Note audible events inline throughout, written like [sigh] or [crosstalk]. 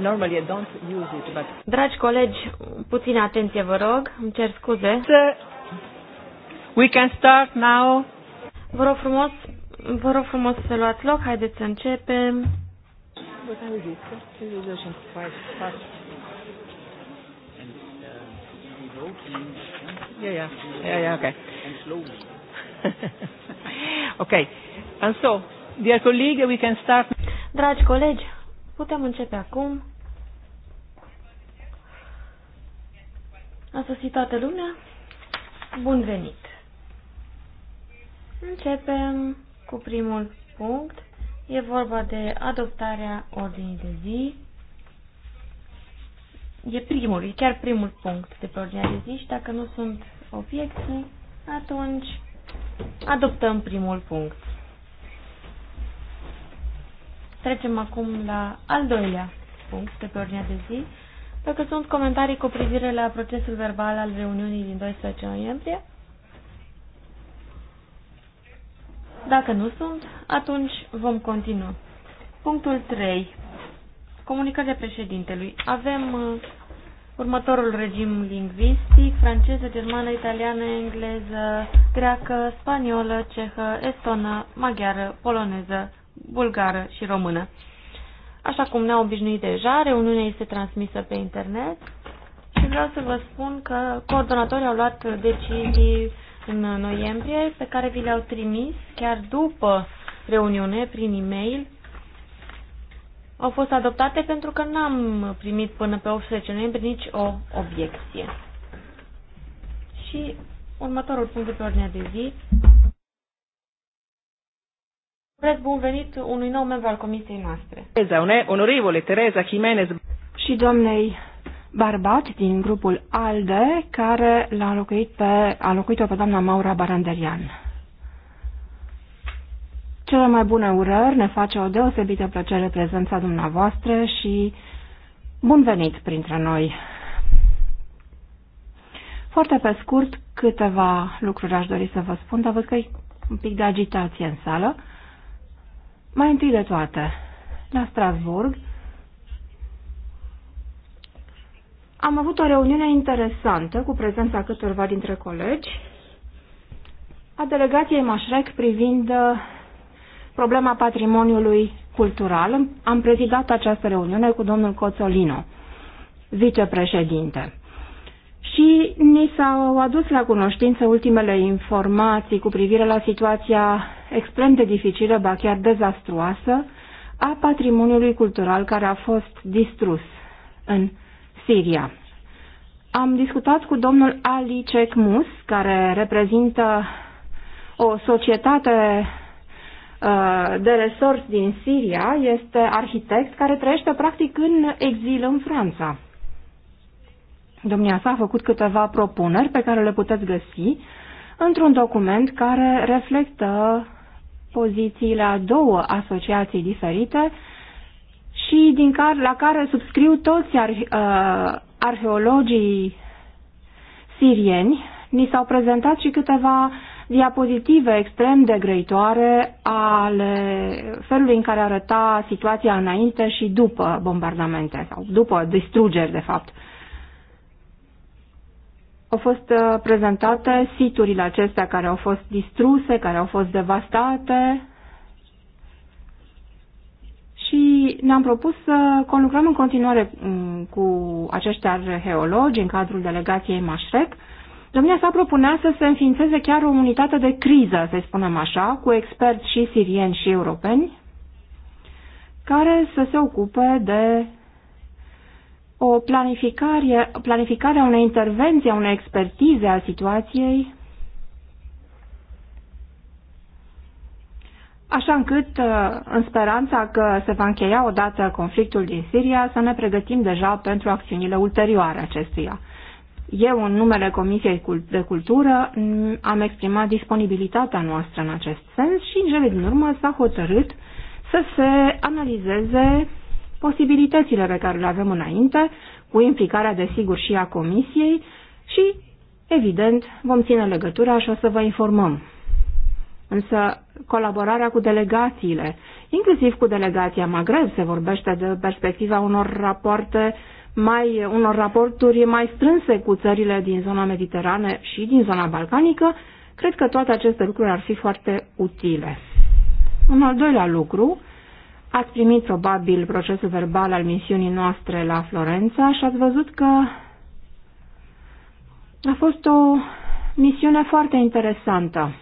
normally I don't use it, but... Dragi colegi, puțină atenție vă rog, îmi cer scuze. We can start now. Vă rog frumos, vă rog frumos să luați loc, haideți să începem. What time is it? Five, five. Yeah, yeah, yeah, yeah, okay. [laughs] okay, and so, dear colleague, we can start. Dragi colegi, Putem începe acum. A sosit toată lumea? Bun venit! Începem cu primul punct. E vorba de adoptarea ordinii de zi. E primul, e chiar primul punct de pe ordinea de zi și dacă nu sunt obiecții, atunci adoptăm primul punct. Trecem acum la al doilea punct de pe ordinea de zi. Dacă sunt comentarii cu privire la procesul verbal al reuniunii din 12 noiembrie, dacă nu sunt, atunci vom continua. Punctul 3. Comunicarea președintelui. Avem uh, următorul regim lingvistic, franceză, germană, italiană, engleză, greacă, spaniolă, cehă, estonă, maghiară, poloneză, bulgară și română. Așa cum ne au obișnuit deja, reuniunea este transmisă pe internet și vreau să vă spun că coordonatorii au luat decizii în noiembrie pe care vi le-au trimis chiar după reuniune prin e-mail. Au fost adoptate pentru că n-am primit până pe 18 noiembrie nici o obiecție. Și următorul punct de pe ordinea de zi Urez bun venit unui nou membru al comisiei noastre. Tereza, onorevole Teresa Jimenez. Și doamnei Barbat din grupul ALDE, care l-a locuit pe, a locuit-o pe doamna Maura Baranderian. Cele mai bune urări ne face o deosebită plăcere prezența dumneavoastră și bun venit printre noi. Foarte pe scurt, câteva lucruri aș dori să vă spun, dar văd că e un pic de agitație în sală. Mai întâi de toate, la Strasburg am avut o reuniune interesantă cu prezența câtorva dintre colegi a delegației Mașrec privind uh, problema patrimoniului cultural. Am prezidat această reuniune cu domnul Coțolino, vicepreședinte și ni s-au adus la cunoștință ultimele informații cu privire la situația extrem de dificilă, ba chiar dezastruoasă, a patrimoniului cultural care a fost distrus în Siria. Am discutat cu domnul Ali Cekmus, care reprezintă o societate uh, de resurs din Siria, este arhitect care trăiește practic în exil în Franța. Dumneasa a făcut câteva propuneri pe care le puteți găsi într-un document care reflectă pozițiile a două asociații diferite și din care, la care subscriu toți ar, uh, arheologii sirieni. Ni s-au prezentat și câteva diapozitive extrem de grăitoare ale felului în care arăta situația înainte și după bombardamente sau după distrugeri, de fapt. Uh, au fost uh, prezentate siturile acestea care au fost distruse, care au fost devastate și ne-am propus să conlucrăm în continuare mm, cu acești arheologi în cadrul delegației Mașrec. Domnia sa propunea să se înființeze chiar o unitate de criză, să spunem așa, cu experți și sirieni și europeni, care să se ocupe de o planificare, planificarea unei intervenții, a unei expertize a situației, așa încât, uh, în speranța că se va încheia odată conflictul din Siria, să ne pregătim deja pentru acțiunile ulterioare acestuia. Eu, în numele Comisiei de Cultură, mm, am exprimat disponibilitatea noastră în acest sens și, în cele din urmă, s-a hotărât să se analizeze posibilitățile pe care le avem înainte, cu implicarea desigur și a Comisiei și, evident, vom ține legătura și o să vă informăm. Însă colaborarea cu delegațiile, inclusiv cu delegația Maghreb, se vorbește de perspectiva unor rapoarte mai, unor raporturi mai strânse cu țările din zona mediterane și din zona balcanică, cred că toate aceste lucruri ar fi foarte utile. Un al doilea lucru Ați primit probabil procesul verbal al misiunii noastre la Florența și ați văzut că a fost o misiune foarte interesantă.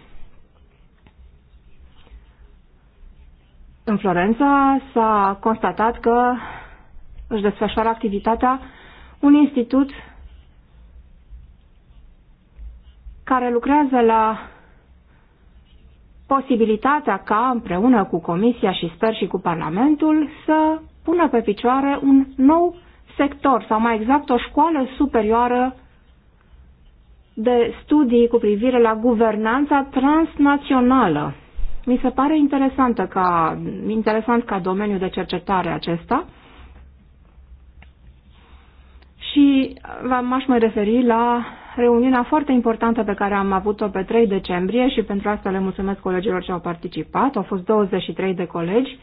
În Florența s-a constatat că își desfășoară activitatea un institut care lucrează la posibilitatea ca, împreună cu Comisia și sper și cu Parlamentul, să pună pe picioare un nou sector, sau mai exact o școală superioară de studii cu privire la guvernanța transnațională. Mi se pare interesantă ca, interesant ca domeniu de cercetare acesta și m-aș mai referi la reuniunea foarte importantă pe care am avut-o pe 3 decembrie și pentru asta le mulțumesc colegilor ce au participat. Au fost 23 de colegi,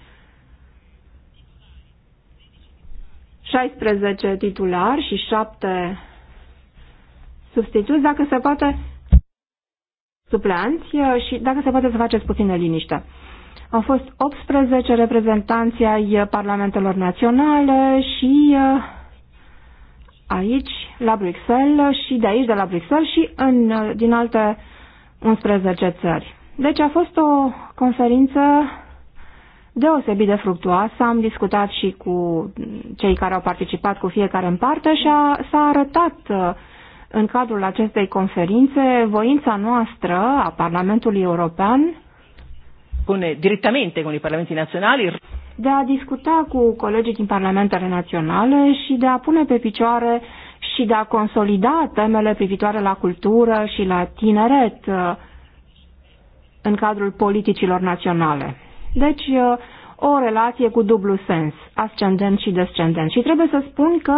16 titulari și 7 substituți, dacă se poate, supleanți și dacă se poate să faceți puțină liniște. Au fost 18 reprezentanții ai parlamentelor naționale și aici, la Bruxelles și de aici, de la Bruxelles și în, din alte 11 țări. Deci a fost o conferință deosebit de fructuoasă. Am discutat și cu cei care au participat cu fiecare în parte și a, s-a arătat uh, în cadrul acestei conferințe voința noastră a Parlamentului European Pune directamente cu i parlamenti de a discuta cu colegii din parlamentele naționale și de a pune pe picioare și de a consolida temele privitoare la cultură și la tineret uh, în cadrul politicilor naționale. Deci, uh, o relație cu dublu sens, ascendent și descendent. Și trebuie să spun că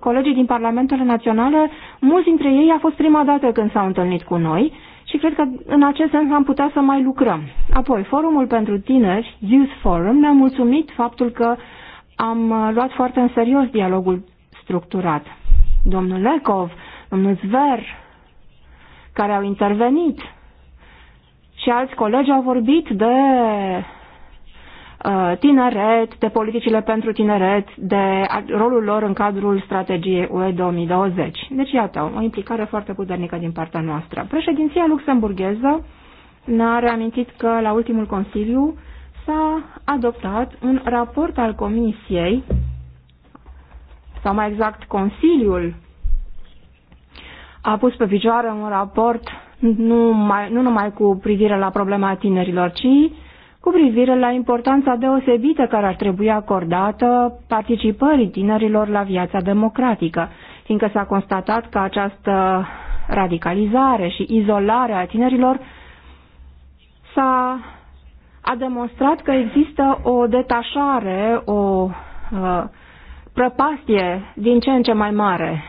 colegii din Parlamentele Naționale, mulți dintre ei a fost prima dată când s-au întâlnit cu noi și cred că în acest sens am putea să mai lucrăm. Apoi, Forumul pentru Tineri, Youth Forum, ne-a mulțumit faptul că am uh, luat foarte în serios dialogul structurat. Domnul Lecov, domnul Zver, care au intervenit și alți colegi au vorbit de Uh, tineret, de politicile pentru tineret, de rolul lor în cadrul strategiei UE 2020. Deci, iată, o implicare foarte puternică din partea noastră. Președinția luxemburgheză ne-a reamintit că la ultimul Consiliu s-a adoptat un raport al Comisiei, sau mai exact Consiliul a pus pe vigioare un raport nu, mai, nu numai cu privire la problema tinerilor, ci cu privire la importanța deosebită care ar trebui acordată participării tinerilor la viața democratică, fiindcă s-a constatat că această radicalizare și izolare a tinerilor s-a a demonstrat că există o detașare, o uh, prăpastie din ce în ce mai mare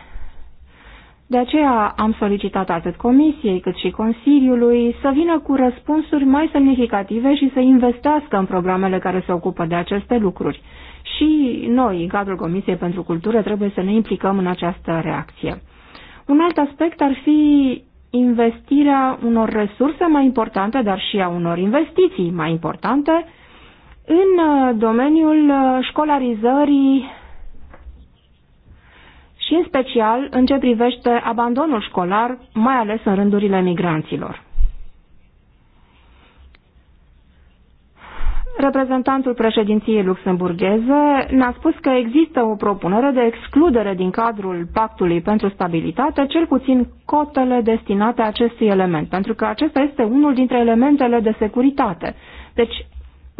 de aceea am solicitat atât Comisiei cât și Consiliului să vină cu răspunsuri mai semnificative și să investească în programele care se ocupă de aceste lucruri. Și noi, în cadrul Comisiei pentru Cultură, trebuie să ne implicăm în această reacție. Un alt aspect ar fi investirea unor resurse mai importante, dar și a unor investiții mai importante în domeniul școlarizării și în special în ce privește abandonul școlar, mai ales în rândurile migranților. Reprezentantul președinției luxemburgheze ne-a spus că există o propunere de excludere din cadrul Pactului pentru Stabilitate, cel puțin cotele destinate acestui element, pentru că acesta este unul dintre elementele de securitate. Deci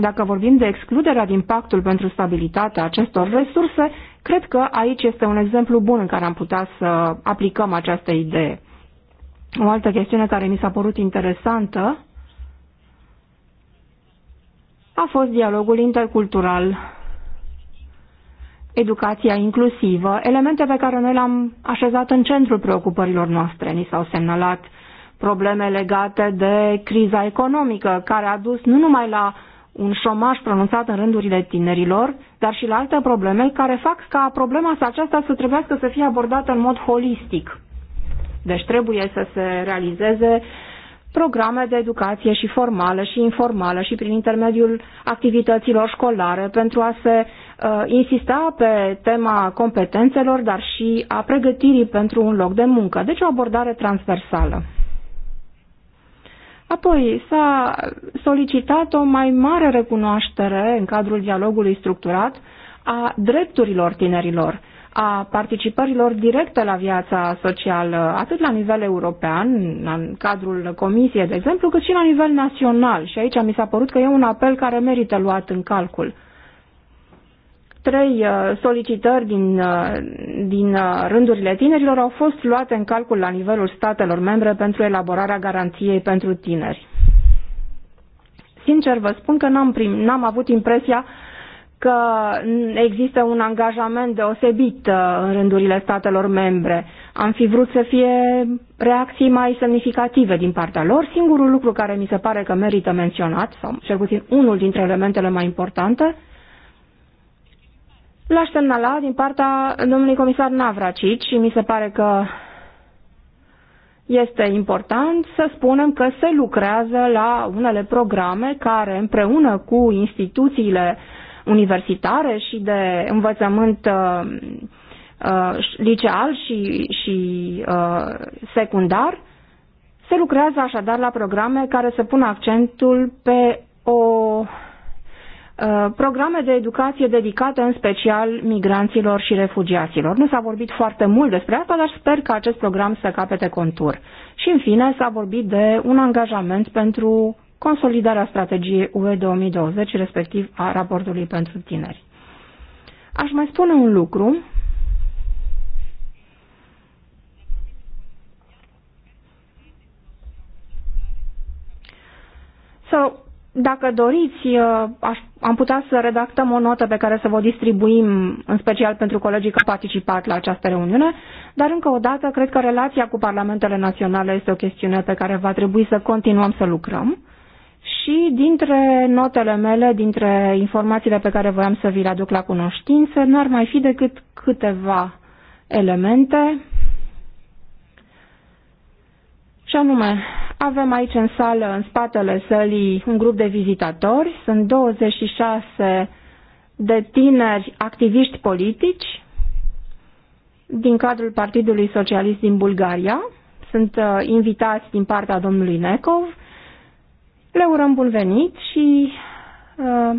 dacă vorbim de excluderea din pactul pentru stabilitatea acestor resurse, cred că aici este un exemplu bun în care am putea să aplicăm această idee. O altă chestiune care mi s-a părut interesantă a fost dialogul intercultural, educația inclusivă, elemente pe care noi le-am așezat în centrul preocupărilor noastre. Ni s-au semnalat probleme legate de criza economică, care a dus nu numai la un șomaj pronunțat în rândurile tinerilor, dar și la alte probleme care fac ca problema aceasta să trebuiască să fie abordată în mod holistic. Deci trebuie să se realizeze programe de educație și formală și informală și prin intermediul activităților școlare pentru a se uh, insista pe tema competențelor, dar și a pregătirii pentru un loc de muncă. Deci o abordare transversală. Apoi s-a solicitat o mai mare recunoaștere în cadrul dialogului structurat a drepturilor tinerilor, a participărilor directe la viața socială, atât la nivel european, în cadrul comisiei, de exemplu, cât și la nivel național. Și aici mi s-a părut că e un apel care merită luat în calcul trei uh, solicitări din, uh, din uh, rândurile tinerilor au fost luate în calcul la nivelul statelor membre pentru elaborarea garanției pentru tineri. Sincer vă spun că n-am, prim, n-am avut impresia că există un angajament deosebit în rândurile statelor membre. Am fi vrut să fie reacții mai semnificative din partea lor. Singurul lucru care mi se pare că merită menționat, sau cel puțin unul dintre elementele mai importante, L-aș semnala din partea domnului comisar Navracici și mi se pare că este important să spunem că se lucrează la unele programe care împreună cu instituțiile universitare și de învățământ uh, uh, liceal și, și uh, secundar, se lucrează așadar la programe care să pună accentul pe o Uh, programe de educație dedicate în special migranților și refugiaților. Nu s-a vorbit foarte mult despre asta, dar sper că acest program să capete contur. Și în fine s-a vorbit de un angajament pentru consolidarea strategiei UE 2020, respectiv a raportului pentru tineri. Aș mai spune un lucru. Sau dacă doriți, uh, aș, am putea să redactăm o notă pe care să vă distribuim, în special pentru colegii care au participat la această reuniune, dar încă o dată, cred că relația cu parlamentele naționale este o chestiune pe care va trebui să continuăm să lucrăm. Și dintre notele mele, dintre informațiile pe care voiam să vi le aduc la cunoștință, n-ar mai fi decât câteva elemente și anume, avem aici în sală, în spatele sălii, un grup de vizitatori. Sunt 26 de tineri activiști politici din cadrul Partidului Socialist din Bulgaria. Sunt uh, invitați din partea domnului Necov. Le urăm bun venit și uh,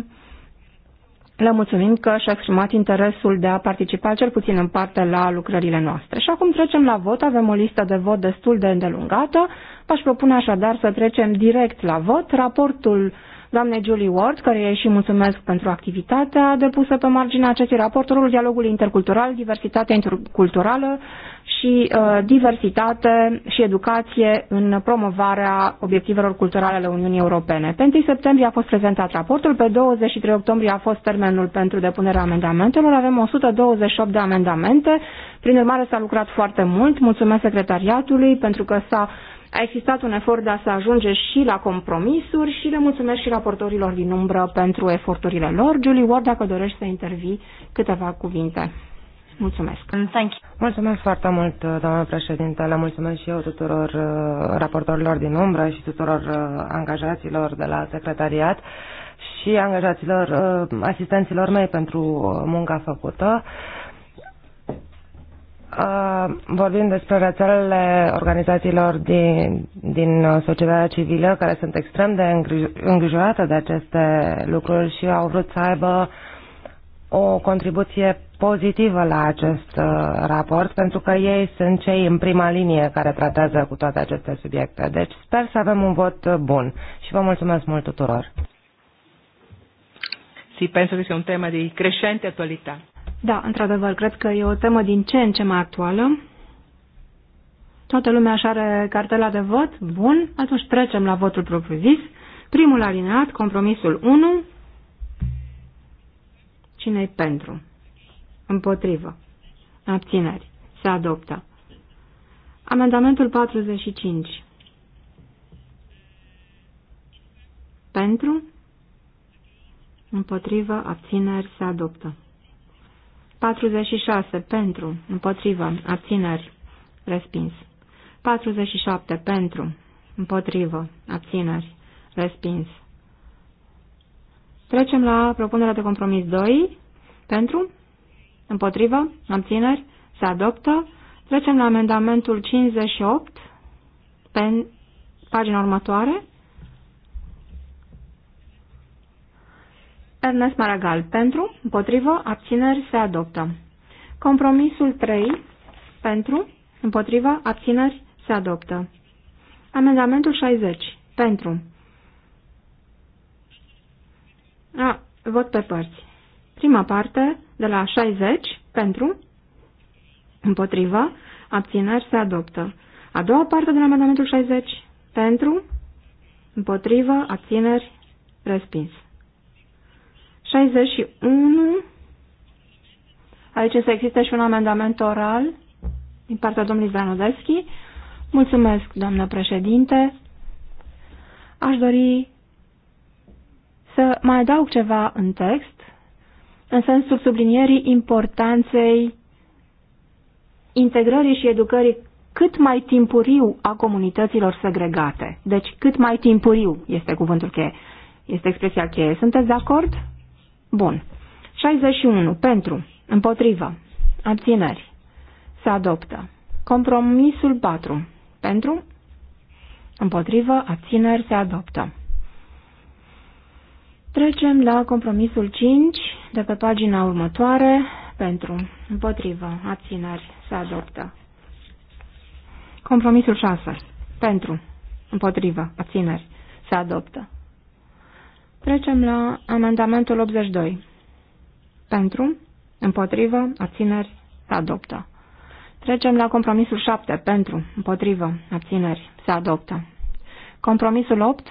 le mulțumim că și-a exprimat interesul de a participa cel puțin în parte la lucrările noastre. Și acum trecem la vot, avem o listă de vot destul de îndelungată. V-aș propune așadar să trecem direct la vot. Raportul doamnei Julie Ward, care îi și mulțumesc pentru activitatea depusă pe marginea acestui raport, rolul dialogului intercultural, diversitatea interculturală și uh, diversitate și educație în promovarea obiectivelor culturale ale Uniunii Europene. Pe 1 septembrie a fost prezentat raportul, pe 23 octombrie a fost termenul pentru depunerea amendamentelor, avem 128 de amendamente, prin urmare s-a lucrat foarte mult, mulțumesc secretariatului pentru că s-a a existat un efort de a se ajunge și la compromisuri și le mulțumesc și raportorilor din umbră pentru eforturile lor. Julie Ward, dacă dorești să intervii, câteva cuvinte. Mulțumesc. Mm, thank you. Mulțumesc foarte mult, doamnă președinte. Le mulțumesc și eu tuturor uh, raportorilor din umbră și tuturor uh, angajaților de la secretariat și angajaților, uh, asistenților mei pentru munca făcută vorbim despre rețelele organizațiilor din, din uh, societatea civilă care sunt extrem de îngrijorate de aceste lucruri și au vrut să aibă o contribuție pozitivă la acest uh, raport, pentru că ei sunt cei în prima linie care tratează cu toate aceste subiecte. Deci sper să avem un vot bun și vă mulțumesc mult tuturor. Sì, penso che sia un tema di crescente attualità. Da, într-adevăr, cred că e o temă din ce în ce mai actuală. Toată lumea așa are cartela de vot? Bun, atunci trecem la votul propriu-zis. Primul alineat, compromisul 1. Cine-i pentru? Împotrivă. Abțineri. Se adoptă. Amendamentul 45. Pentru? Împotrivă, abțineri, se adoptă. 46. Pentru. Împotrivă. Abțineri. Respins. 47. Pentru. Împotrivă. Abțineri. Respins. Trecem la propunerea de compromis 2. Pentru. Împotrivă. Abțineri. Se adoptă. Trecem la amendamentul 58. Pen, pagina următoare. Ernest Maragal. Pentru, împotrivă, abțineri se adoptă. Compromisul 3. Pentru, împotrivă, abțineri se adoptă. Amendamentul 60. Pentru. A, vot pe părți. Prima parte, de la 60, pentru, împotrivă, abțineri se adoptă. A doua parte din amendamentul 60, pentru, împotrivă, abțineri, respins. 61. Aici să există și un amendament oral din partea domnului Zanodeschi. Mulțumesc, doamnă președinte. Aș dori să mai adaug ceva în text, în sensul sublinierii importanței integrării și educării cât mai timpuriu a comunităților segregate. Deci cât mai timpuriu este cuvântul cheie, este expresia cheie. Sunteți de acord? Bun. 61. Pentru. Împotrivă. Abțineri. Se adoptă. Compromisul 4. Pentru. Împotrivă. Abțineri. Se adoptă. Trecem la compromisul 5 de pe pagina următoare. Pentru. Împotrivă. Abțineri. Se adoptă. Compromisul 6. Pentru. Împotrivă. Abțineri. Se adoptă. Trecem la amendamentul 82. Pentru, împotrivă, abțineri, se adoptă. Trecem la compromisul 7. Pentru, împotrivă, abțineri, se adoptă. Compromisul 8.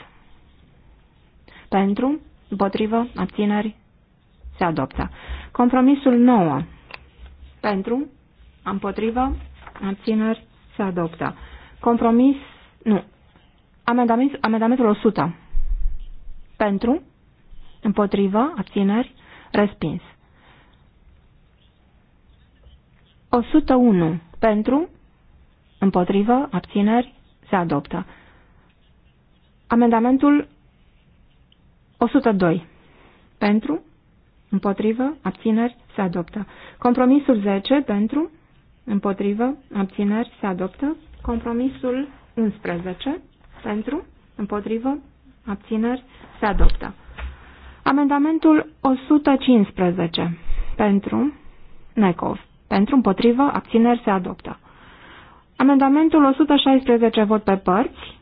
Pentru, împotrivă, abțineri, se adoptă. Compromisul 9. Pentru, împotrivă, abțineri, se adoptă. Compromis, nu, amendamentul 100. Pentru, împotrivă, abțineri, respins. 101. Pentru, împotrivă, abțineri, se adoptă. Amendamentul 102. Pentru, împotrivă, abțineri, se adoptă. Compromisul 10. Pentru, împotrivă, abțineri, se adoptă. Compromisul 11. Pentru, împotrivă, Abțineri? Se adoptă. Amendamentul 115. Pentru? Necov. Pentru, împotrivă, abțineri se adoptă. Amendamentul 116 vot pe părți.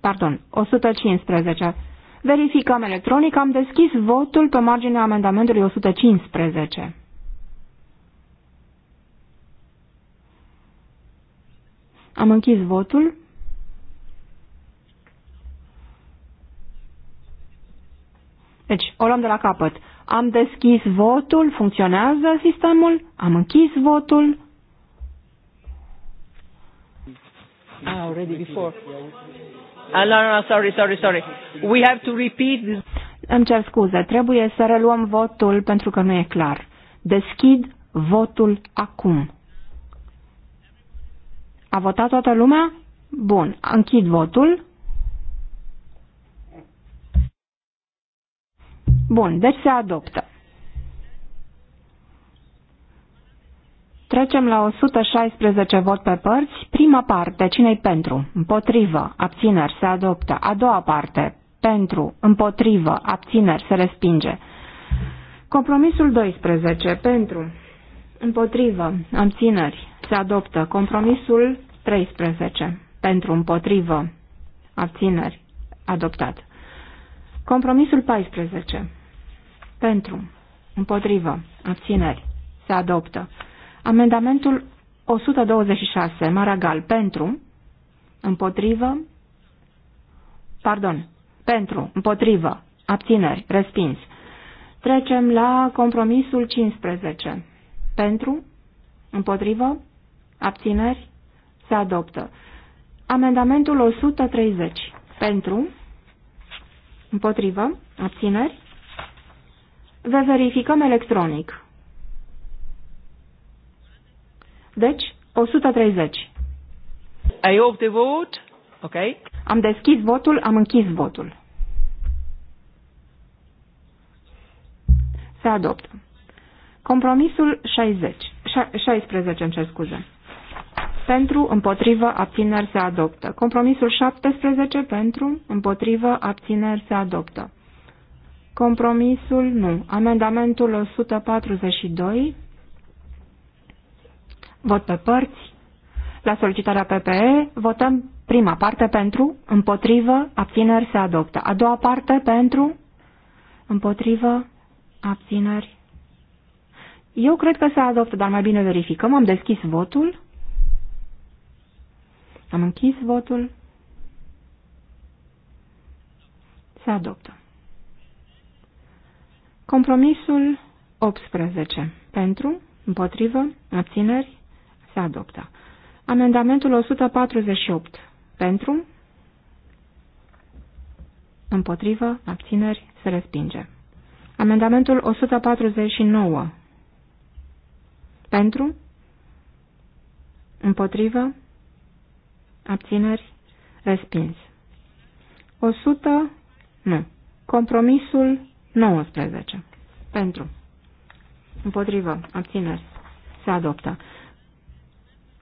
Pardon, 115. Verificăm electronic. Am deschis votul pe marginea amendamentului 115. Am închis votul. Deci, o luăm de la capăt. Am deschis votul, funcționează sistemul, am închis votul. Ah, already before. Ah, no, no, no, sorry, sorry, sorry. We have to repeat this. Îmi cer scuze, trebuie să reluăm votul pentru că nu e clar. Deschid votul acum. A votat toată lumea? Bun, închid votul. Bun, deci se adoptă. Trecem la 116 vot pe părți. Prima parte, cine-i pentru? Împotrivă, abțineri, se adoptă. A doua parte, pentru, împotrivă, abțineri, se respinge. Compromisul 12, pentru, împotrivă, abțineri, se adoptă. Compromisul 13, pentru, împotrivă, abțineri, adoptat. Compromisul 14, pentru. Împotrivă. Abțineri. Se adoptă. Amendamentul 126. Maragal. Pentru. Împotrivă. Pardon. Pentru. Împotrivă. Abțineri. Respins. Trecem la compromisul 15. Pentru. Împotrivă. Abțineri. Se adoptă. Amendamentul 130. Pentru. Împotrivă. Abțineri. Vă verificăm electronic. Deci, 130. I hope the vote. Okay. Am deschis votul, am închis votul. Se adoptă. Compromisul 60. 16, îmi cer scuze. Pentru, împotrivă, abțineri se adoptă. Compromisul 17 pentru, împotrivă, abțineri se adoptă. Compromisul nu. Amendamentul 142. Vot pe părți. La solicitarea PPE votăm prima parte pentru, împotrivă, abțineri se adoptă. A doua parte pentru, împotrivă, abțineri. Eu cred că se adoptă, dar mai bine verificăm. Am deschis votul. Am închis votul. Se adoptă. Compromisul 18. Pentru, împotrivă, abțineri, se adoptă. Amendamentul 148. Pentru, împotrivă, abțineri, se respinge. Amendamentul 149. Pentru, împotrivă, abțineri, respins. 100, nu. Compromisul 19. Pentru. Împotrivă. Abțineri. Se adoptă.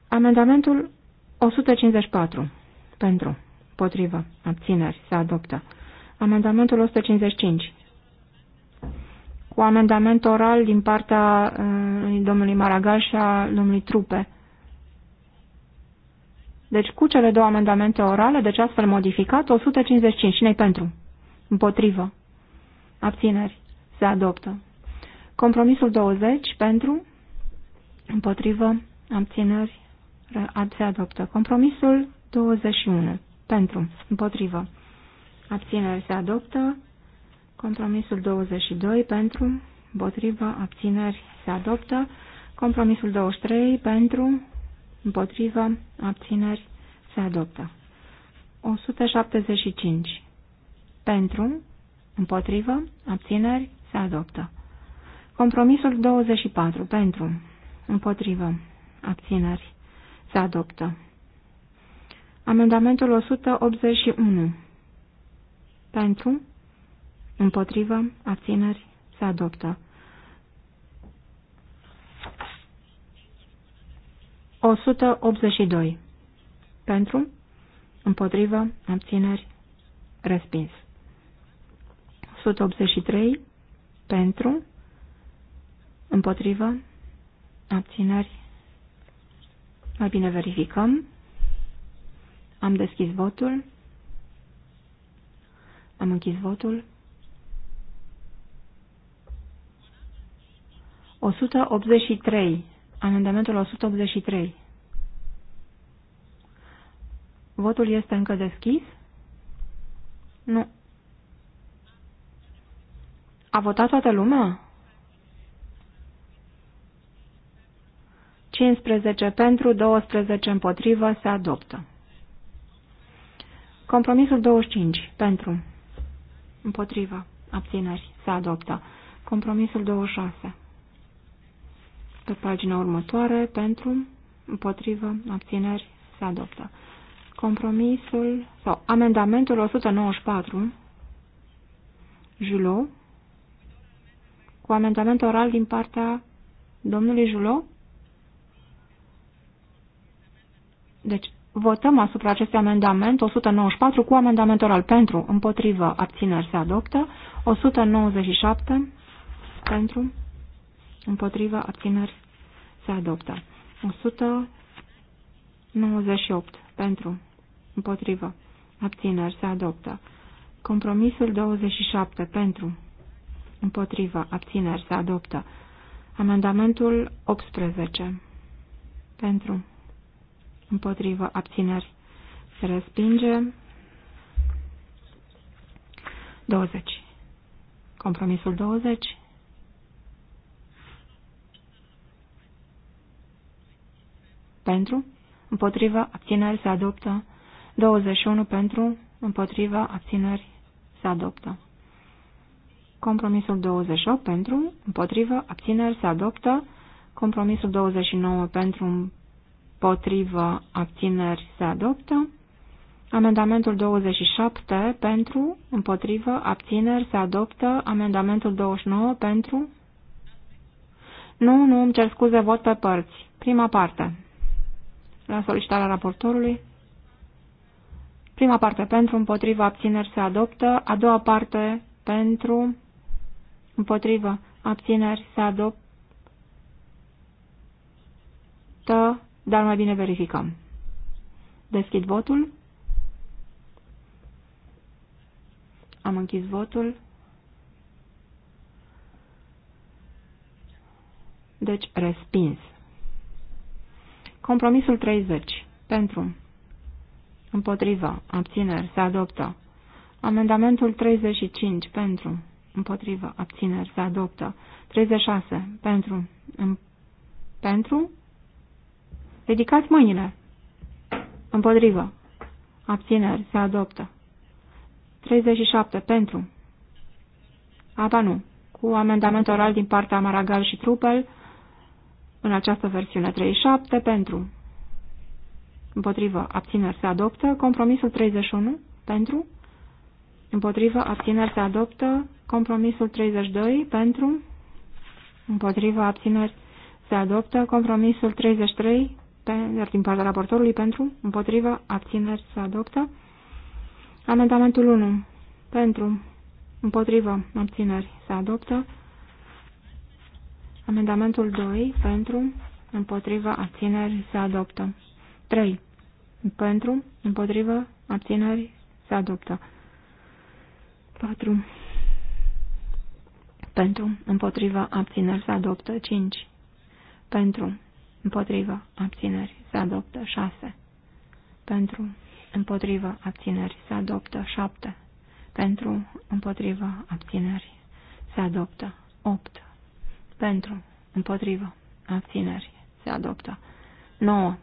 Amendamentul 154. Pentru. Împotrivă. Abțineri. Se adoptă. Amendamentul 155. Cu amendament oral din partea uh, domnului Maragal și a domnului Trupe. Deci cu cele două amendamente orale, deci astfel modificat, 155. Cine-i pentru? Împotrivă. Abțineri. Se adoptă. Compromisul 20 pentru, împotrivă, abțineri, se adoptă. Compromisul 21 pentru, împotrivă, abțineri, se adoptă. Compromisul 22 pentru, împotrivă, abțineri, se adoptă. Compromisul 23 pentru, împotrivă, abțineri, se adoptă. 175 pentru, Împotrivă, abțineri, se adoptă. Compromisul 24. Pentru. Împotrivă. Abțineri. Se adoptă. Amendamentul 181. Pentru. Împotrivă. Abțineri. Se adoptă. 182. Pentru. Împotrivă. Abțineri. Respins. 183 pentru, împotrivă, abțineri. Mai bine verificăm. Am deschis votul. Am închis votul. 183. Amendamentul 183. Votul este încă deschis? Nu. A votat toată lumea? 15 pentru, 12 împotrivă, se adoptă. Compromisul 25. Pentru. Împotrivă. Abțineri. Se adoptă. Compromisul 26. Pe pagina următoare. Pentru. Împotrivă. Abțineri. Se adoptă. Compromisul sau amendamentul 194. Julot cu amendament oral din partea domnului Julo? Deci, votăm asupra acestui amendament 194 cu amendament oral pentru, împotrivă, abțineri se adoptă, 197 pentru, împotrivă, abțineri se adoptă, 198 pentru, împotrivă, abțineri se adoptă, compromisul 27 pentru, Împotrivă. Abțineri. Se adoptă. Amendamentul 18. Pentru. Împotrivă. Abțineri. Se respinge. 20. Compromisul 20. Pentru. Împotrivă. Abțineri. Se adoptă. 21 pentru. împotriva Abțineri. Se adoptă. Compromisul 28 pentru, împotrivă, abțineri se adoptă. Compromisul 29 pentru, împotrivă, abțineri se adoptă. Amendamentul 27 pentru, împotrivă, abțineri se adoptă. Amendamentul 29 pentru. Nu, nu, îmi cer scuze, vot pe părți. Prima parte. La solicitarea raportorului. Prima parte pentru, împotriva abțineri se adoptă. A doua parte pentru, împotrivă, abțineri, să adoptă, dar mai bine verificăm. Deschid votul. Am închis votul. Deci, respins. Compromisul 30. Pentru. Împotrivă. Abțineri. Se adoptă. Amendamentul 35. Pentru împotrivă, abțineri, se adoptă. 36. Pentru, în, pentru, ridicați mâinile, împotrivă, abțineri, se adoptă. 37. Pentru, aba nu, cu amendament oral din partea Maragal și Trupel, în această versiune 37, pentru, împotrivă, abțineri, se adoptă. Compromisul 31, pentru, Împotrivă abțineri se adoptă. Compromisul 32 pentru. Împotrivă abțineri se adoptă. Compromisul 33 pe, din partea raportorului pentru. Împotrivă abțineri se adoptă. Amendamentul 1 pentru. Împotrivă abțineri se adoptă. Amendamentul 2 pentru. Împotrivă abțineri se adoptă. 3. Pentru. Împotrivă abțineri se adoptă. 4. Pentru, împotriva, abțineri se adoptă 5. Pentru, împotriva, abțineri se adoptă 6. Pentru, împotriva, abțineri se adoptă 7. Pentru, împotriva, abțineri se adoptă 8. Pentru, împotriva, abțineri se adoptă 9.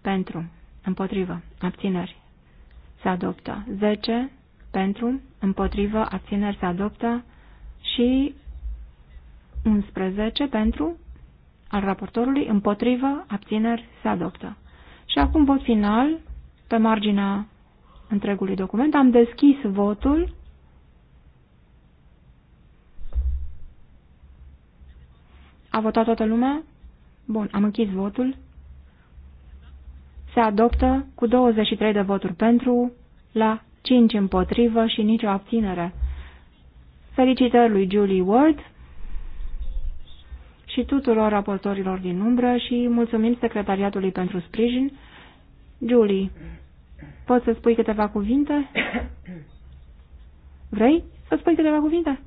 Pentru, împotriva, abțineri se adoptă 10 pentru, împotrivă, abțineri se adoptă și 11 pentru, al raportorului, împotrivă, abțineri se adoptă. Și acum vot final, pe marginea întregului document, am deschis votul. A votat toată lumea? Bun, am închis votul. Se adoptă cu 23 de voturi pentru la cinci împotrivă și nicio abținere. Felicitări lui Julie Ward și tuturor raportorilor din umbră și mulțumim secretariatului pentru sprijin. Julie, poți să spui câteva cuvinte? Vrei să spui câteva cuvinte?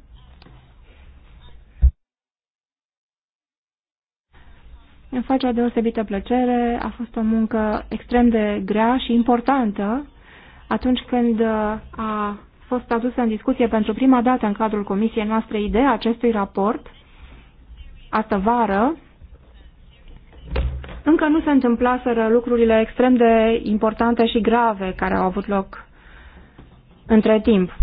Îmi face o deosebită plăcere, a fost o muncă extrem de grea și importantă atunci când uh, a fost adusă în discuție pentru prima dată în cadrul comisiei noastre ideea acestui raport, astă vară, încă nu se întâmplaseră lucrurile extrem de importante și grave care au avut loc între timp.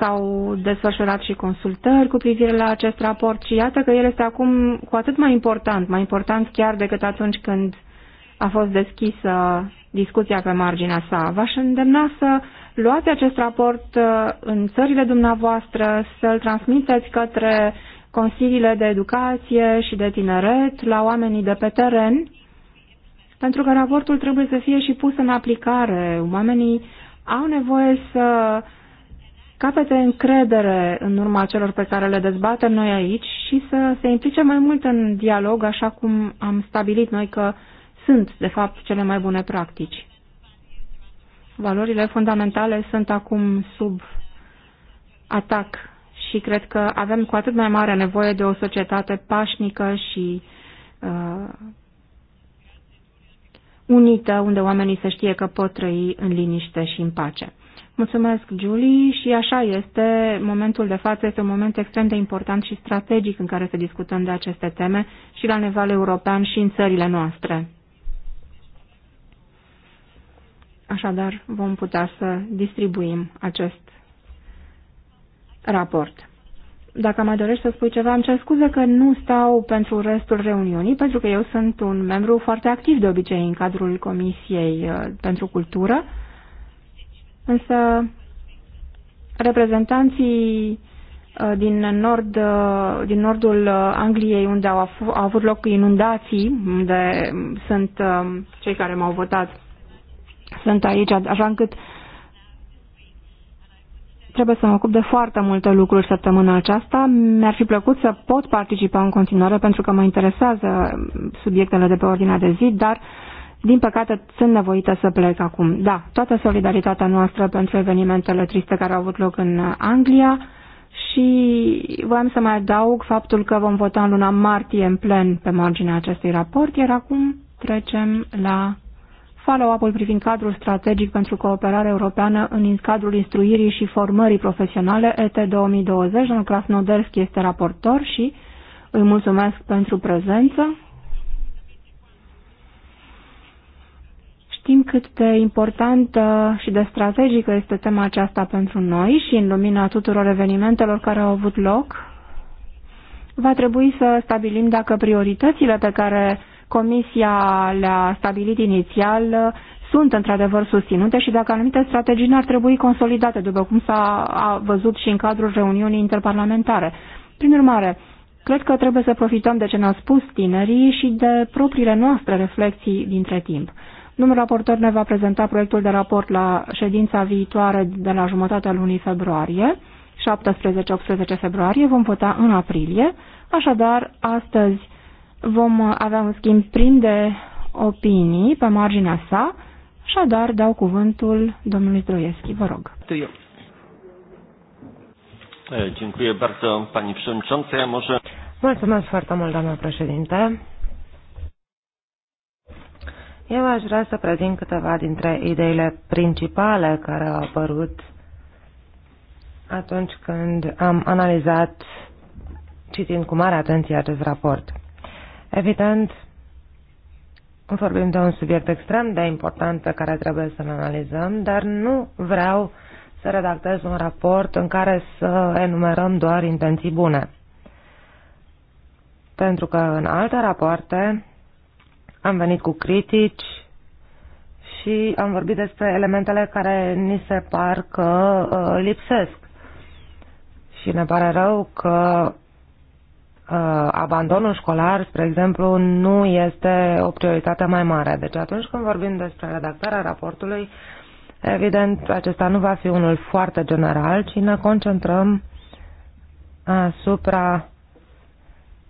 S-au desfășurat și consultări cu privire la acest raport și iată că el este acum cu atât mai important, mai important chiar decât atunci când a fost deschisă discuția pe marginea sa. V-aș îndemna să luați acest raport uh, în țările dumneavoastră, să-l transmiteți către consiliile de educație și de tineret, la oamenii de pe teren, pentru că raportul trebuie să fie și pus în aplicare. Oamenii au nevoie să capete încredere în urma celor pe care le dezbatem noi aici și să se implice mai mult în dialog, așa cum am stabilit noi că sunt, de fapt, cele mai bune practici. Valorile fundamentale sunt acum sub atac și cred că avem cu atât mai mare nevoie de o societate pașnică și uh, unită, unde oamenii să știe că pot trăi în liniște și în pace. Mulțumesc, Julie, și așa este. Momentul de față este un moment extrem de important și strategic în care să discutăm de aceste teme și la nivel european și în țările noastre. Așadar, vom putea să distribuim acest raport. Dacă mai dorești să spui ceva, îmi cer scuze că nu stau pentru restul reuniunii, pentru că eu sunt un membru foarte activ de obicei în cadrul Comisiei uh, pentru Cultură, însă reprezentanții uh, din, nord, uh, din nordul Angliei, unde au, au avut loc inundații, unde sunt cei care m-au votat sunt aici, așa încât trebuie să mă ocup de foarte multe lucruri săptămâna aceasta. Mi-ar fi plăcut să pot participa în continuare pentru că mă interesează subiectele de pe ordinea de zi, dar din păcate sunt nevoită să plec acum. Da, toată solidaritatea noastră pentru evenimentele triste care au avut loc în Anglia și voiam să mai adaug faptul că vom vota în luna martie în plen pe marginea acestui raport, iar acum trecem la follow-up-ul privind cadrul strategic pentru cooperare europeană în cadrul instruirii și formării profesionale ET 2020. Domnul Krasnodelski este raportor și îi mulțumesc pentru prezență. Știm cât de importantă și de strategică este tema aceasta pentru noi și în lumina tuturor evenimentelor care au avut loc, va trebui să stabilim dacă prioritățile pe care Comisia le-a stabilit inițial sunt într-adevăr susținute și dacă anumite strategii n-ar trebui consolidate, după cum s-a văzut și în cadrul reuniunii interparlamentare. Prin urmare, cred că trebuie să profităm de ce ne-au spus tinerii și de propriile noastre reflexii dintre timp. Domnul raportor ne va prezenta proiectul de raport la ședința viitoare de la jumătatea lunii februarie, 17-18 februarie, vom vota în aprilie, așadar astăzi Vom avea un schimb prim de opinii pe marginea sa, doar dau cuvântul domnului Troieschi. Vă rog. Mulțumesc foarte mult, doamnă președinte. Eu aș vrea să prezint câteva dintre ideile principale care au apărut atunci când am analizat, citind cu mare atenție acest raport. Evident, vorbim de un subiect extrem de important pe care trebuie să-l analizăm, dar nu vreau să redactez un raport în care să enumerăm doar intenții bune. Pentru că în alte rapoarte am venit cu critici și am vorbit despre elementele care ni se par că uh, lipsesc. Și ne pare rău că Uh, abandonul școlar, spre exemplu, nu este o prioritate mai mare. Deci atunci când vorbim despre redactarea raportului, evident, acesta nu va fi unul foarte general, ci ne concentrăm asupra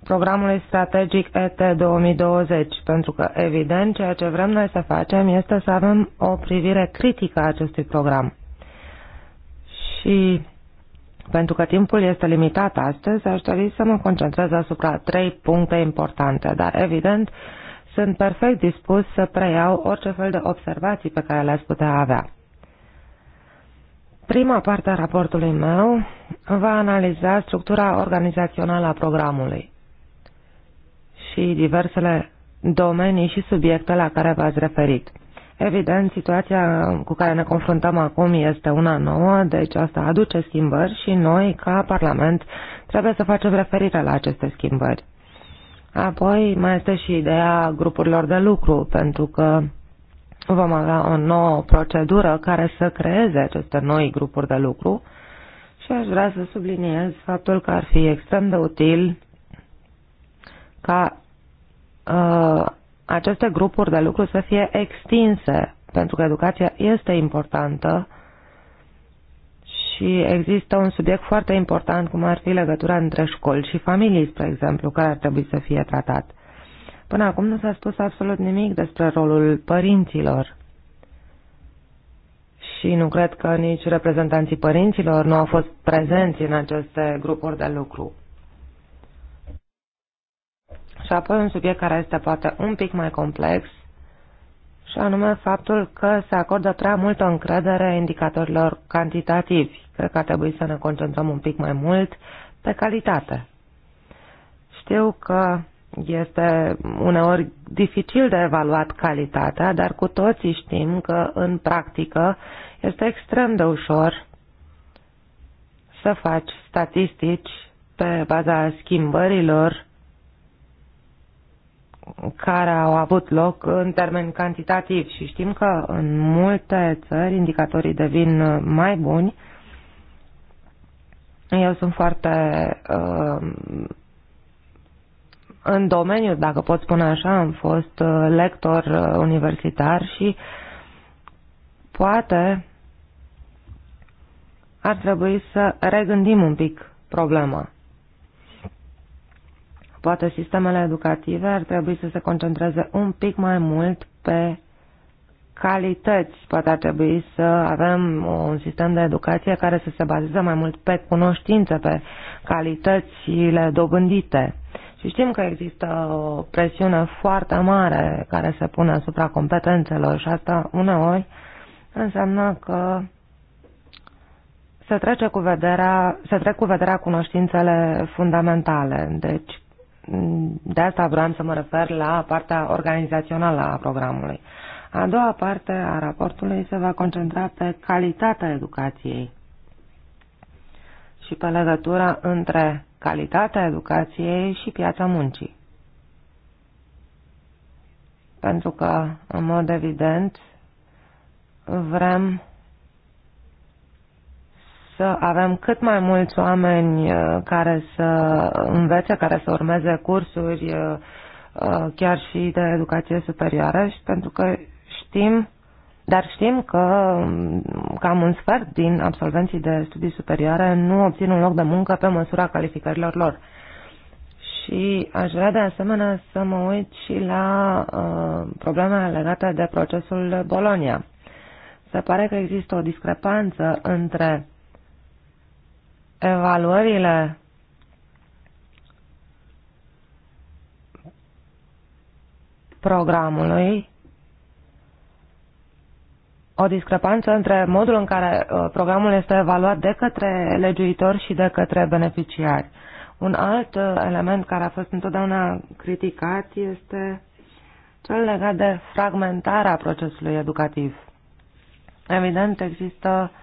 programului strategic ET 2020, pentru că, evident, ceea ce vrem noi să facem este să avem o privire critică a acestui program. Și pentru că timpul este limitat astăzi, aș dori să mă concentrez asupra trei puncte importante, dar evident sunt perfect dispus să preiau orice fel de observații pe care le-ați putea avea. Prima parte a raportului meu va analiza structura organizațională a programului și diversele domenii și subiecte la care v-ați referit. Evident, situația cu care ne confruntăm acum este una nouă, deci asta aduce schimbări și noi, ca Parlament, trebuie să facem referire la aceste schimbări. Apoi mai este și ideea grupurilor de lucru, pentru că vom avea o nouă procedură care să creeze aceste noi grupuri de lucru și aș vrea să subliniez faptul că ar fi extrem de util ca uh, aceste grupuri de lucru să fie extinse, pentru că educația este importantă și există un subiect foarte important, cum ar fi legătura între școli și familii, spre exemplu, care ar trebui să fie tratat. Până acum nu s-a spus absolut nimic despre rolul părinților. Și nu cred că nici reprezentanții părinților nu au fost prezenți în aceste grupuri de lucru. Și apoi un subiect care este poate un pic mai complex, și anume faptul că se acordă prea multă încredere indicatorilor cantitativi. Cred că ar trebui să ne concentrăm un pic mai mult pe calitate. Știu că este uneori dificil de evaluat calitatea, dar cu toții știm că în practică este extrem de ușor să faci statistici pe baza schimbărilor care au avut loc în termen cantitativ și știm că în multe țări indicatorii devin mai buni. Eu sunt foarte uh, în domeniu, dacă pot spune așa, am fost uh, lector uh, universitar și poate ar trebui să regândim un pic problema. Poate sistemele educative ar trebui să se concentreze un pic mai mult pe calități. Poate ar trebui să avem un sistem de educație care să se bazeze mai mult pe cunoștințe, pe calitățile dobândite. Și știm că există o presiune foarte mare care se pune asupra competențelor și asta uneori înseamnă că se, trece cu vederea, se trec cu vederea cunoștințele fundamentale. Deci Mm, de asta vreau să mă refer la partea organizațională a programului. A doua parte a raportului se va concentra pe calitatea educației și pe legătura între calitatea educației și piața muncii. Pentru că, în mod evident, vrem să avem cât mai mulți oameni uh, care să învețe, care să urmeze cursuri uh, uh, chiar și de educație superioară și pentru că știm, dar știm că um, cam un sfert din absolvenții de studii superioare nu obțin un loc de muncă pe măsura calificărilor lor. Și aș vrea de asemenea să mă uit și la uh, problema legată de procesul Bolonia. Se pare că există o discrepanță între evaluările programului o discrepanță între modul în care uh, programul este evaluat de către legiuitor și de către beneficiari. Un alt uh, element care a fost întotdeauna criticat este cel legat de fragmentarea procesului educativ. Evident, există uh,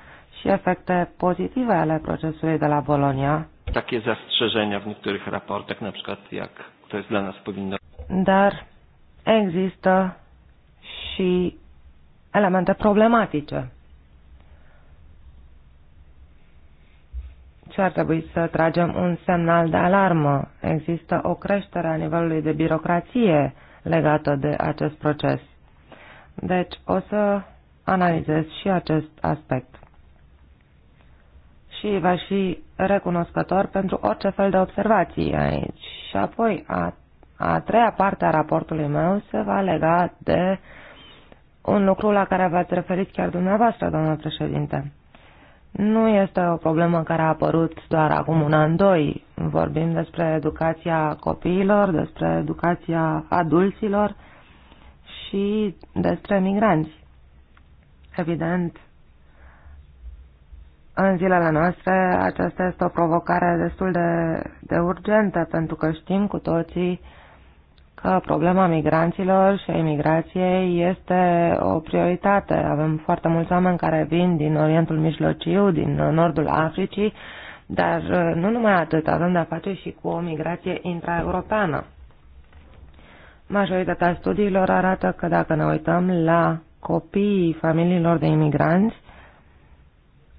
și efecte pozitive ale procesului de la Bolonia. Takie zastrzeżenia w niektórych raportach, na przykład jak to jest dla nas powinno. Dar există și elemente problematice. ce ar trebui să tragem un semnal de alarmă. Există o creștere a nivelului de birocrație legată de acest proces. Deci o să analizez și acest aspect și va fi recunoscător pentru orice fel de observații aici. Și apoi a, a treia parte a raportului meu se va lega de un lucru la care v-ați referit chiar dumneavoastră, domnule președinte. Nu este o problemă care a apărut doar acum un an, doi. Vorbim despre educația copiilor, despre educația adulților și despre migranți. Evident, în zilele noastre aceasta este o provocare destul de, de urgentă pentru că știm cu toții că problema migranților și a imigrației este o prioritate. Avem foarte mulți oameni care vin din Orientul Mijlociu, din Nordul Africii, dar uh, nu numai atât, avem de-a face și cu o migrație intraeuropeană. Majoritatea studiilor arată că dacă ne uităm la copiii familiilor de imigranți,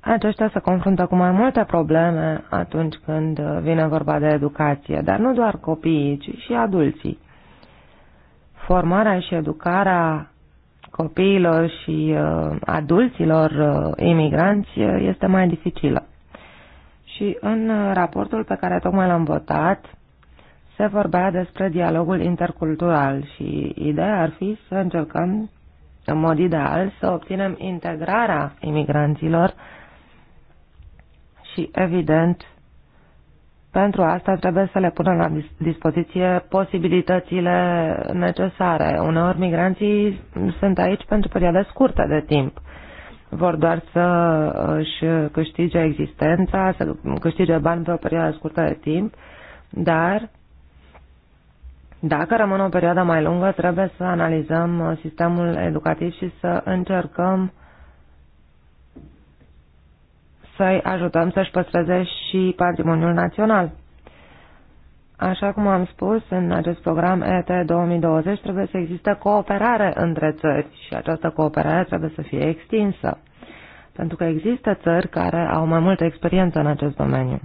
aceștia se confruntă cu mai multe probleme atunci când uh, vine vorba de educație, dar nu doar copiii, ci și adulții. Formarea și educarea copiilor și uh, adulților uh, imigranți uh, este mai dificilă. Și în uh, raportul pe care tocmai l-am votat se vorbea despre dialogul intercultural și ideea ar fi să încercăm în mod ideal să obținem integrarea imigranților uh, și, evident, pentru asta trebuie să le punem la dispoziție posibilitățile necesare. Uneori migranții sunt aici pentru perioade scurte de timp. Vor doar să își câștige existența, să câștige bani pe o perioadă scurtă de timp, dar dacă rămân o perioadă mai lungă, trebuie să analizăm sistemul educativ și să încercăm uh, să-i ajutăm să-și păstreze și patrimoniul național. Așa cum am spus, în acest program ET 2020 trebuie să existe cooperare între țări și această cooperare trebuie să fie extinsă, pentru că există țări care au mai multă experiență în acest domeniu.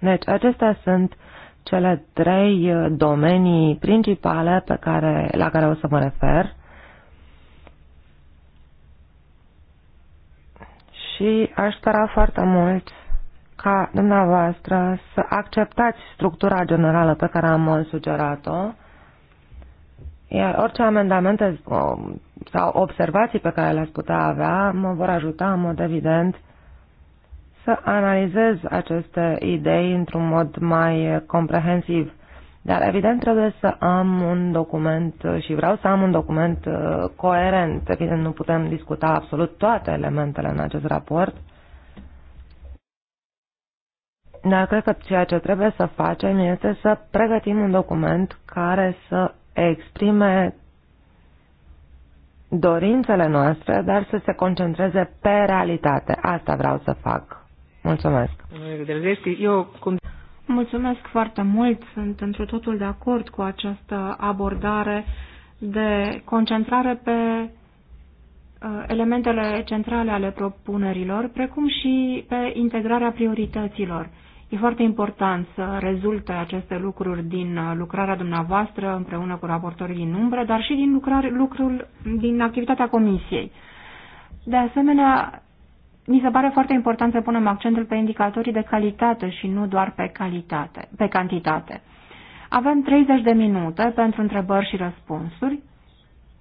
Deci, acestea sunt cele trei domenii principale pe care, la care o să mă refer și aș spera foarte mult ca dumneavoastră să acceptați structura generală pe care am sugerat-o, iar orice amendamente sau observații pe care le-ați putea avea mă vor ajuta în mod evident să analizez aceste idei într-un mod mai comprehensiv dar evident trebuie să am un document uh, și vreau să am un document uh, coerent. Evident nu putem discuta absolut toate elementele în acest raport. Dar cred că ceea ce trebuie să facem este să pregătim un document care să exprime dorințele noastre, dar să se concentreze pe realitate. Asta vreau să fac. Mulțumesc. Eu, cum Mulțumesc foarte mult. Sunt într totul de acord cu această abordare de concentrare pe uh, elementele centrale ale propunerilor, precum și pe integrarea priorităților. E foarte important să rezulte aceste lucruri din uh, lucrarea dumneavoastră împreună cu raportorii din umbră, dar și din lucrul din activitatea comisiei. De asemenea, mi se pare foarte important să punem accentul pe indicatorii de calitate și nu doar pe, calitate, pe cantitate. Avem 30 de minute pentru întrebări și răspunsuri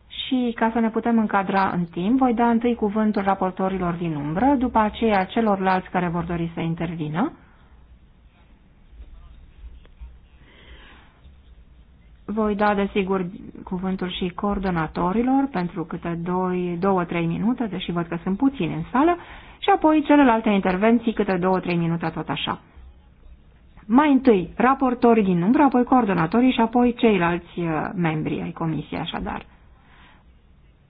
și ca să ne putem încadra în timp, voi da întâi cuvântul raportorilor din umbră, după aceea celorlalți care vor dori să intervină. Voi da, desigur, cuvântul și coordonatorilor pentru câte 2-3 minute, deși văd că sunt puțini în sală, și apoi celelalte intervenții câte două, trei minute, tot așa. Mai întâi raportori din umbră, apoi coordonatorii și apoi ceilalți uh, membri ai comisiei, așadar.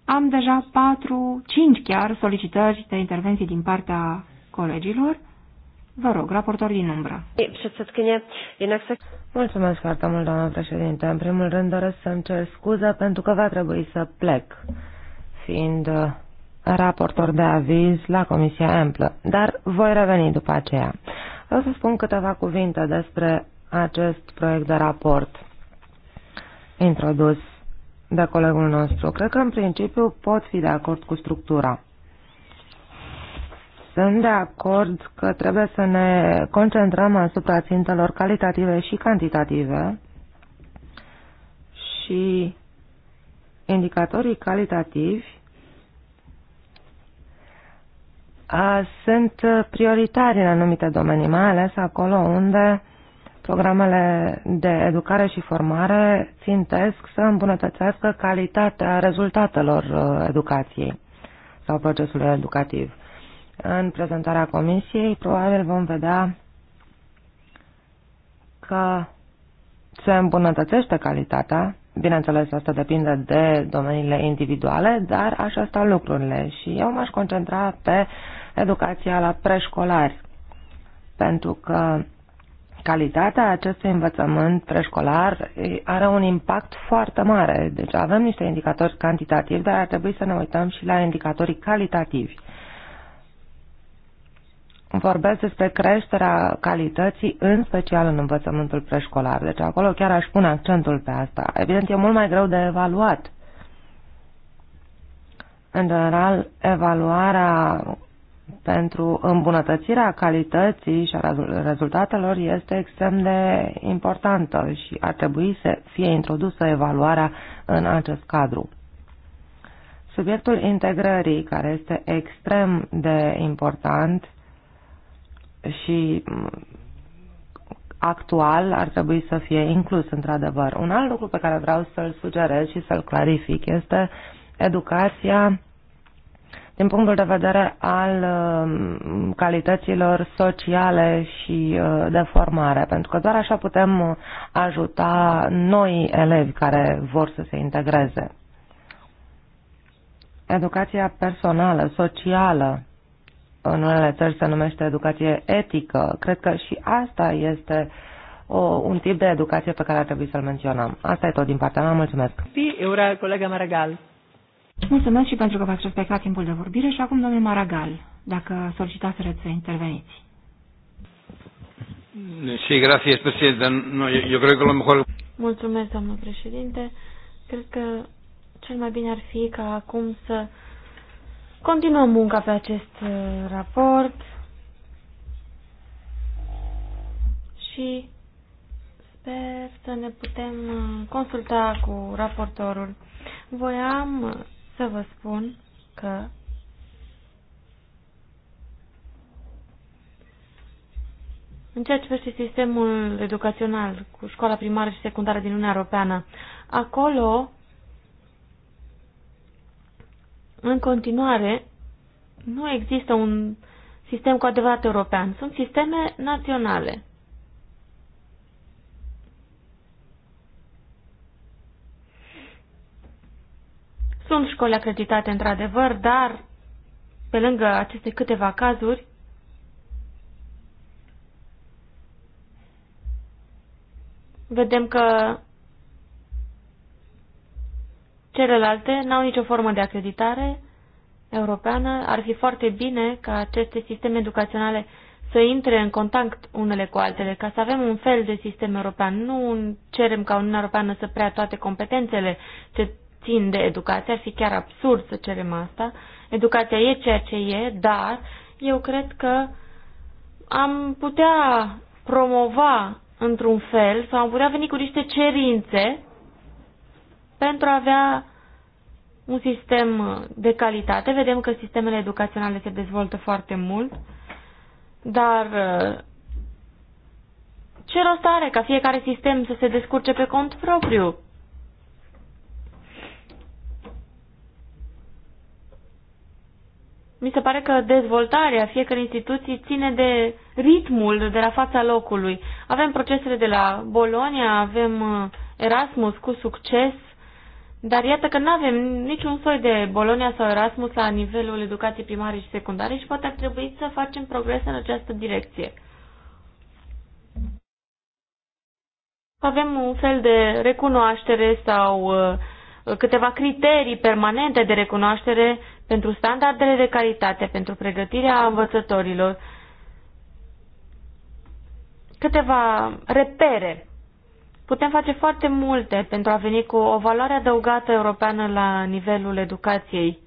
Am deja patru, cinci chiar solicitări de intervenții din partea colegilor. Vă rog, raportor din umbră. Mulțumesc foarte mult, doamnă președinte. În primul rând doresc să-mi cer scuză pentru că va trebui să plec, fiind uh, raportor de aviz la Comisia Amplă, dar voi reveni după aceea. Vreau să spun câteva cuvinte despre acest proiect de raport introdus de colegul nostru. Cred că, în principiu, pot fi de acord cu structura. Sunt de acord că trebuie să ne concentrăm asupra țintelor calitative și cantitative și indicatorii calitativi sunt uh, prioritari în anumite domenii, mai ales acolo unde programele de educare și formare țintesc să îmbunătățească calitatea rezultatelor uh, educației sau procesului educativ. În prezentarea comisiei probabil vom vedea că se îmbunătățește calitatea Bineînțeles, asta depinde de domeniile individuale, dar așa stau lucrurile și eu m-aș concentra pe educația la preșcolari, pentru că calitatea acestui învățământ preșcolar are un impact foarte mare. Deci avem niște indicatori cantitativi, dar ar trebui să ne uităm și la indicatorii calitativi vorbesc despre creșterea calității, în special în învățământul preșcolar. Deci acolo chiar aș pune accentul pe asta. Evident, e mult mai greu de evaluat. În general, evaluarea pentru îmbunătățirea calității și a rezultatelor este extrem de importantă și ar trebui să fie introdusă evaluarea în acest cadru. Subiectul integrării, care este extrem de important, și actual ar trebui să fie inclus într-adevăr. Un alt lucru pe care vreau să-l sugerez și să-l clarific este educația din punctul de vedere al um, calităților sociale și uh, de formare, pentru că doar așa putem ajuta noi elevi care vor să se integreze. Educația personală, socială, în unele țări se numește educație etică. Cred că și asta este o, un tip de educație pe care ar trebui să-l menționăm. Asta e tot din partea mea. Mulțumesc. Eura, colega Maragal. Mulțumesc și pentru că v-ați respectat timpul de vorbire și acum, domnul Maragal, dacă solicitați să interveniți. Si, gracias, presidente. No, yo, yo creo que lo mejor... Mulțumesc, domnul președinte. Cred că cel mai bine ar fi ca acum să Continuăm munca pe acest uh, raport și sper să ne putem uh, consulta cu raportorul. Voiam să vă spun că În ceea ce privește sistemul educațional cu școala primară și secundară din Uniunea Europeană, acolo În continuare, nu există un sistem cu adevărat european. Sunt sisteme naționale. Sunt școli acreditate, într-adevăr, dar pe lângă aceste câteva cazuri, vedem că Celelalte n-au nicio formă de acreditare europeană. Ar fi foarte bine ca aceste sisteme educaționale să intre în contact unele cu altele, ca să avem un fel de sistem european. Nu cerem ca Uniunea Europeană să preia toate competențele ce țin de educație, ar fi chiar absurd să cerem asta. Educația e ceea ce e, dar eu cred că am putea promova într-un fel sau am putea veni cu niște cerințe pentru a avea un sistem de calitate. Vedem că sistemele educaționale se dezvoltă foarte mult, dar uh, ce rost are ca fiecare sistem să se descurce pe cont propriu? Mi se pare că dezvoltarea fiecărei instituții ține de ritmul de la fața locului. Avem procesele de la Bolonia, avem uh, Erasmus cu succes, dar iată că nu avem niciun soi de Bolonia sau Erasmus la nivelul educației primare și secundare și poate ar trebui să facem progrese în această direcție. Avem un fel de recunoaștere sau uh, câteva criterii permanente de recunoaștere pentru standardele de calitate, pentru pregătirea învățătorilor, câteva repere Putem face foarte multe pentru a veni cu o valoare adăugată europeană la nivelul educației.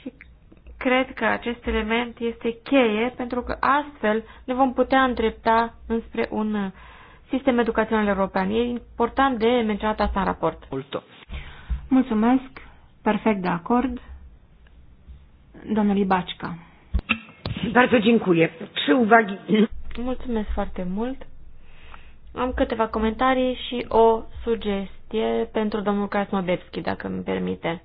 Și cred că acest element este cheie pentru că astfel ne vom putea îndrepta înspre un sistem educațional european. E important de menționat asta în raport. Mulțumesc, perfect de acord. Domnul Baczka. Bardzo dziękuję. Trzy uwagi Mulțumesc foarte mult. Am câteva comentarii și o sugestie pentru domnul Krasnodebski, dacă îmi permite.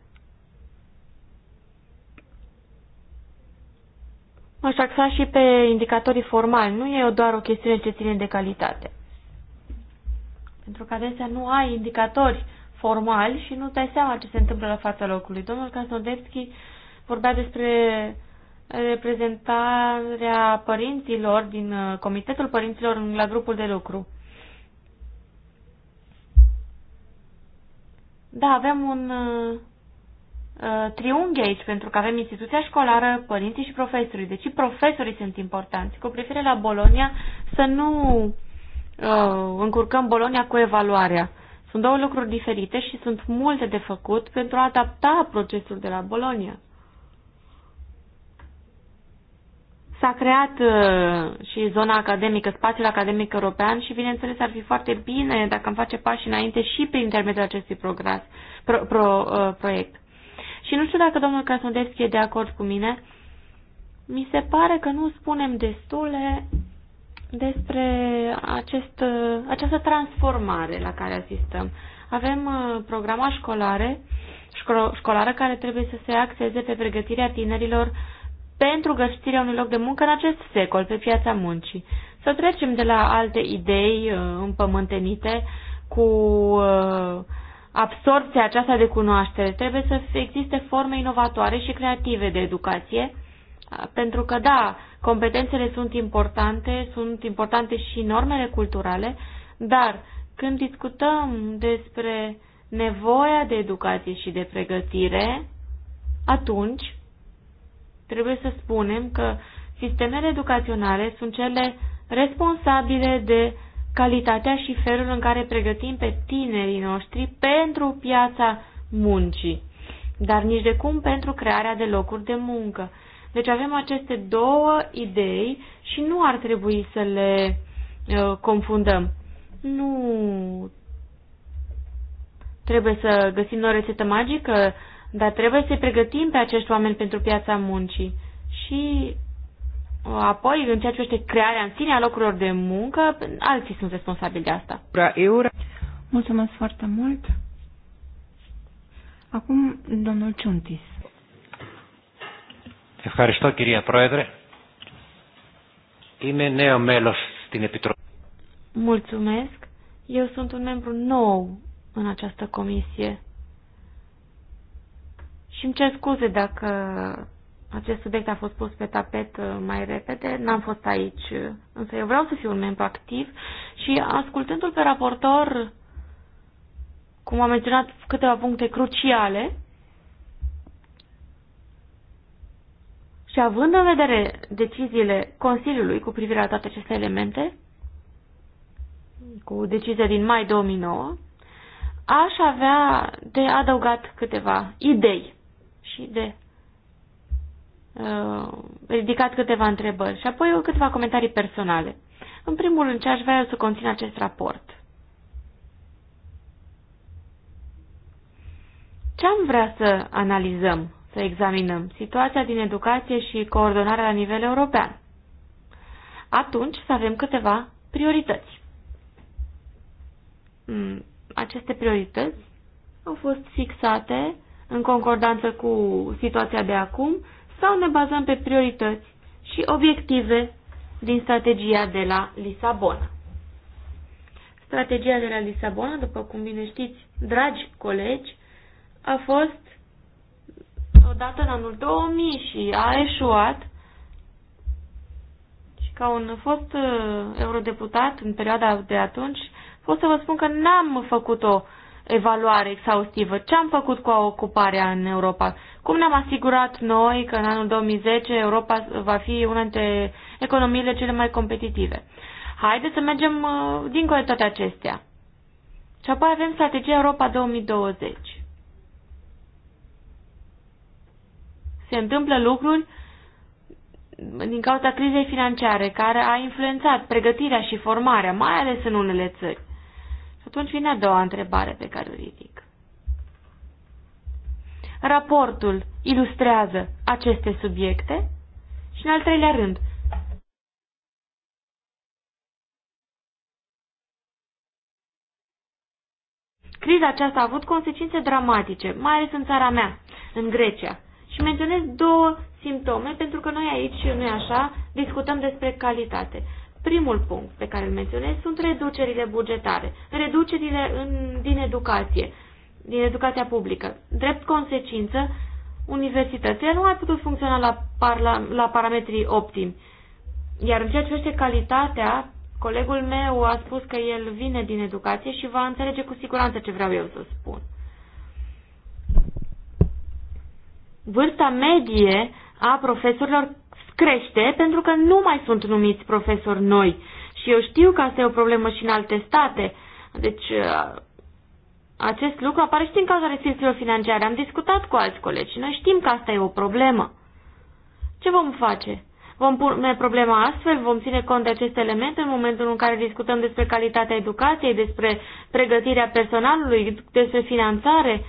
aș axa și pe indicatorii formali. Nu e doar o chestiune ce ține de calitate. Pentru că adesea nu ai indicatori formali și nu dai seama ce se întâmplă la fața locului. Domnul Krasnodebski vorbea despre reprezentarea părinților din uh, Comitetul Părinților la grupul de lucru. Da, avem un uh, uh, triunghi aici, pentru că avem instituția școlară, părinții și profesorii. Deci profesorii sunt importanți. Cu privire la Bolonia, să nu uh, încurcăm Bolonia cu evaluarea. Sunt două lucruri diferite și sunt multe de făcut pentru a adapta procesul de la Bolonia. S-a creat uh, și zona academică, spațiul academic european și, bineînțeles, ar fi foarte bine dacă am face pași înainte și prin intermediul acestui progres, pro, pro, uh, proiect. Și nu știu dacă domnul Krasnodevski e de acord cu mine, mi se pare că nu spunem destule despre acest, uh, această transformare la care asistăm. Avem programa școlare, școlară care trebuie să se axeze pe pregătirea tinerilor pentru găsirea unui loc de muncă în acest secol, pe piața muncii. Să trecem de la alte idei uh, împământenite cu uh, absorpția aceasta de cunoaștere. Trebuie să existe forme inovatoare și creative de educație, uh, pentru că, da, competențele sunt importante, sunt importante și normele culturale, dar când discutăm despre nevoia de educație și de pregătire, atunci Trebuie să spunem că sistemele educaționale sunt cele responsabile de calitatea și felul în care pregătim pe tinerii noștri pentru piața muncii, dar nici de cum pentru crearea de locuri de muncă. Deci avem aceste două idei și nu ar trebui să le uh, confundăm. Nu trebuie să găsim o rețetă magică dar trebuie să-i pregătim pe acești oameni pentru piața muncii. Și uh, apoi, în ceea ce este crearea în sine a locurilor de muncă, alții sunt responsabili de asta. Mulțumesc foarte mult. Acum, domnul Ciuntis. Ευχαριστώ κυρία Πρόεδρε. Είμαι νέο μέλος στην Επιτροπή. Mulțumesc. Eu sunt un membru nou în această comisie. Și deci îmi cer scuze dacă acest subiect a fost pus pe tapet uh, mai repede, n-am fost aici, uh, însă eu vreau să fiu un membru activ și ascultându-l pe raportor, cum am menționat câteva puncte cruciale, și având în vedere deciziile Consiliului cu privire la toate aceste elemente, cu decizia din mai 2009, aș avea de adăugat câteva idei și de uh, ridicat câteva întrebări și apoi câteva comentarii personale. În primul rând, ce aș vrea eu să conțin acest raport? Ce am vrea să analizăm, să examinăm? Situația din educație și coordonarea la nivel european. Atunci să avem câteva priorități. Hmm, aceste priorități au fost fixate în concordanță cu situația de acum sau ne bazăm pe priorități și obiective din strategia de la Lisabona. Strategia de la Lisabona, după cum bine știți, dragi colegi, a fost odată în anul 2000 și a eșuat și ca un fost uh, eurodeputat în perioada de atunci, pot să vă spun că n-am făcut-o evaluare exhaustivă. Ce am făcut cu ocuparea în Europa? Cum ne-am asigurat noi că în anul 2010 Europa va fi una dintre economiile cele mai competitive? Haideți să mergem uh, dincolo de toate acestea. Și apoi avem strategia Europa 2020. Se întâmplă lucruri din cauza crizei financiare, care a influențat pregătirea și formarea, mai ales în unele țări. Atunci vine a doua întrebare pe care o ridic. Raportul ilustrează aceste subiecte? Și în al treilea rând, Criza aceasta a avut consecințe dramatice, mai ales în țara mea, în Grecia. Și menționez două simptome, pentru că noi aici, nu-i așa, discutăm despre calitate. Primul punct pe care îl menționez sunt reducerile bugetare, reducerile în, din educație, din educația publică. Drept consecință, universitățile nu mai putut funcționa la, parla, la parametrii optimi. Iar în ceea ce este calitatea, colegul meu a spus că el vine din educație și va înțelege cu siguranță ce vreau eu să spun. Vârsta medie a profesorilor crește pentru că nu mai sunt numiți profesori noi. Și eu știu că asta e o problemă și în alte state. Deci uh, acest lucru apare și din cauza restricțiilor financiare. Am discutat cu alți colegi și noi știm că asta e o problemă. Ce vom face? Vom pune problema astfel, vom ține cont de aceste elemente în momentul în care discutăm despre calitatea educației, despre pregătirea personalului, despre finanțare.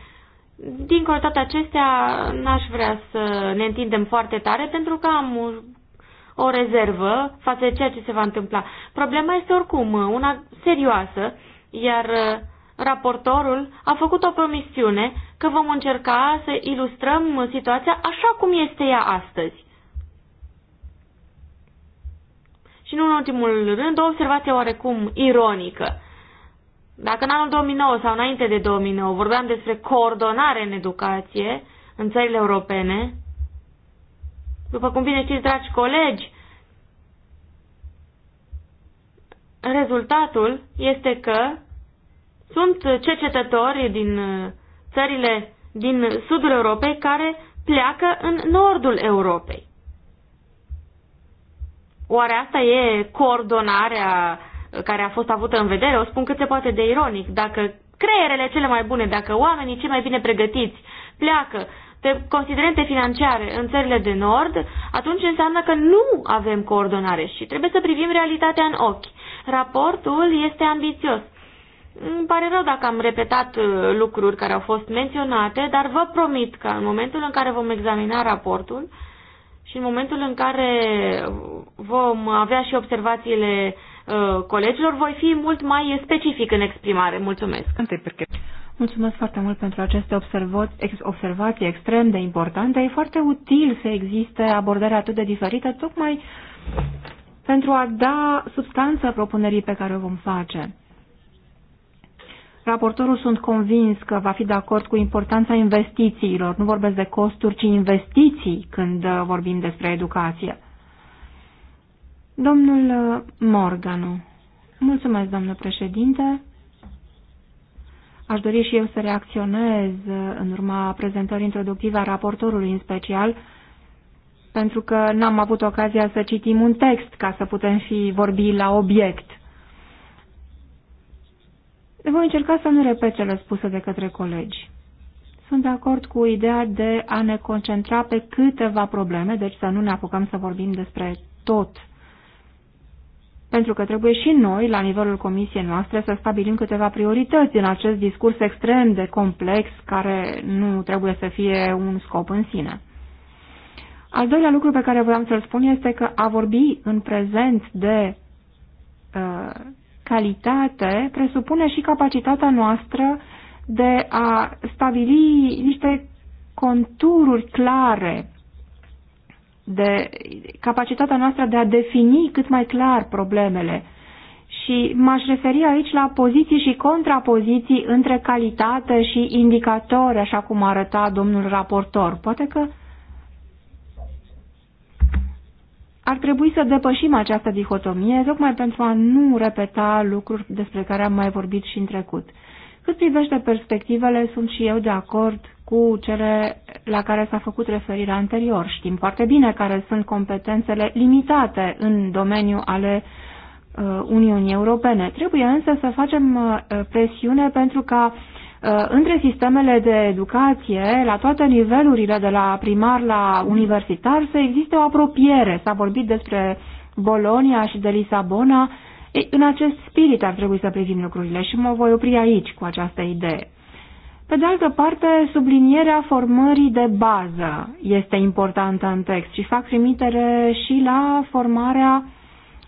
Dincolo toate acestea, n-aș vrea să ne întindem foarte tare pentru că am o rezervă față de ceea ce se va întâmpla. Problema este oricum una serioasă, iar uh, raportorul a făcut o promisiune că vom încerca să ilustrăm situația așa cum este ea astăzi. Și nu în ultimul rând, o observație oarecum ironică. Dacă în anul 2009 sau înainte de 2009 vorbeam despre coordonare în educație în țările europene, după cum bine știți, dragi colegi, rezultatul este că sunt cercetători din uh, țările din sudul Europei care pleacă în nordul Europei. Oare asta e coordonarea care a fost avută în vedere, o spun cât se poate de ironic, dacă creierele cele mai bune, dacă oamenii cei mai bine pregătiți pleacă pe considerente financiare în țările de nord, atunci înseamnă că nu avem coordonare și trebuie să privim realitatea în ochi. Raportul este ambițios. Îmi pare rău dacă am repetat uh, lucruri care au fost menționate, dar vă promit că în momentul în care vom examina raportul și în momentul în care vom avea și observațiile Uh, colegilor, voi fi mult mai specific în exprimare. Mulțumesc! Mulțumesc foarte mult pentru aceste observații extrem de importante. E foarte util să existe abordarea atât de diferită, tocmai pentru a da substanță propunerii pe care o vom face. Raportorul sunt convins că va fi de acord cu importanța investițiilor. Nu vorbesc de costuri, ci investiții când uh, vorbim despre educație. Domnul uh, Morganu. Mulțumesc, domnule președinte. Aș dori și eu să reacționez uh, în urma prezentării introductive a raportorului în special, pentru că n-am avut ocazia să citim un text ca să putem fi vorbi la obiect. Voi încerca să nu repet cele spuse de către colegi. Sunt de acord cu ideea de a ne concentra pe câteva probleme, deci să nu ne apucăm să vorbim despre tot pentru că trebuie și noi, la nivelul comisiei noastre, să stabilim câteva priorități în acest discurs extrem de complex, care nu trebuie să fie un scop în sine. Al doilea lucru pe care voiam să-l spun este că a vorbi în prezent de uh, calitate presupune și capacitatea noastră de a stabili niște contururi clare de capacitatea noastră de a defini cât mai clar problemele. Și m-aș referi aici la poziții și contrapoziții între calitate și indicatori, așa cum arăta domnul raportor. Poate că ar trebui să depășim această dihotomie, tocmai pentru a nu repeta lucruri despre care am mai vorbit și în trecut. Cât privește perspectivele, sunt și eu de acord cu cele la care s-a făcut referire anterior. Știm foarte bine care sunt competențele limitate în domeniul ale uh, Uniunii Europene. Trebuie însă să facem uh, presiune pentru ca uh, între sistemele de educație, la toate nivelurile, de la primar la universitar, să existe o apropiere. S-a vorbit despre Bolonia și de Lisabona, ei, în acest spirit ar trebui să privim lucrurile și mă voi opri aici cu această idee. Pe de altă parte, sublinierea formării de bază este importantă în text și fac trimitere și la formarea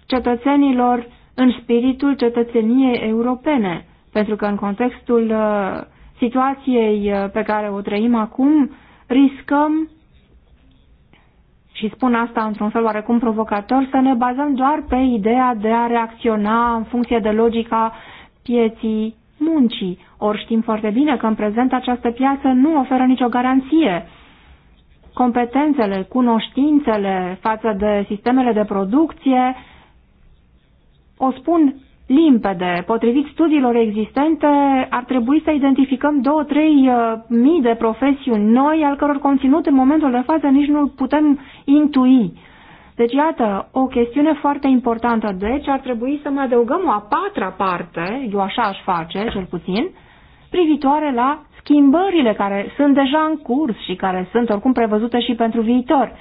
cetățenilor în spiritul cetățeniei europene, pentru că în contextul uh, situației uh, pe care o trăim acum, riscăm și spun asta într-un fel oarecum provocator, să ne bazăm doar pe ideea de a reacționa în funcție de logica pieții muncii. Ori știm foarte bine că în prezent această piață nu oferă nicio garanție. Competențele, cunoștințele față de sistemele de producție, o spun limpede. Potrivit studiilor existente, ar trebui să identificăm 2-3 uh, mii de profesiuni noi, al căror conținut în momentul de față nici nu putem intui. Deci, iată, o chestiune foarte importantă. Deci, ar trebui să mai adăugăm o a patra parte, eu așa aș face, cel puțin, privitoare la schimbările care sunt deja în curs și care sunt oricum prevăzute și pentru viitor.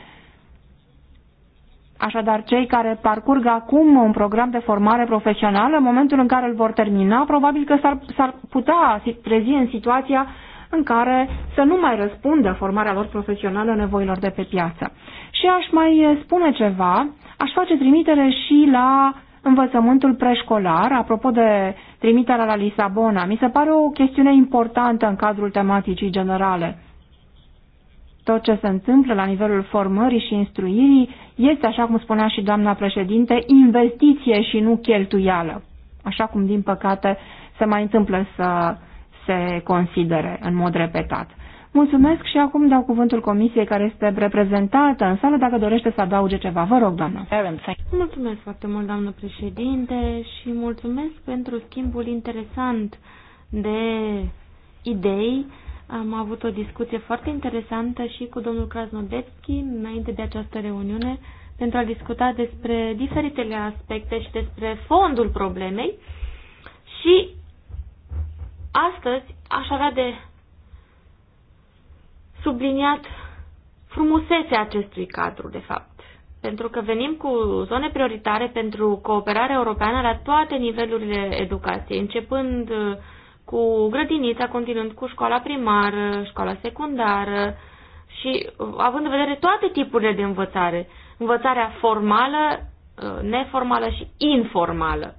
Așadar, cei care parcurg acum un program de formare profesională, în momentul în care îl vor termina, probabil că s-ar, putea trezi în situația în care să nu mai răspundă formarea lor profesională nevoilor de pe piață. Și aș mai spune ceva, aș face trimitere și la învățământul preșcolar, apropo de trimiterea la Lisabona. Mi se pare o chestiune importantă în cadrul tematicii generale tot ce se întâmplă la nivelul formării și instruirii este, așa cum spunea și doamna președinte, investiție și nu cheltuială. Așa cum, din păcate, se mai întâmplă să se considere în mod repetat. Mulțumesc și acum dau cuvântul comisiei care este reprezentată în sală dacă dorește să adauge ceva. Vă rog, doamnă. Mulțumesc foarte mult, doamnă președinte, și mulțumesc pentru schimbul interesant de idei am avut o discuție foarte interesantă și cu domnul Krasnodebski înainte de această reuniune pentru a discuta despre diferitele aspecte și despre fondul problemei. Și astăzi aș avea de subliniat frumusețea acestui cadru, de fapt. Pentru că venim cu zone prioritare pentru cooperarea europeană la toate nivelurile educației, începând cu grădinița, continuând cu școala primară, școala secundară și uh, având în vedere toate tipurile de învățare, învățarea formală, uh, neformală și informală.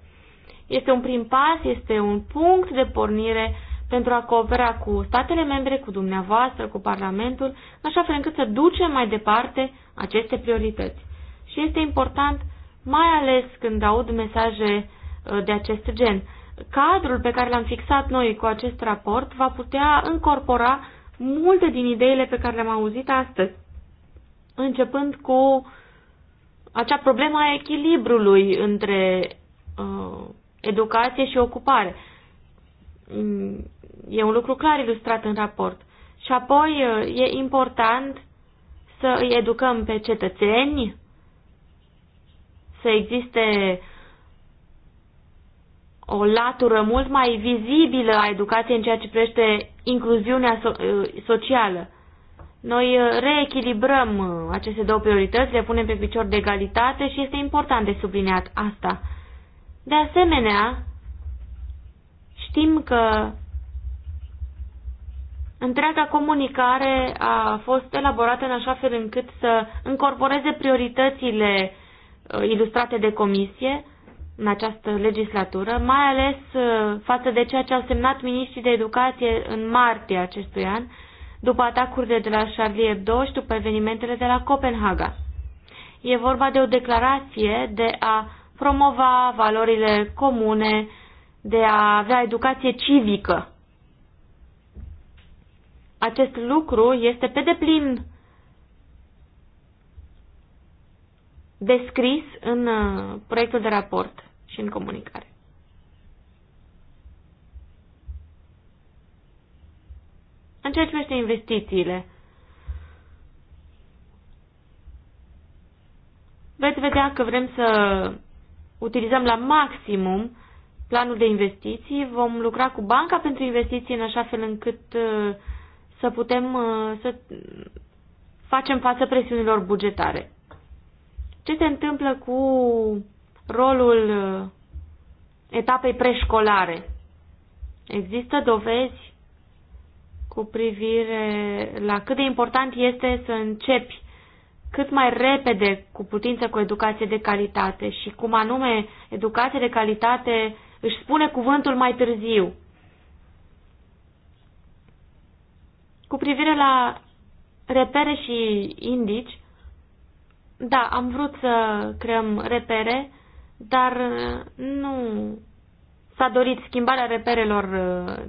Este un prim pas, este un punct de pornire pentru a coopera cu statele membre, cu dumneavoastră, cu Parlamentul, așa fel încât să ducem mai departe aceste priorități. Și este important, mai ales când aud mesaje uh, de acest gen cadrul pe care l-am fixat noi cu acest raport va putea încorpora multe din ideile pe care le-am auzit astăzi, începând cu acea problemă a echilibrului între uh, educație și ocupare. Mm, e un lucru clar ilustrat în raport. Și apoi uh, e important să îi educăm pe cetățeni, să existe o latură mult mai vizibilă a educației în ceea ce privește incluziunea so- uh, socială. Noi uh, reechilibrăm uh, aceste două priorități, le punem pe picior de egalitate și este important de subliniat asta. De asemenea, știm că întreaga comunicare a fost elaborată în așa fel încât să încorporeze prioritățile ilustrate de comisie, în această legislatură, mai ales uh, față de ceea ce au semnat ministrii de educație în martie acestui an, după atacurile de la Charlie Hebdo și după evenimentele de la Copenhaga. E vorba de o declarație de a promova valorile comune, de a avea educație civică. Acest lucru este pe deplin descris în uh, proiectul de raport și în comunicare. În ceea ce privește investițiile, veți vedea că vrem să utilizăm la maximum planul de investiții, vom lucra cu banca pentru investiții în așa fel încât uh, să putem uh, să facem față presiunilor bugetare. Ce se întâmplă cu rolul uh, etapei preșcolare. Există dovezi cu privire la cât de important este să începi cât mai repede cu putință cu educație de calitate și cum anume educație de calitate își spune cuvântul mai târziu. Cu privire la repere și indici, da, am vrut să creăm repere dar uh, nu s-a dorit schimbarea reperelor uh,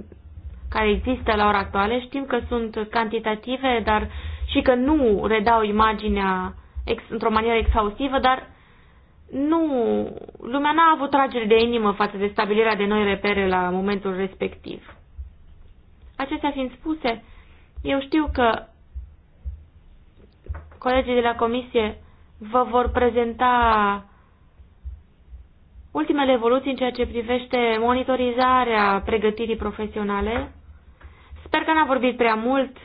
care există la ora actuală. Știm că sunt cantitative dar și că nu redau imaginea ex, într-o manieră exhaustivă, dar nu, lumea n-a avut tragere de inimă față de stabilirea de noi repere la momentul respectiv. Acestea fiind spuse, eu știu că colegii de la comisie vă vor prezenta ultimele evoluții în ceea ce privește monitorizarea pregătirii profesionale. Sper că n-am vorbit prea mult.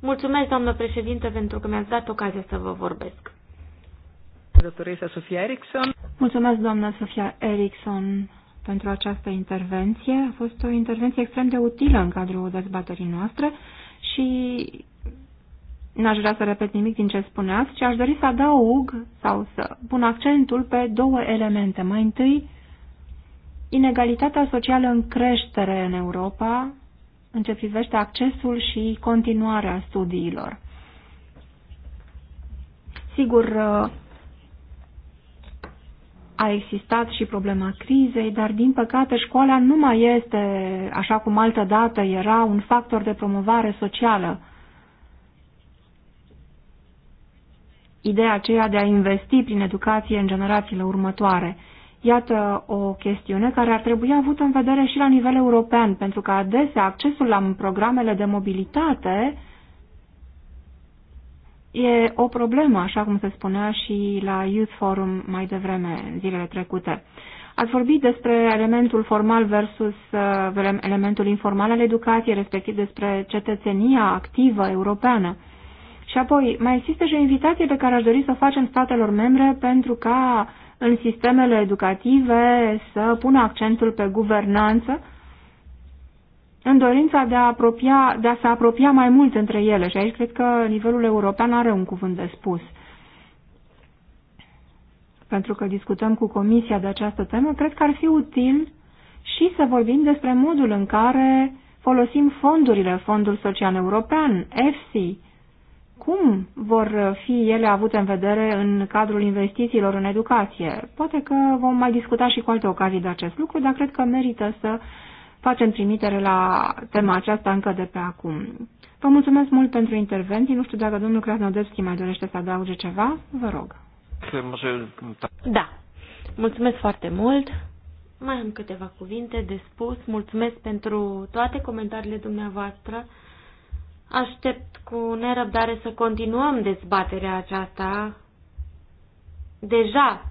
Mulțumesc, doamnă președinte, pentru că mi-ați dat ocazia să vă vorbesc. Doctoresa Sofia Erickson. Mulțumesc, doamnă Sofia Erickson, pentru această intervenție. A fost o intervenție extrem de utilă în cadrul dezbaterii noastre și N-aș vrea să repet nimic din ce spuneați, ci aș dori să adaug sau să pun accentul pe două elemente. Mai întâi, inegalitatea socială în creștere în Europa în ce privește accesul și continuarea studiilor. Sigur, a existat și problema crizei, dar din păcate școala nu mai este, așa cum altă dată era, un factor de promovare socială ideea aceea de a investi prin educație în generațiile următoare. Iată o chestiune care ar trebui avută în vedere și la nivel european, pentru că adesea accesul la programele de mobilitate e o problemă, așa cum se spunea și la Youth Forum mai devreme, în zilele trecute. Ați vorbit despre elementul formal versus uh, elementul informal al educației, respectiv despre cetățenia activă europeană. Și apoi, mai există și o invitație pe care aș dori să o facem statelor membre pentru ca în sistemele educative să pună accentul pe guvernanță în dorința de a, apropia, de a se apropia mai mult între ele. Și aici cred că nivelul european are un cuvânt de spus. Pentru că discutăm cu Comisia de această temă, cred că ar fi util și să vorbim despre modul în care folosim fondurile, Fondul Social European, EFSI, cum vor fi ele avute în vedere în cadrul investițiilor în educație. Poate că vom mai discuta și cu alte ocazii de acest lucru, dar cred că merită să facem trimitere la tema aceasta încă de pe acum. Vă mulțumesc mult pentru intervenții. Nu știu dacă domnul Krasnodebski mai dorește să adauge ceva. Vă rog. Da. Mulțumesc foarte mult. Mai am câteva cuvinte de spus. Mulțumesc pentru toate comentariile dumneavoastră. Aștept cu nerăbdare să continuăm dezbaterea aceasta. Deja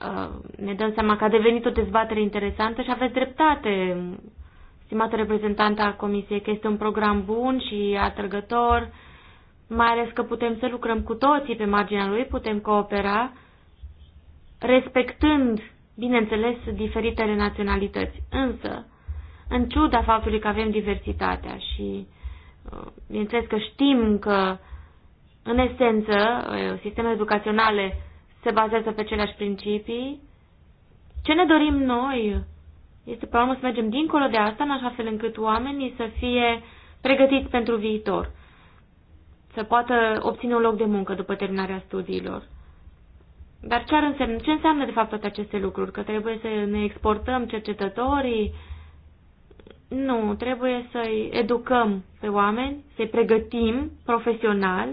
uh, ne dăm seama că a devenit o dezbatere interesantă și aveți dreptate, stimată reprezentantă a Comisiei, că este un program bun și atrăgător, mai ales că putem să lucrăm cu toții pe marginea lui, putem coopera, respectând, bineînțeles, diferitele naționalități. Însă, în ciuda faptului că avem diversitatea și Bineînțeles că știm că, în esență, uh, sistemele educaționale se bazează pe aceleași principii. Ce ne dorim noi este, pe urmă, să mergem dincolo de asta, în așa fel încât oamenii să fie pregătiți pentru viitor, să poată obține un loc de muncă după terminarea studiilor. Dar ce, ar însemn, ce înseamnă, de fapt, toate aceste lucruri? Că trebuie să ne exportăm cercetătorii, nu, trebuie să-i educăm pe oameni, să-i pregătim profesional,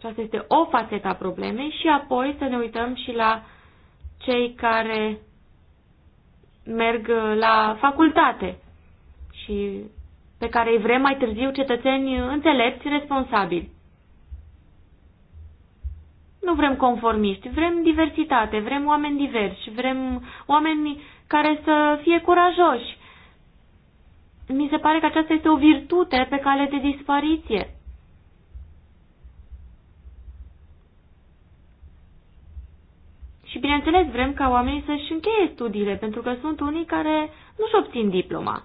și asta este o fațetă a problemei, și apoi să ne uităm și la cei care merg la facultate și pe care îi vrem mai târziu cetățeni înțelepți, responsabili. Nu vrem conformiști, vrem diversitate, vrem oameni diversi, vrem oameni care să fie curajoși, mi se pare că aceasta este o virtute pe cale de dispariție. Și bineînțeles vrem ca oamenii să-și încheie studiile, pentru că sunt unii care nu-și obțin diploma.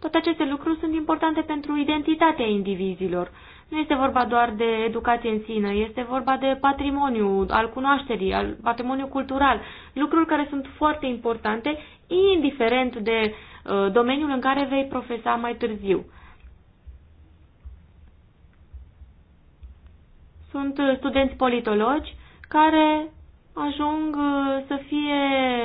Toate aceste lucruri sunt importante pentru identitatea indivizilor nu este vorba doar de educație în sine, este vorba de patrimoniu al cunoașterii, al patrimoniu cultural, lucruri care sunt foarte importante, indiferent de uh, domeniul în care vei profesa mai târziu. Sunt uh, studenți politologi care ajung uh, să fie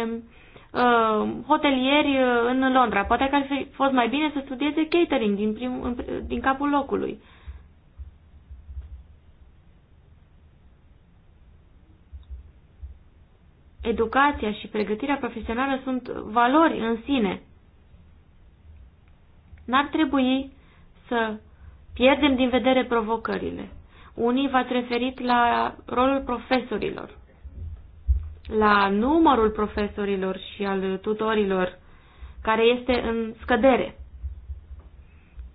uh, hotelieri uh, în Londra. Poate că ar fi fost mai bine să studieze catering din, prim, din capul locului. educația și pregătirea profesională sunt valori în sine. N-ar trebui să pierdem din vedere provocările. Unii v-ați referit la rolul profesorilor, la numărul profesorilor și al tutorilor, care este în scădere.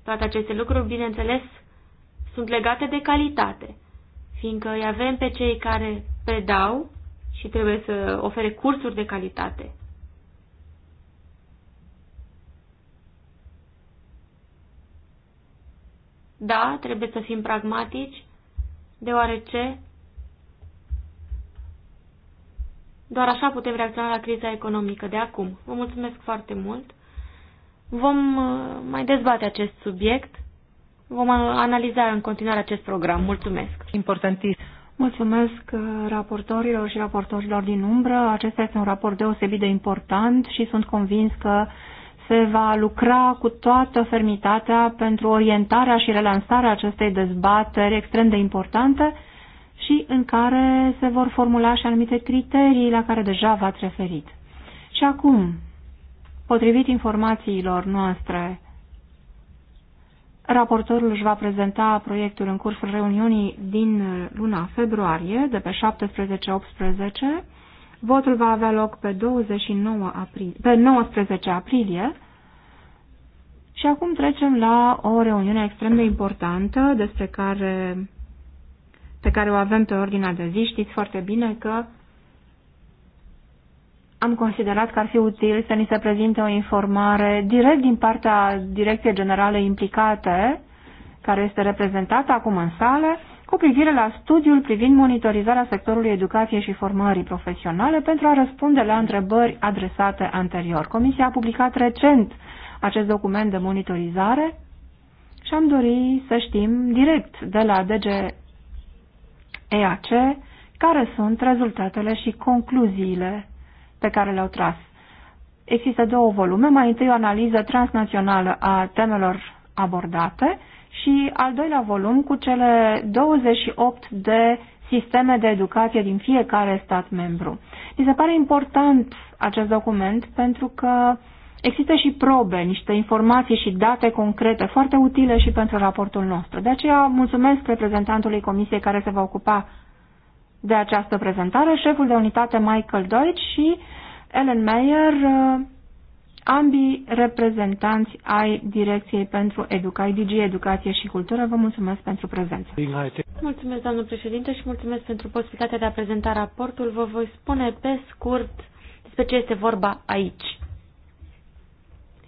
Toate aceste lucruri, bineînțeles, sunt legate de calitate, fiindcă îi avem pe cei care predau și trebuie să ofere cursuri de calitate. Da, trebuie să fim pragmatici, deoarece doar așa putem reacționa la criza economică de acum. Vă mulțumesc foarte mult. Vom uh, mai dezbate acest subiect. Vom uh, analiza în continuare acest program. Mulțumesc. Importantism. Mulțumesc uh, raportorilor și raportorilor din umbră. Acesta este un raport deosebit de important și sunt convins că se va lucra cu toată fermitatea pentru orientarea și relansarea acestei dezbateri extrem de importante și în care se vor formula și anumite criterii la care deja v-ați referit. Și acum, potrivit informațiilor noastre Raportorul își va prezenta proiectul în cursul reuniunii din luna februarie, de pe 17-18. Votul va avea loc pe, 29 aprilie, pe 19 aprilie. Și acum trecem la o reuniune extrem de importantă despre care, pe care o avem pe ordinea de zi. Știți foarte bine că am considerat că ar fi util să ni se prezinte o informare direct din partea Direcției Generale implicate, care este reprezentată acum în sală, cu privire la studiul privind monitorizarea sectorului educației și formării profesionale pentru a răspunde la întrebări adresate anterior. Comisia a publicat recent acest document de monitorizare și am dori să știm direct de la DG EAC care sunt rezultatele și concluziile pe care le-au tras. Există două volume, mai întâi o analiză transnațională a temelor abordate și al doilea volum cu cele 28 de sisteme de educație din fiecare stat membru. Mi se pare important acest document pentru că există și probe, niște informații și date concrete foarte utile și pentru raportul nostru. De aceea mulțumesc reprezentantului comisiei care se va ocupa de această prezentare, șeful de unitate Michael Deutsch și Ellen Mayer, uh, ambii reprezentanți ai Direcției pentru Educație, DG Educație și Cultură. Vă mulțumesc pentru prezență. Mulțumesc, doamnă președinte, și mulțumesc pentru posibilitatea de a prezenta raportul. Vă voi spune pe scurt despre ce este vorba aici.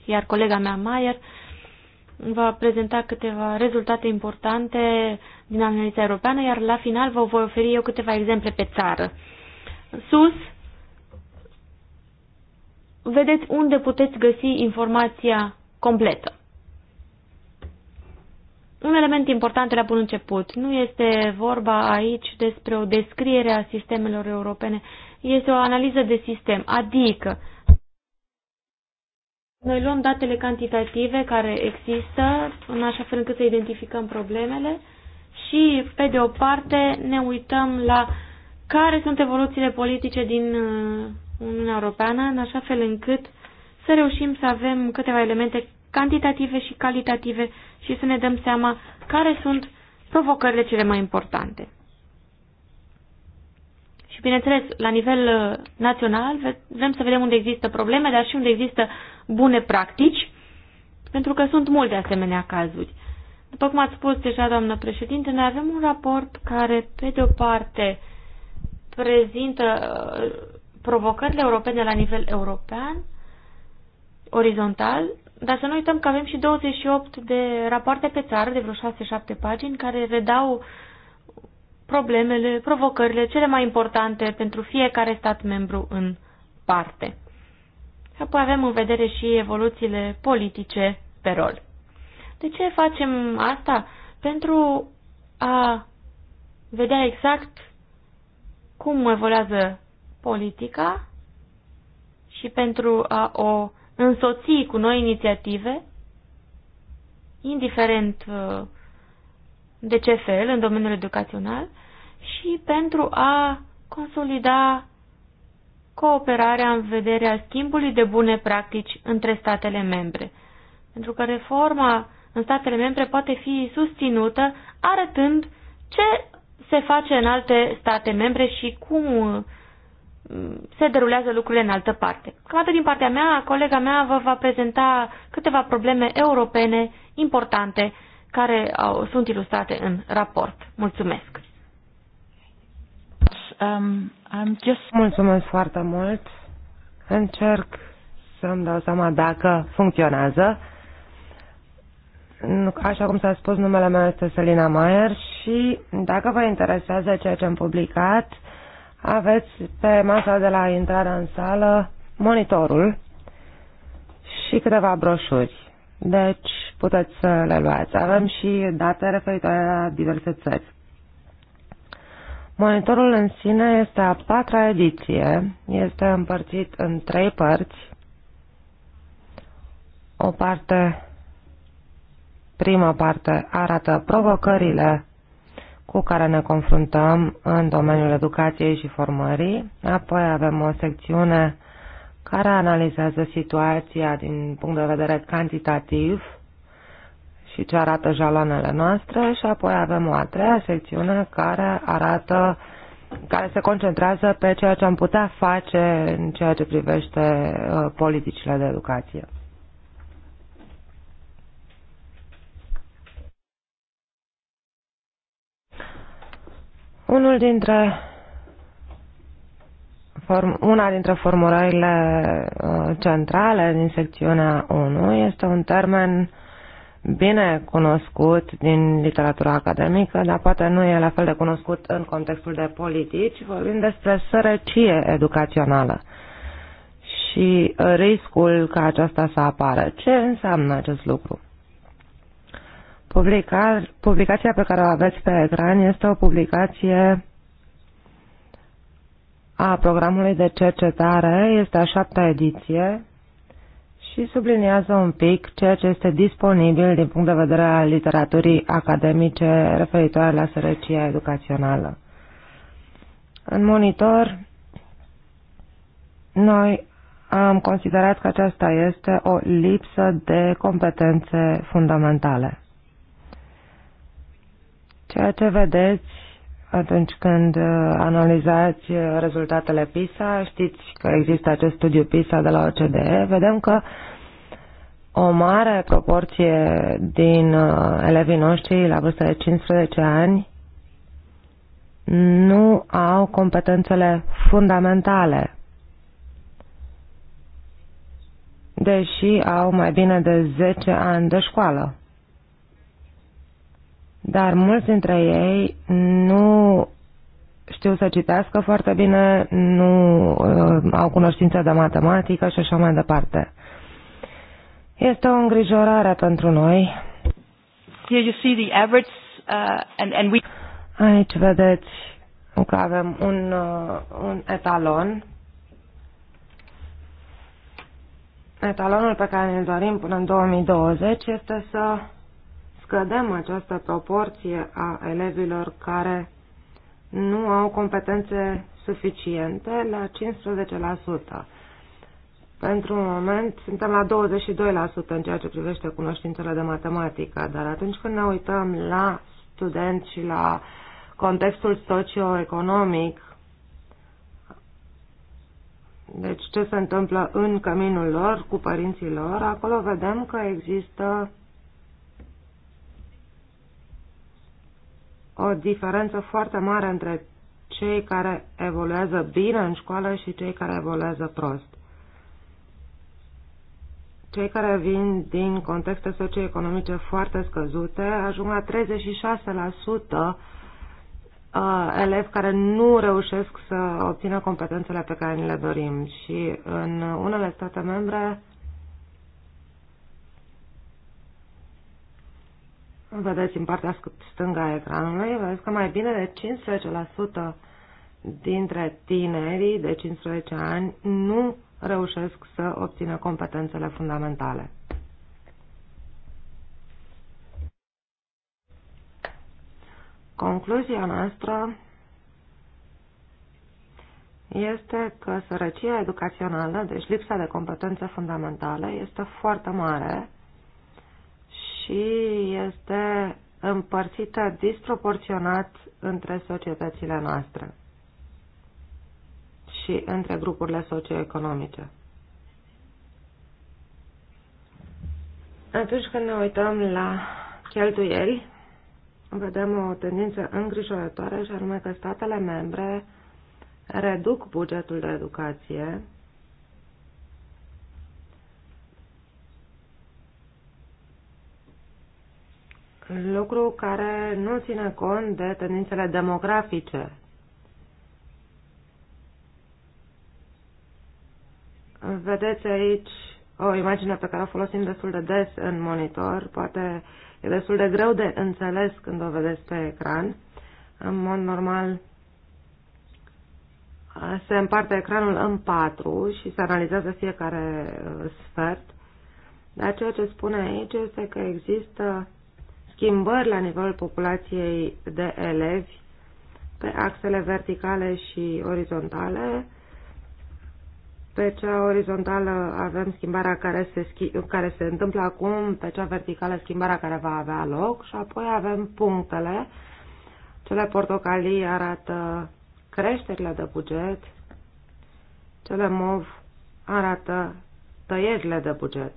Iar colega mea, Mayer, va prezenta câteva rezultate importante din analiza europeană, iar la final vă voi oferi eu câteva exemple pe țară. Sus, vedeți unde puteți găsi informația completă. Un element important la bun început. Nu este vorba aici despre o descriere a sistemelor europene, este o analiză de sistem, adică noi luăm datele cantitative care există, în așa fel încât să identificăm problemele și, pe de o parte, ne uităm la care sunt evoluțiile politice din uh, Uniunea Europeană, în așa fel încât să reușim să avem câteva elemente cantitative și calitative și să ne dăm seama care sunt provocările cele mai importante. Și bineînțeles, la nivel uh, național vrem să vedem unde există probleme, dar și unde există bune practici, pentru că sunt multe asemenea cazuri. După cum ați spus deja, doamnă președinte, noi avem un raport care, pe de o parte, prezintă uh, provocările europene la nivel european, orizontal, dar să nu uităm că avem și 28 de rapoarte pe țară, de vreo 6-7 pagini, care redau problemele, provocările cele mai importante pentru fiecare stat membru în parte. Apoi avem în vedere și evoluțiile politice pe rol. De ce facem asta? Pentru a vedea exact cum evoluează politica și pentru a o însoți cu noi inițiative, indiferent uh, de ce fel, în domeniul educațional, și pentru a consolida cooperarea în vederea schimbului de bune practici între statele membre. Pentru că reforma în statele membre poate fi susținută arătând ce se face în alte state membre și cum mm, se derulează lucrurile în altă parte. Cam atât din partea mea, colega mea vă va prezenta câteva probleme europene importante care au, sunt ilustrate în raport. Mulțumesc! Um, I'm just... Mulțumesc foarte mult. Încerc să-mi dau seama dacă funcționează. Așa cum s-a spus, numele meu este Selina Maier și dacă vă interesează ceea ce am publicat, aveți pe masa de la intrarea în sală monitorul și câteva broșuri. Deci puteți să le luați. Avem și date referitoare la diverse țări. Monitorul în sine este a patra ediție, este împărțit în trei părți. O parte, prima parte, arată provocările cu care ne confruntăm în domeniul educației și formării. Apoi avem o secțiune care analizează situația din punct de vedere cantitativ, și ce arată jaloanele noastre și apoi avem o a treia secțiune care arată care se concentrează pe ceea ce am putea face în ceea ce privește uh, politicile de educație. Unul dintre una dintre formulările uh, centrale din secțiunea 1 este un termen bine cunoscut din literatura academică, dar poate nu e la fel de cunoscut în contextul de politici. Vorbim despre sărăcie educațională și riscul ca aceasta să apară. Ce înseamnă acest lucru? Publica, publicația pe care o aveți pe ecran este o publicație a programului de cercetare, este a șaptea ediție și subliniază un pic ceea ce este disponibil din punct de vedere al literaturii academice referitoare la sărăcia educațională. În monitor, noi am considerat că aceasta este o lipsă de competențe fundamentale. Ceea ce vedeți atunci când uh, analizați uh, rezultatele PISA, știți că există acest studiu PISA de la OCDE, vedem că o mare proporție din uh, elevii noștri la vârsta de 15 ani nu au competențele fundamentale, deși au mai bine de 10 ani de școală dar mulți dintre ei nu știu să citească foarte bine, nu uh, au cunoștință de matematică și așa mai departe. Este o îngrijorare pentru noi. Here you see the average, uh, and, and we... Aici vedeți că avem un, uh, un etalon. Etalonul pe care ne dorim până în 2020 este să scădem această proporție a elevilor care nu au competențe suficiente la 15%. Pentru un moment suntem la 22% în ceea ce privește cunoștințele de matematică, dar atunci când ne uităm la studenți și la contextul socioeconomic, deci ce se întâmplă în căminul lor cu părinții lor, acolo vedem că există o diferență foarte mare între cei care evoluează bine în școală și cei care evoluează prost. Cei care vin din contexte socioeconomice foarte scăzute ajung la 36% uh, elevi care nu reușesc să obțină competențele pe care ni le dorim și în unele state membre vedeți în partea stângă a ecranului, vedeți că mai bine de 15% dintre tinerii de 15 ani nu reușesc să obțină competențele fundamentale. Concluzia noastră este că sărăcia educațională, deci lipsa de competențe fundamentale, este foarte mare și este împărțită disproporționat între societățile noastre și între grupurile socioeconomice. Atunci când ne uităm la cheltuieli, vedem o tendință îngrijorătoare și anume că statele membre reduc bugetul de educație lucru care nu ține cont de tendințele demografice. Vedeți aici o imagine pe care o folosim destul de des în monitor, poate e destul de greu de înțeles când o vedeți pe ecran. În mod normal se împarte ecranul în patru și se analizează fiecare uh, sfert. Dar ceea ce spune aici este că există schimbări la nivelul populației de elevi pe axele verticale și orizontale. Pe cea orizontală avem schimbarea care se, schi- care se întâmplă acum, pe cea verticală schimbarea care va avea loc și apoi avem punctele. Cele portocalii arată creșterile de buget, cele mov arată tăierile de buget.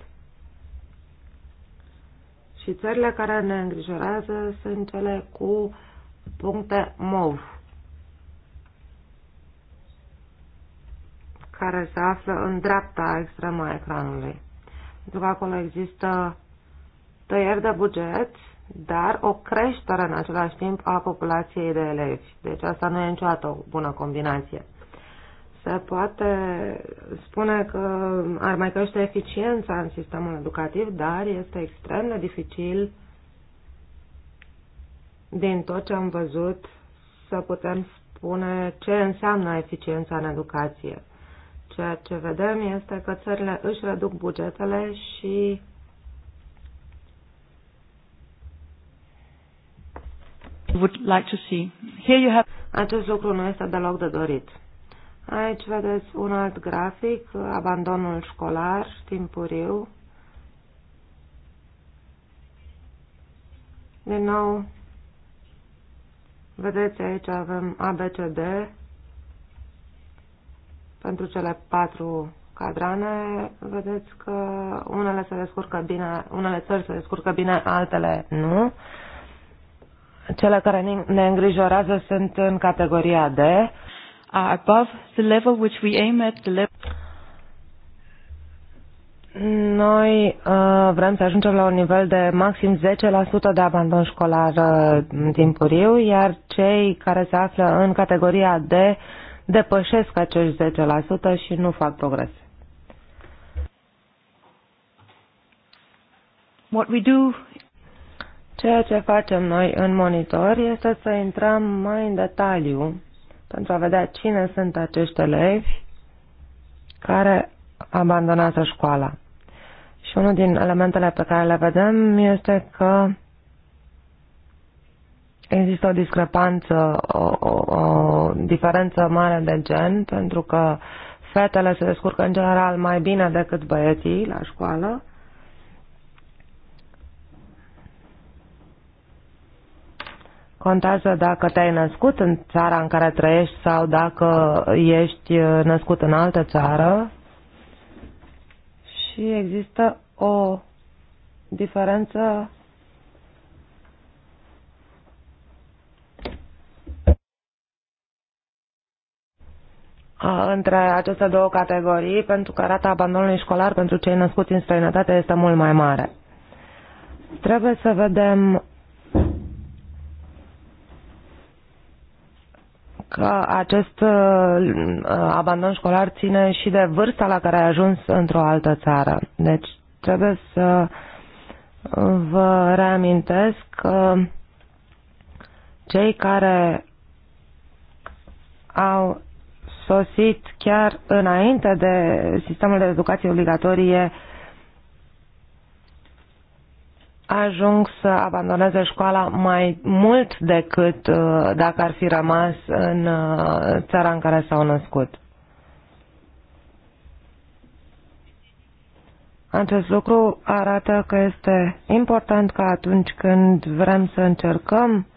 Și țările care ne îngrijorează sunt cele cu puncte MOV, care se află în dreapta extremă a ecranului. Pentru că acolo există tăieri de buget, dar o creștere în același timp a populației de elevi. Deci asta nu e niciodată o bună combinație se poate spune că ar mai crește eficiența în sistemul educativ, dar este extrem de dificil din tot ce am văzut să putem spune ce înseamnă eficiența în educație. Ceea ce vedem este că țările își reduc bugetele și would like to see. Here you have... Acest lucru nu este deloc de dorit. Aici vedeți un alt grafic, abandonul școlar timpuriu. Din nou, vedeți aici avem ABCD pentru cele patru cadrane. Vedeți că unele se descurcă bine, unele țări se descurcă bine, altele nu. Cele care ne îngrijorează sunt în categoria D are above the level which we aim at, the level noi uh, vrem să ajungem la un nivel de maxim 10% de abandon școlar uh, timpuriu, iar cei care se află în categoria D depășesc acești 10% și nu fac progres. What we do Ceea ce facem noi în monitor este să intrăm mai în detaliu pentru a vedea cine sunt acești elevi care abandonează școala. Și unul din elementele pe care le vedem este că există o discrepanță, o, o, o diferență mare de gen, pentru că fetele se descurcă în general mai bine decât băieții la școală Contează dacă te-ai născut în țara în care trăiești sau dacă ești uh, născut în altă țară. Și există o diferență între aceste două categorii, pentru că rata abandonului școlar pentru cei născuți în străinătate este mult mai mare. Trebuie să vedem că acest uh, uh, abandon școlar ține și de vârsta la care ai ajuns într-o altă țară. Deci trebuie să vă reamintesc că cei care au sosit chiar înainte de sistemul de educație obligatorie uh, ajung să abandoneze școala mai mult decât uh, dacă ar fi rămas în uh, țara în care s-au născut. Acest lucru arată că este important că atunci când vrem să încercăm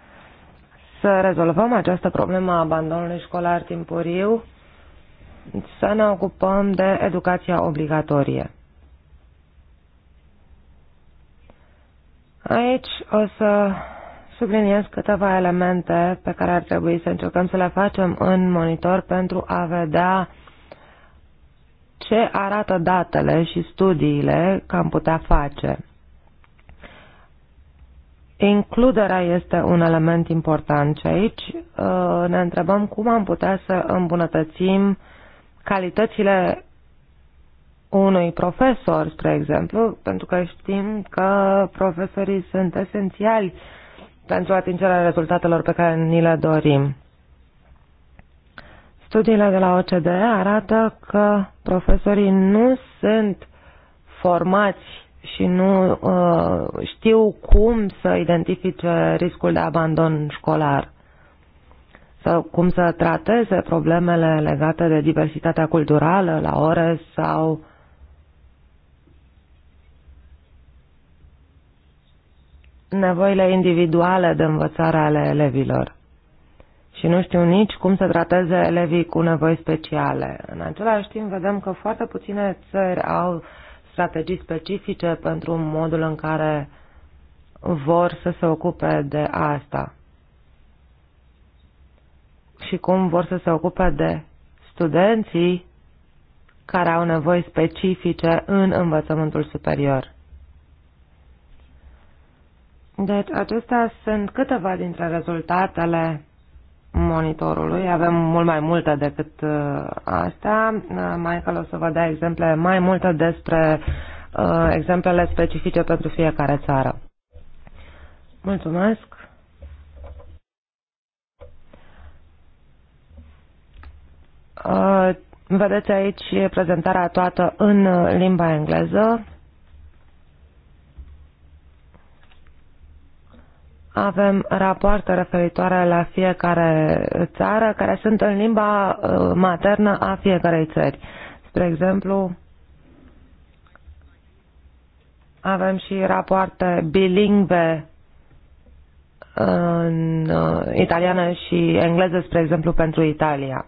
să rezolvăm această problemă a abandonului școlar timpuriu, să ne ocupăm de educația obligatorie. Aici o să subliniez câteva elemente pe care ar trebui să încercăm să le facem în monitor pentru a vedea ce arată datele și studiile că am putea face. Includerea este un element important și aici uh, ne întrebăm cum am putea să îmbunătățim calitățile unui profesor, spre exemplu, pentru că știm că profesorii sunt esențiali pentru atingerea rezultatelor pe care ni le dorim. Studiile de la OCDE arată că profesorii nu sunt formați și nu uh, știu cum să identifice riscul de abandon școlar sau cum să trateze problemele legate de diversitatea culturală la ore sau uh, nevoile individuale de învățare ale elevilor și nu știu nici cum să trateze elevii cu nevoi speciale. În același timp, vedem că foarte puține țări au strategii specifice pentru modul în care vor să se ocupe de asta și cum vor să se ocupe de studenții care au nevoi specifice în învățământul superior. Deci acestea sunt câteva dintre rezultatele monitorului. Avem mult mai multe decât uh, asta. Uh, Michael o să vă dea exemple mai multe despre uh, exemplele specifice pentru fiecare țară. Mulțumesc! Uh, vedeți aici prezentarea toată în limba engleză. Avem rapoarte referitoare la fiecare țară care sunt în limba uh, maternă a fiecarei țări. Spre exemplu, avem și rapoarte bilingve în uh, italiană și engleză, spre exemplu, pentru Italia.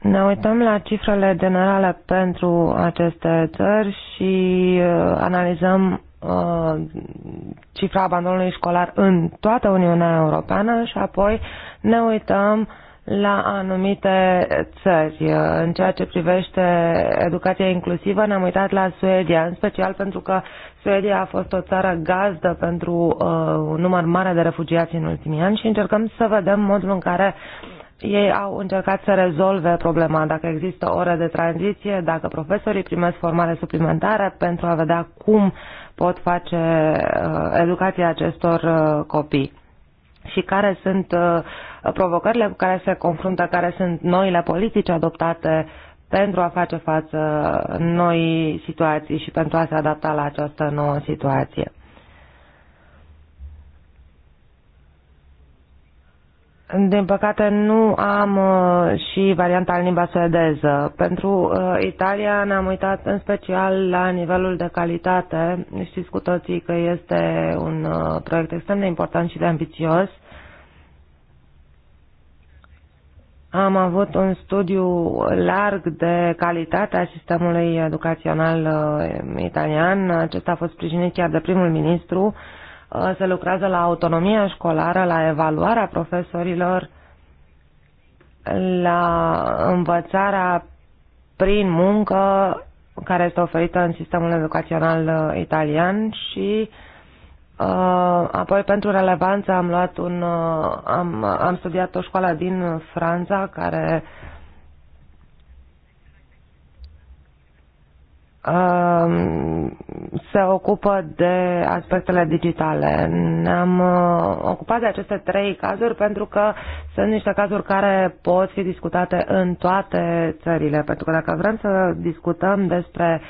Ne uităm la cifrele generale pentru aceste țări și uh, analizăm Uh, cifra abandonului școlar în toată Uniunea Europeană și apoi ne uităm la anumite țări. Uh, în ceea ce privește educația inclusivă, ne-am uitat la Suedia, în special pentru că Suedia a fost o țară gazdă pentru uh, un număr mare de refugiați în ultimii ani și încercăm să vedem modul în care uh, ei au încercat să rezolve problema, dacă există ore de tranziție, dacă profesorii primesc formare suplimentară pentru a vedea cum pot face uh, educația acestor uh, copii și care sunt uh, provocările cu care se confruntă, care sunt noile politici adoptate pentru a face față noi situații și pentru a se adapta la această nouă situație. Din păcate nu am uh, și varianta în limba suedeză. Pentru uh, Italia ne-am uitat în special la nivelul de calitate. Știți cu toții că este un uh, proiect extrem de important și de ambițios. Am avut un studiu larg de calitatea sistemului educațional uh, italian. Acesta a fost sprijinit chiar de primul ministru. Uh, Uh, se lucrează la autonomia școlară, la evaluarea profesorilor, la învățarea prin muncă care este oferită în sistemul educațional uh, italian și uh, apoi pentru relevanță am luat un am, am studiat o școală din Franța care se ocupă de aspectele digitale. Ne-am uh, ocupat de aceste trei cazuri pentru că sunt niște cazuri care pot fi discutate în toate țările, pentru că dacă vrem să discutăm despre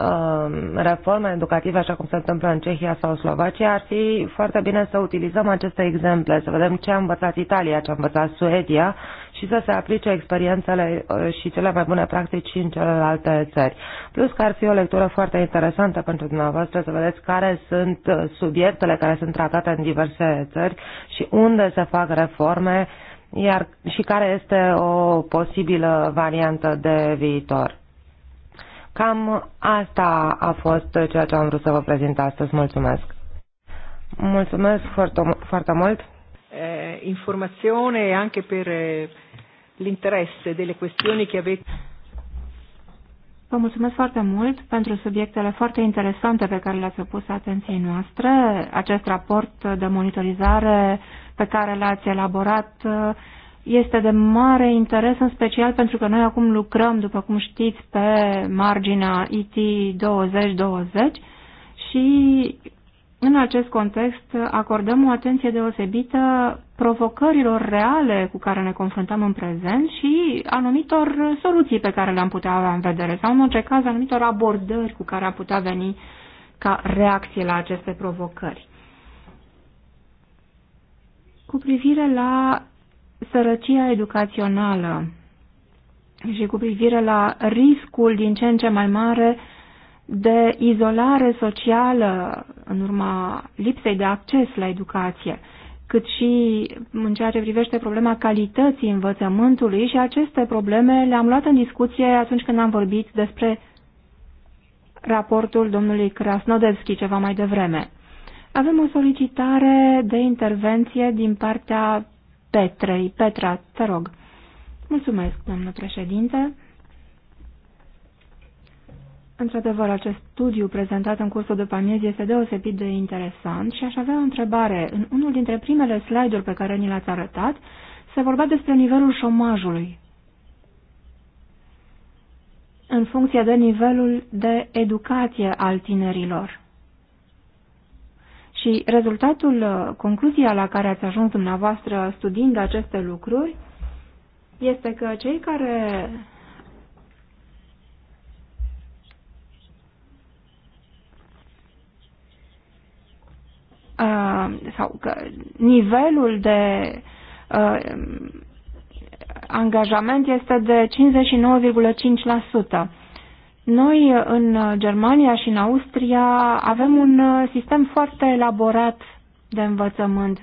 uh, reforme educative, așa cum se întâmplă în Cehia sau Slovacia, ar fi foarte bine să utilizăm aceste exemple, să vedem ce a învățat Italia, ce a învățat Suedia, uh, și să se aplice experiențele uh, și cele mai bune practici în celelalte țări. Plus că ar fi o lectură foarte interesantă pentru dumneavoastră să vedeți care sunt uh, subiectele care sunt tratate în diverse țări și unde se fac reforme iar și care este o posibilă variantă de viitor. Cam asta a fost ceea ce am vrut să vă prezint astăzi. Mulțumesc! Mulțumesc foarte, foarte mult! Eh, informazione anche per eh, l'interesse delle questioni che avete. Vă mulțumesc foarte mult pentru subiectele foarte interesante pe care le-ați opus atenției noastre. Acest raport de monitorizare pe care l-ați elaborat este de mare interes, în special pentru că noi acum lucrăm, după cum știți, pe marginea IT 2020 și în acest context acordăm o atenție deosebită provocărilor reale cu care ne confruntăm în prezent și anumitor soluții pe care le-am putea avea în vedere sau, în orice caz, anumitor abordări cu care am putea veni ca reacție la aceste provocări. Cu privire la sărăcia educațională și cu privire la riscul din ce în ce mai mare de izolare socială în urma lipsei de acces la educație – cât și în ceea ce privește problema calității învățământului și aceste probleme le-am luat în discuție atunci când am vorbit despre raportul domnului Krasnodevski ceva mai devreme. Avem o solicitare de intervenție din partea Petrei. Petra, te rog. Mulțumesc, doamnă președinte. Într-adevăr, acest studiu prezentat în cursul după amiez este deosebit de interesant și aș avea o întrebare. În unul dintre primele slide-uri pe care ni l ați arătat, se vorbea despre nivelul șomajului în funcție de nivelul de educație al tinerilor. Și rezultatul, uh, concluzia la care ați ajuns dumneavoastră studiind aceste lucruri, este că cei care Uh, sau că nivelul de uh, angajament este de 59,5%. Noi în Germania și în Austria avem un uh, sistem foarte elaborat de învățământ.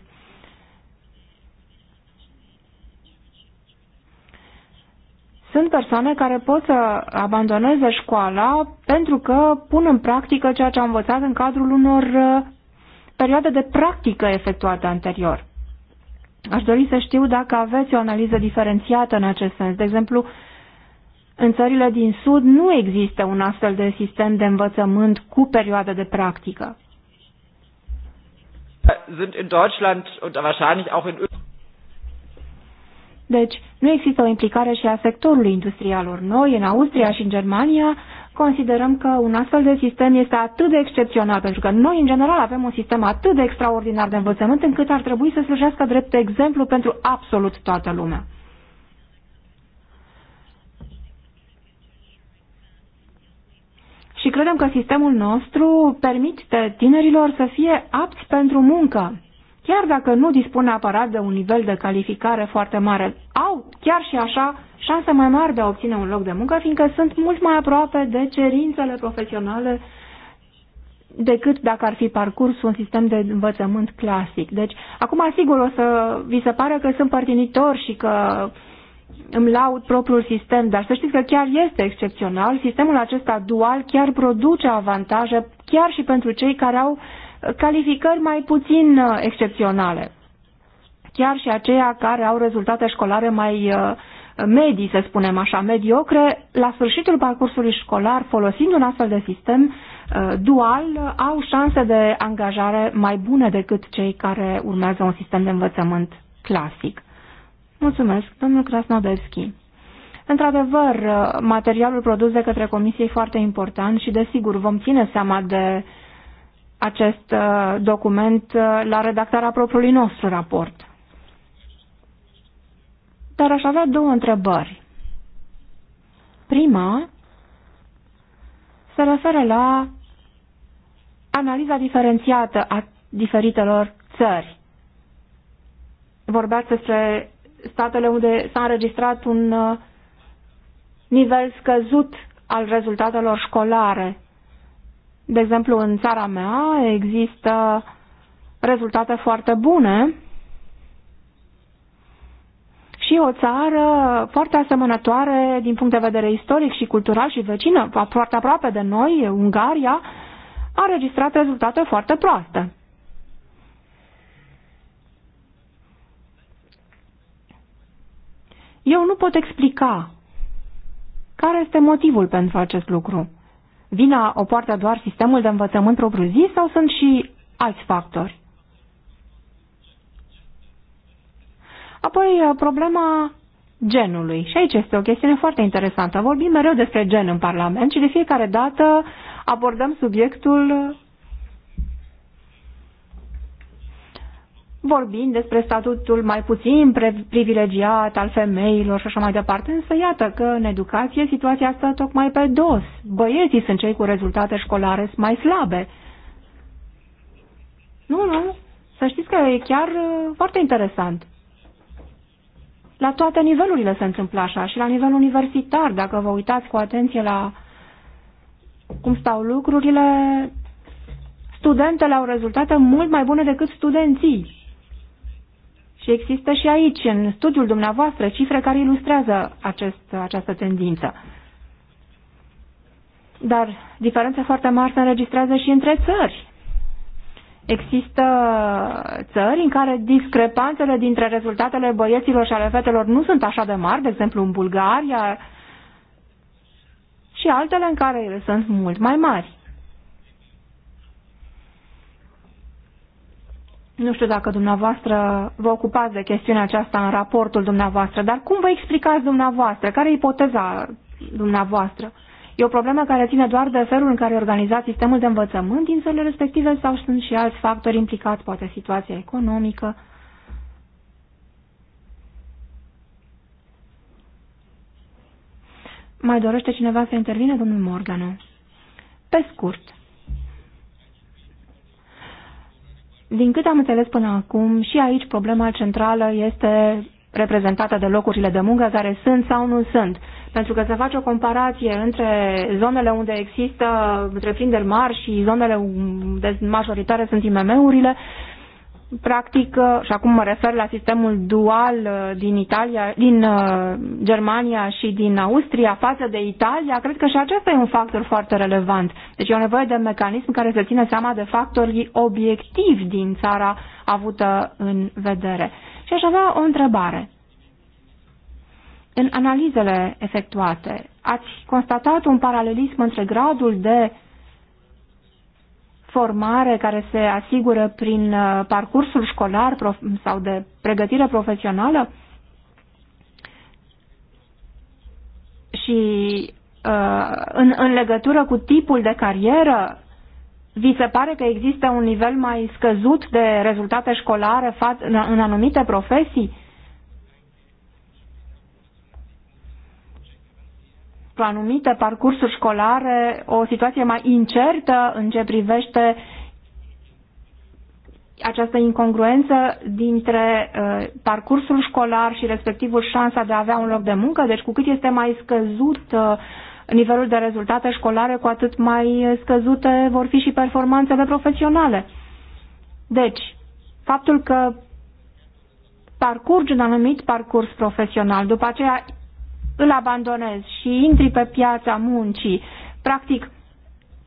Sunt persoane care pot să abandoneze școala pentru că pun în practică ceea ce au învățat în cadrul unor perioadă de practică efectuată anterior. Aș dori să știu dacă aveți o analiză diferențiată în acest sens. De exemplu, în țările din Sud nu există un astfel de sistem de învățământ cu perioadă de practică. Sunt în Deutschland und wahrscheinlich auch in deci, nu există o implicare și a sectorului industrialor. Noi, în Austria și în Germania, considerăm că un astfel de sistem este atât de excepțional, pentru că noi, în general, avem un sistem atât de extraordinar de învățământ, încât ar trebui să slujească drept exemplu pentru absolut toată lumea. Și credem că sistemul nostru permite tinerilor să fie apți pentru muncă, chiar dacă nu dispune aparat de un nivel de calificare foarte mare au chiar și așa șanse mai mari de a obține un loc de muncă, fiindcă sunt mult mai aproape de cerințele profesionale decât dacă ar fi parcurs un sistem de învățământ clasic. Deci, acum, sigur, o să vi se pare că sunt părtinitor și că îmi laud propriul sistem, dar să știți că chiar este excepțional. Sistemul acesta dual chiar produce avantaje, chiar și pentru cei care au calificări mai puțin uh, excepționale chiar și aceia care au rezultate școlare mai uh, medii, să spunem așa, mediocre, la sfârșitul parcursului școlar, folosind un astfel de sistem uh, dual, au șanse de angajare mai bune decât cei care urmează un sistem de învățământ clasic. Mulțumesc, domnul Krasnodevski. Într-adevăr, uh, materialul produs de către comisie e foarte important și, desigur, vom ține seama de acest document la redactarea propriului nostru raport dar aș avea două întrebări. Prima se referă la analiza diferențiată a diferitelor țări. Vorbeați despre statele unde s-a înregistrat un uh, nivel scăzut al rezultatelor școlare. De exemplu, în țara mea există rezultate foarte bune și o țară foarte asemănătoare din punct de vedere istoric și cultural și vecină, foarte aproape de noi, Ungaria, a registrat rezultate foarte proaste. Eu nu pot explica care este motivul pentru acest lucru. Vina o poartă doar sistemul de învățământ propriu-zis sau sunt și alți factori? Apoi, uh, problema genului. Și aici este o chestiune foarte interesantă. Vorbim mereu despre gen în Parlament și de fiecare dată abordăm subiectul vorbind despre statutul mai puțin privilegiat al femeilor și așa mai departe, însă iată că în educație situația asta tocmai pe dos. Băieții sunt cei cu rezultate școlare mai slabe. Nu, nu, să știți că e chiar uh, foarte interesant. La toate nivelurile se întâmplă așa și la nivel universitar, dacă vă uitați cu atenție la cum stau lucrurile, studentele au rezultate mult mai bune decât studenții. Și există și aici, în studiul dumneavoastră, cifre care ilustrează acest, această tendință. Dar diferențe foarte mari se înregistrează și între țări. Există țări în care discrepanțele dintre rezultatele băieților și ale fetelor nu sunt așa de mari, de exemplu în Bulgaria, și altele în care ele sunt mult mai mari. Nu știu dacă dumneavoastră vă ocupați de chestiunea aceasta în raportul dumneavoastră, dar cum vă explicați dumneavoastră? Care e ipoteza dumneavoastră? Uh, E o problemă care ține doar de felul în care organizați organizat sistemul de învățământ din țările respective sau sunt și alți factori implicați, poate situația economică. Mai dorește cineva să intervine, domnul Morganu? Pe scurt. Din câte am înțeles până acum, și aici problema centrală este reprezentată de locurile de muncă care sunt sau nu sunt. Pentru că să faci o comparație între zonele unde există întreprinderi mari și zonele unde majoritare sunt IMM-urile, practic, și acum mă refer la sistemul dual uh, din Italia, din uh, Germania și din Austria față de Italia, cred că și acesta e un factor foarte relevant. Deci e o nevoie de mecanism care să țină seama de factorii obiectivi din țara avută în vedere. Și aș avea o întrebare. În analizele efectuate, ați constatat un paralelism între gradul de formare care se asigură prin uh, parcursul școlar sau de pregătire profesională și uh, în, în legătură cu tipul de carieră vi se pare că există un nivel mai scăzut de rezultate școlare în anumite profesii? Cu anumite parcursuri școlare, o situație mai incertă în ce privește această incongruență dintre uh, parcursul școlar și respectivul șansa de a avea un loc de muncă, deci cu cât este mai scăzut uh, nivelul de rezultate școlare, cu atât mai scăzute vor fi și performanțele profesionale. Deci, faptul că parcurgi un anumit parcurs profesional, după aceea îl abandonezi și intri pe piața muncii, practic,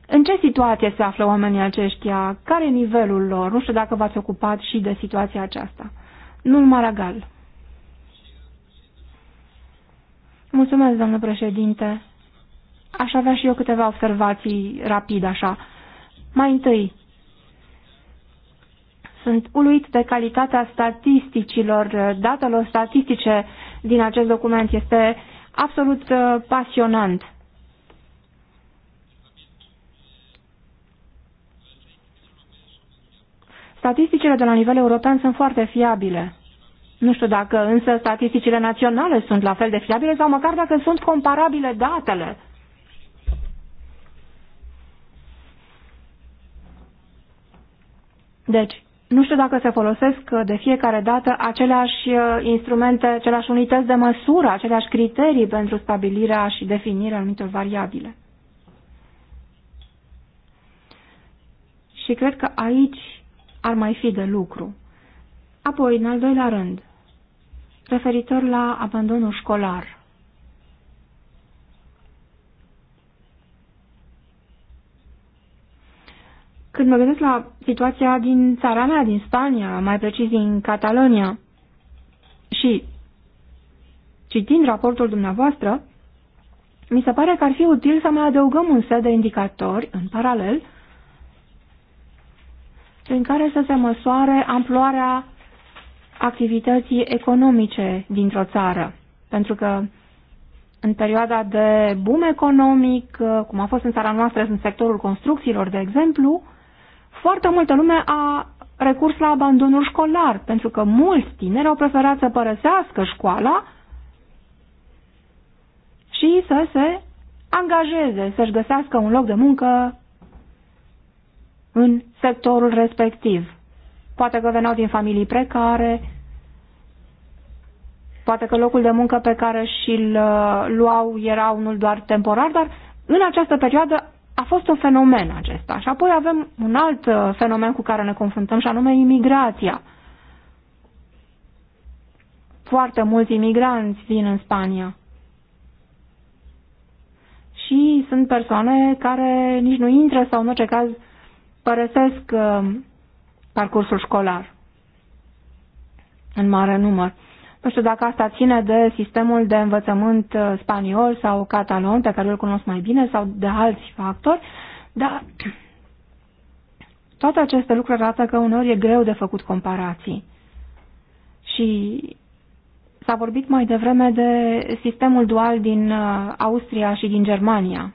în ce situație se află oamenii aceștia? Care e nivelul lor? Nu știu dacă v-ați ocupat și de situația aceasta. Nul Maragal. Mulțumesc, domnule președinte aș avea și eu câteva observații rapid, așa. Mai întâi, sunt uluit de calitatea statisticilor, datelor statistice din acest document. Este absolut uh, pasionant. Statisticile de la nivel european sunt foarte fiabile. Nu știu dacă însă statisticile naționale sunt la fel de fiabile sau măcar dacă sunt comparabile datele. Deci, nu știu dacă se folosesc uh, de fiecare dată aceleași uh, instrumente, aceleași unități de măsură, aceleași criterii pentru stabilirea și definirea anumitor variabile. Și cred că aici ar mai fi de lucru. Apoi, în al doilea rând, referitor la abandonul școlar. Când mă gândesc la situația din țara mea, din Spania, mai precis din Catalonia, și citind raportul dumneavoastră, mi se pare că ar fi util să mai adăugăm un set de indicatori în paralel prin care să se măsoare amploarea activității economice dintr-o țară. Pentru că în perioada de boom economic, cum a fost în țara noastră în sectorul construcțiilor, de exemplu, foarte multă lume a recurs la abandonul școlar, pentru că mulți tineri au preferat să părăsească școala și să se angajeze, să-și găsească un loc de muncă în sectorul respectiv. Poate că veneau din familii precare, poate că locul de muncă pe care și-l uh, luau era unul doar temporar, dar în această perioadă a fost un fenomen acesta. Și apoi avem un alt uh, fenomen cu care ne confruntăm și anume imigrația. Foarte mulți imigranți vin în Spania. Și sunt persoane care nici nu intră sau în orice caz părăsesc uh, parcursul școlar în mare număr. Nu știu dacă asta ține de sistemul de învățământ uh, spaniol sau catalon, pe care îl cunosc mai bine, sau de alți factori, dar [clears throat] toate aceste lucruri arată că uneori e greu de făcut comparații. Și s-a vorbit mai devreme de sistemul dual din uh, Austria și din Germania.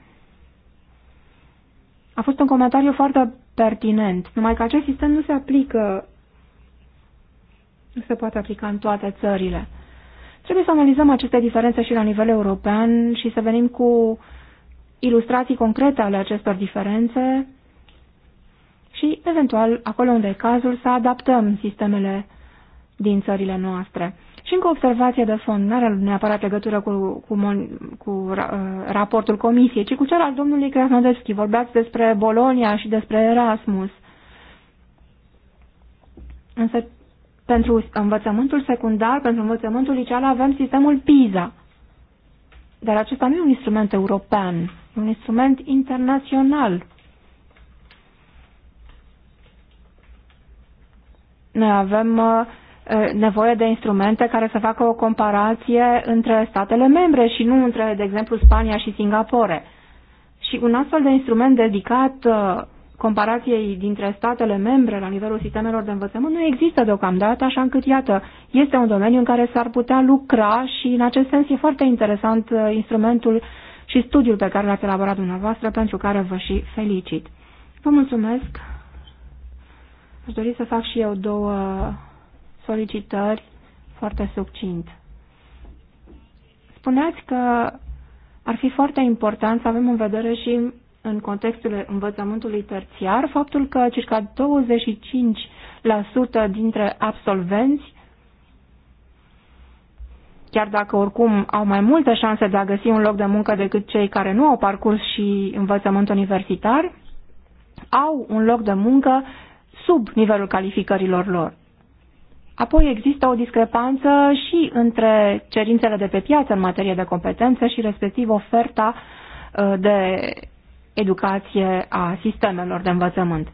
A fost un comentariu foarte pertinent, numai că acest sistem nu se aplică nu se poate aplica în toate țările. Trebuie să analizăm aceste diferențe și la nivel european și să venim cu ilustrații concrete ale acestor diferențe și, eventual, acolo unde e cazul, să adaptăm sistemele din țările noastre. Și încă o observație de fond, nu are neapărat legătură cu, cu, mon, cu ra, uh, raportul comisiei, ci cu cel al domnului Krasnodevski. Vorbeați despre Bolonia și despre Erasmus. Însă pentru învățământul secundar, pentru învățământul liceal avem sistemul PISA. Dar acesta nu e un instrument european, e un instrument internațional. Noi avem uh, uh, nevoie de instrumente care să facă o comparație între statele membre și nu între, de exemplu, Spania și Singapore. Și un astfel de instrument dedicat uh, comparației dintre statele membre la nivelul sistemelor de învățământ nu există deocamdată, așa încât, iată, este un domeniu în care s-ar putea lucra și, în acest sens, e foarte interesant uh, instrumentul și studiul pe care l-ați elaborat dumneavoastră, pentru care vă și felicit. Vă mulțumesc. Aș dori să fac și eu două solicitări foarte succint. Spuneați că ar fi foarte important să avem în vedere și în contextul învățământului terțiar faptul că circa 25% dintre absolvenți chiar dacă oricum au mai multe șanse de a găsi un loc de muncă decât cei care nu au parcurs și învățământ universitar, au un loc de muncă sub nivelul calificărilor lor. Apoi există o discrepanță și între cerințele de pe piață în materie de competențe și respectiv oferta uh, de educație a sistemelor de învățământ.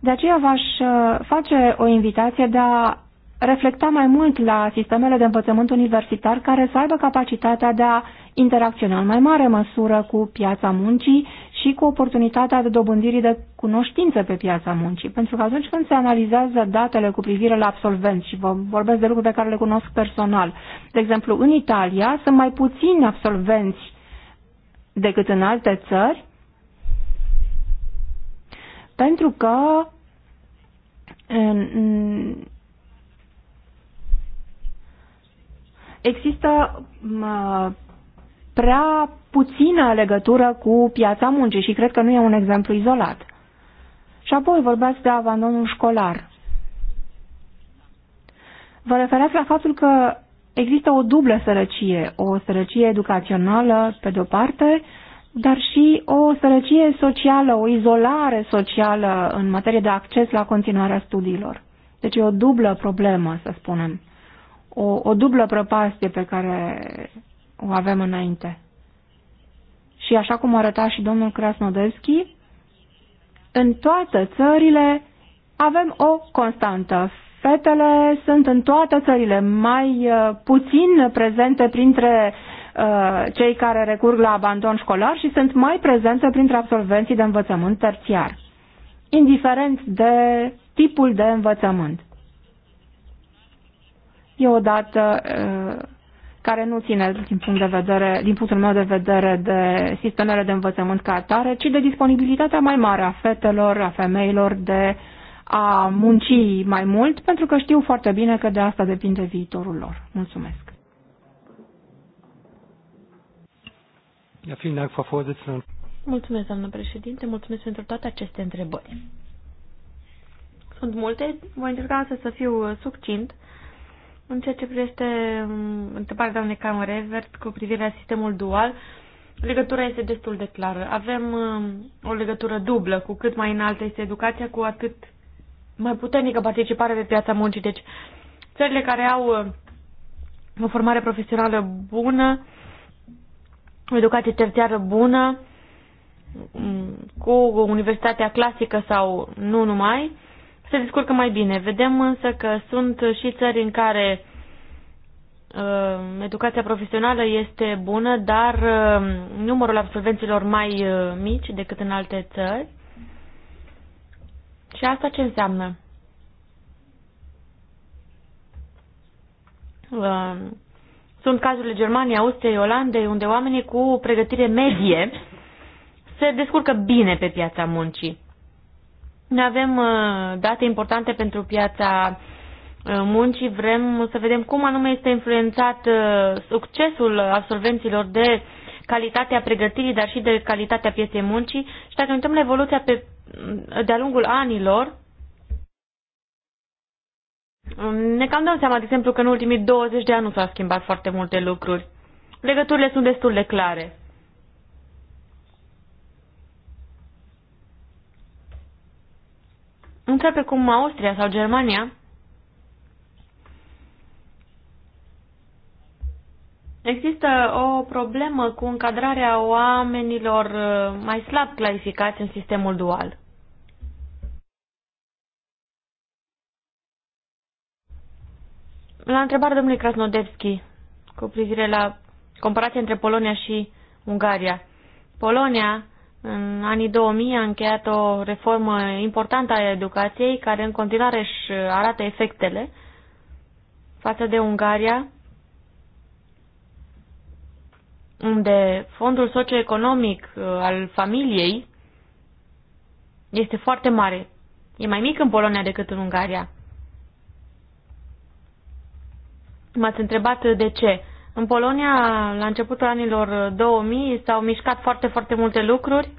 De aceea v-aș uh, face o invitație de a reflecta mai mult la sistemele de învățământ universitar care să aibă capacitatea de a interacționa în mai mare măsură cu piața muncii și cu oportunitatea de dobândirii de cunoștință pe piața muncii. Pentru că atunci când se analizează datele cu privire la absolvenți și vă vorbesc de lucruri pe care le cunosc personal, de exemplu, în Italia sunt mai puțini absolvenți decât în alte țări, pentru că există prea puțină legătură cu piața muncii și cred că nu e un exemplu izolat. Și apoi vorbeați de abandonul școlar. Vă referați la faptul că există o dublă sărăcie, o sărăcie educațională pe de-o parte dar și o sărăcie socială, o izolare socială în materie de acces la continuarea studiilor. Deci e o dublă problemă, să spunem, o, o dublă prăpastie pe care o avem înainte. Și așa cum arăta și domnul Krasnodevski, în toate țările avem o constantă. Fetele sunt în toate țările mai uh, puțin prezente printre Uh, cei care recurg la abandon școlar și sunt mai prezente printre absolvenții de învățământ terțiar, indiferent de tipul de învățământ. E o dată uh, care nu ține din, punct de vedere, din punctul meu de vedere de sistemele de învățământ ca atare, ci de disponibilitatea mai mare a fetelor, a femeilor de a munci mai mult, pentru că știu foarte bine că de asta depinde viitorul lor. Mulțumesc! Mulțumesc, doamnă președinte, mulțumesc pentru toate aceste întrebări. Sunt multe, voi încerca să, să fiu uh, succint. În ceea ce privește um, întrebarea doamnei Camerevert cu privire la sistemul dual, legătura este destul de clară. Avem um, o legătură dublă. Cu cât mai înaltă este educația, cu atât mai puternică participare pe piața muncii. Deci, țările care au uh, o formare profesională bună o educație terțiară bună, mm, cu universitatea clasică sau nu numai, se descurcă mai bine. Vedem însă că sunt și țări în care uh, educația profesională este bună, dar uh, numărul absolvenților mai uh, mici decât în alte țări. Și asta ce înseamnă? Uh, sunt cazurile Germaniei, Austriei, Olandei, unde oamenii cu pregătire medie se descurcă bine pe piața muncii. Ne avem uh, date importante pentru piața uh, muncii, vrem să vedem cum anume este influențat uh, succesul absolvenților de calitatea pregătirii, dar și de calitatea pieței muncii și dacă uităm la evoluția pe, de-a lungul anilor, ne cam dăm seama, de exemplu, că în ultimii 20 de ani nu s-au schimbat foarte multe lucruri. Legăturile sunt destul de clare. În țări precum Austria sau Germania, Există o problemă cu încadrarea oamenilor uh, mai slab clasificați în sistemul dual. La întrebarea domnului Krasnodevski cu privire la comparația între Polonia și Ungaria. Polonia în anii 2000 a încheiat o reformă importantă a educației care în continuare își arată efectele față de Ungaria, unde fondul socioeconomic uh, al familiei este foarte mare. E mai mic în Polonia decât în Ungaria. M-ați întrebat de ce. În Polonia, la începutul anilor 2000, s-au mișcat foarte, foarte multe lucruri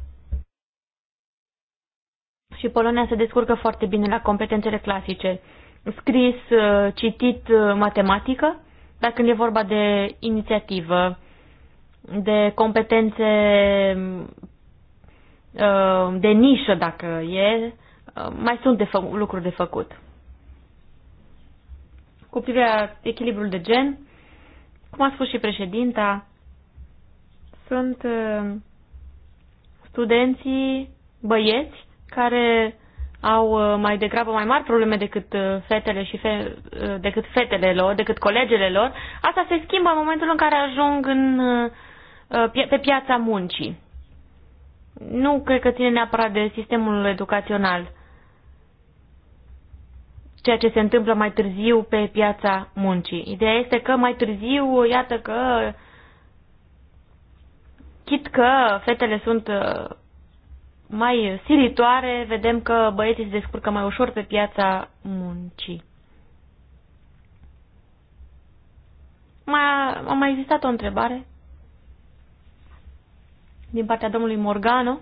și Polonia se descurcă foarte bine la competențele clasice. Scris, uh, citit, uh, matematică, dar când e vorba de inițiativă, de competențe uh, de nișă, dacă e, mai sunt de lucruri de făcut cu privire la echilibrul de gen, cum a spus și președinta, sunt uh, studenții băieți care au uh, mai degrabă mai mari probleme decât uh, fetele și fe- decât fetele lor, decât colegele lor. Asta se schimbă în momentul în care ajung în, pe piața muncii. Nu cred că ține neapărat de sistemul educațional ceea ce se întâmplă mai târziu pe piața muncii. Ideea este că mai târziu, iată că, chit că fetele sunt uh, mai silitoare, vedem că băieții se descurcă mai ușor pe piața muncii. Mai, a mai existat o întrebare din partea domnului Morgano.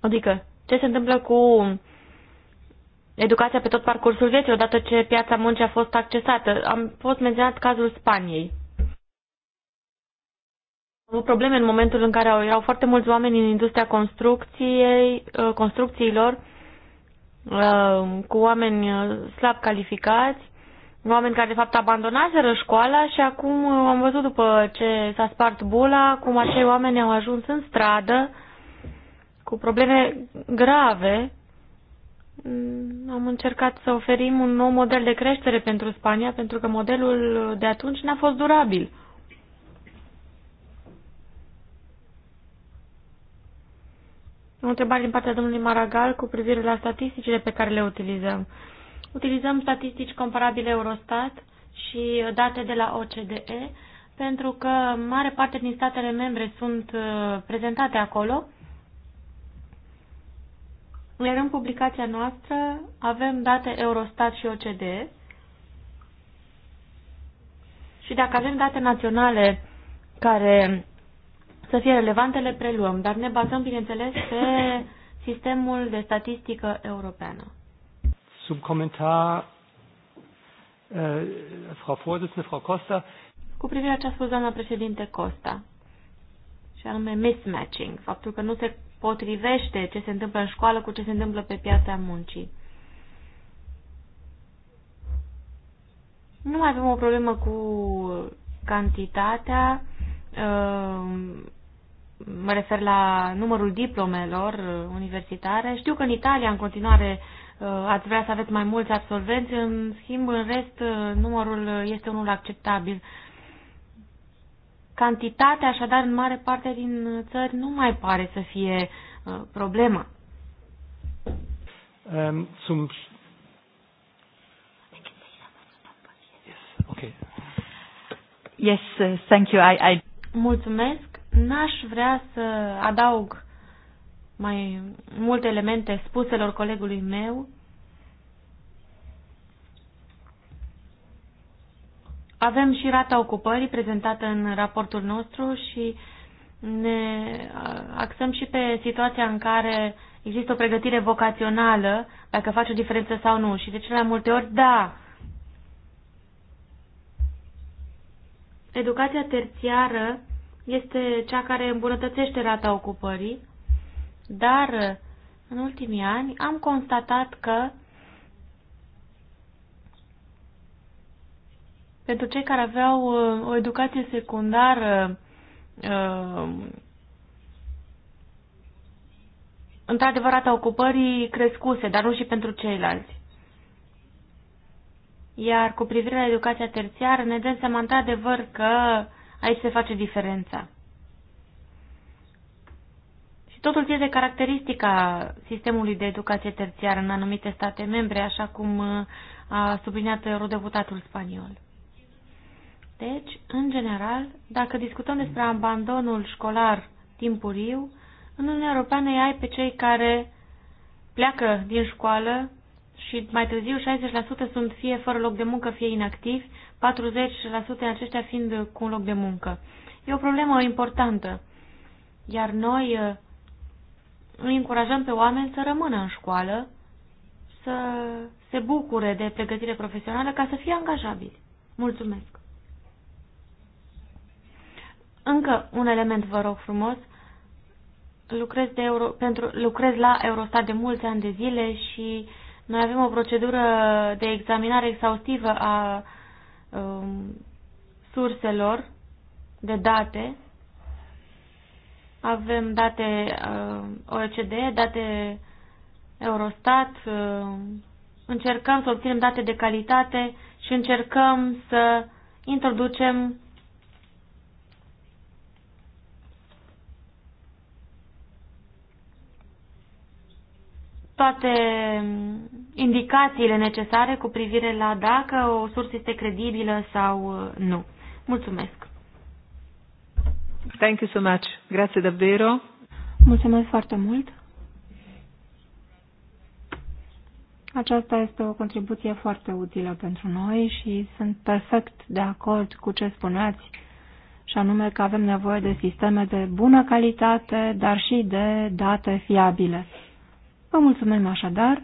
Adică, ce se întâmplă cu educația pe tot parcursul vieții, odată ce piața muncii a fost accesată? Am fost menționat cazul Spaniei. Au avut probleme în momentul în care erau foarte mulți oameni în industria construcției, uh, construcțiilor, uh, cu oameni uh, slab calificați, oameni care de fapt abandonaseră școala și acum am văzut după ce s-a spart bula, cum acei oameni au ajuns în stradă, cu probleme grave, am încercat să oferim un nou model de creștere pentru Spania, pentru că modelul de atunci n-a fost durabil. O întrebare din partea domnului Maragal cu privire la statisticile pe care le utilizăm. Utilizăm statistici comparabile Eurostat și date de la OCDE, pentru că mare parte din statele membre sunt uh, prezentate acolo iar în publicația noastră avem date Eurostat și OCDE și dacă avem date naționale care să fie relevante, le preluăm, dar ne bazăm, bineînțeles, pe sistemul de statistică europeană. Sub comentar, uh, äh, Frau Vorsitzende, Frau Costa. Cu privire la ce a spus doamna președinte Costa, și anume mismatching, faptul că nu se potrivește ce se întâmplă în școală cu ce se întâmplă pe piața muncii. Nu mai avem o problemă cu cantitatea, ehm, mă refer la numărul diplomelor universitare. Știu că în Italia, în continuare, eh, ați vrea să aveți mai mulți absolvenți, în schimb, în rest, eh, numărul este unul acceptabil. Cantitatea, așadar, în mare parte din uh, țări nu mai pare să fie uh, problema. Um, zum yes, okay. Yes, uh, thank you. I, I... Mulțumesc. N-aș vrea să adaug mai multe elemente spuselor colegului meu. Avem și rata ocupării prezentată în raportul nostru și ne axăm și pe situația în care există o pregătire vocațională, dacă face o diferență sau nu. Și de cele mai multe ori, da. Educația terțiară este cea care îmbunătățește rata ocupării, dar în ultimii ani am constatat că pentru cei care aveau uh, o educație secundară uh, într-adevăr a ocupării crescuse, dar nu și pentru ceilalți. Iar cu privire la educația terțiară ne dăm seama într-adevăr că aici se face diferența. Și totul ține de caracteristica sistemului de educație terțiară în anumite state membre, așa cum uh, a subliniat eurodeputatul spaniol. Deci, în general, dacă discutăm despre abandonul școlar timpuriu, în Uniunea Europeană ai pe cei care pleacă din școală și mai târziu 60% sunt fie fără loc de muncă, fie inactivi, 40% aceștia fiind cu un loc de muncă. E o problemă importantă, iar noi uh, îi încurajăm pe oameni să rămână în școală, să se bucure de pregătire profesională ca să fie angajabili. Mulțumesc! Încă un element, vă rog frumos. Lucrez, de Euro, pentru, lucrez la Eurostat de mulți ani de zile și noi avem o procedură de examinare exhaustivă a um, surselor de date. Avem date uh, um, OECD, date Eurostat, uh, încercăm să obținem date de calitate și încercăm să introducem toate indicațiile necesare cu privire la dacă o sursă este credibilă sau uh, nu. Mulțumesc! Thank you so much. Grazie davvero. Mulțumesc foarte mult. Aceasta este o contribuție foarte utilă pentru noi și sunt perfect de acord cu ce spuneați, și anume că avem nevoie de sisteme de bună calitate, dar și de date fiabile. Vă mulțumim așadar.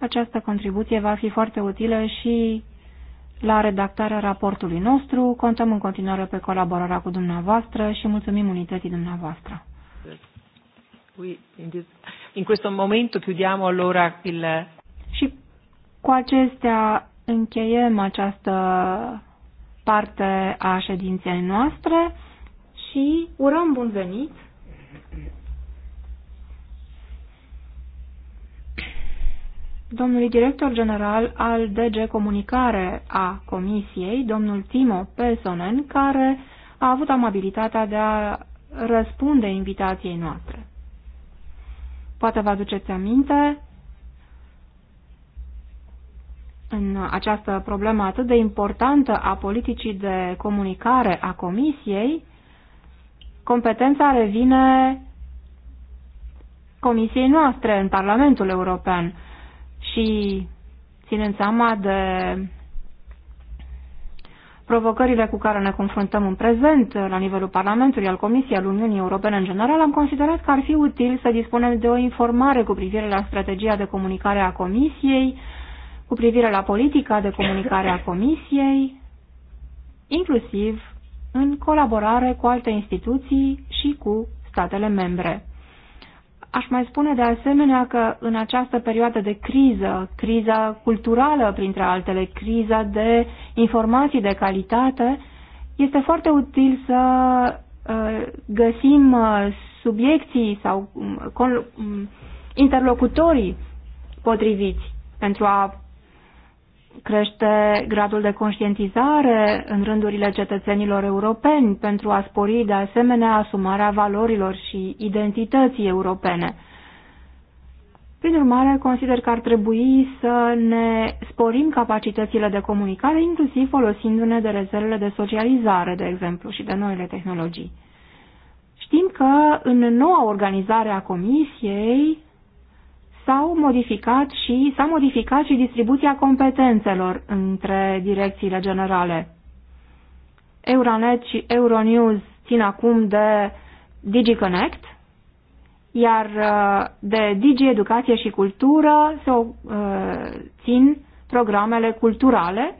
Această contribuție va fi foarte utilă și la redactarea raportului nostru. Contăm în continuare pe colaborarea cu dumneavoastră și mulțumim unității dumneavoastră. In questo momento chiudiamo allora il... Și cu acestea încheiem această parte a ședinței noastre și urăm bun venit domnului director general al DG Comunicare a Comisiei, domnul Timo Pelsonen, care a avut amabilitatea de a răspunde invitației noastre. Poate vă aduceți aminte, în această problemă atât de importantă a politicii de comunicare a Comisiei, competența revine Comisiei noastre în Parlamentul European și ținând seama de provocările cu care ne confruntăm în prezent la nivelul Parlamentului, al Comisiei, al Uniunii Europene în general, am considerat că ar fi util să dispunem de o informare cu privire la strategia de comunicare a Comisiei, cu privire la politica de comunicare a Comisiei, inclusiv în colaborare cu alte instituții și cu statele membre. Aș mai spune de asemenea că în această perioadă de criză, criza culturală printre altele, criza de informații de calitate, este foarte util să uh, găsim uh, subiecții sau um, um, interlocutorii potriviți pentru a crește gradul de conștientizare în rândurile cetățenilor europeni pentru a spori de asemenea asumarea valorilor și identității europene. Prin urmare, consider că ar trebui să ne sporim capacitățile de comunicare, inclusiv folosindu-ne de rezervele de socializare, de exemplu, și de noile tehnologii. Știm că în noua organizare a comisiei, s-au modificat și s-a modificat și distribuția competențelor între direcțiile generale. Euronet și Euronews țin acum de DigiConnect, iar uh, de Digi Educație și Cultură se uh, țin programele culturale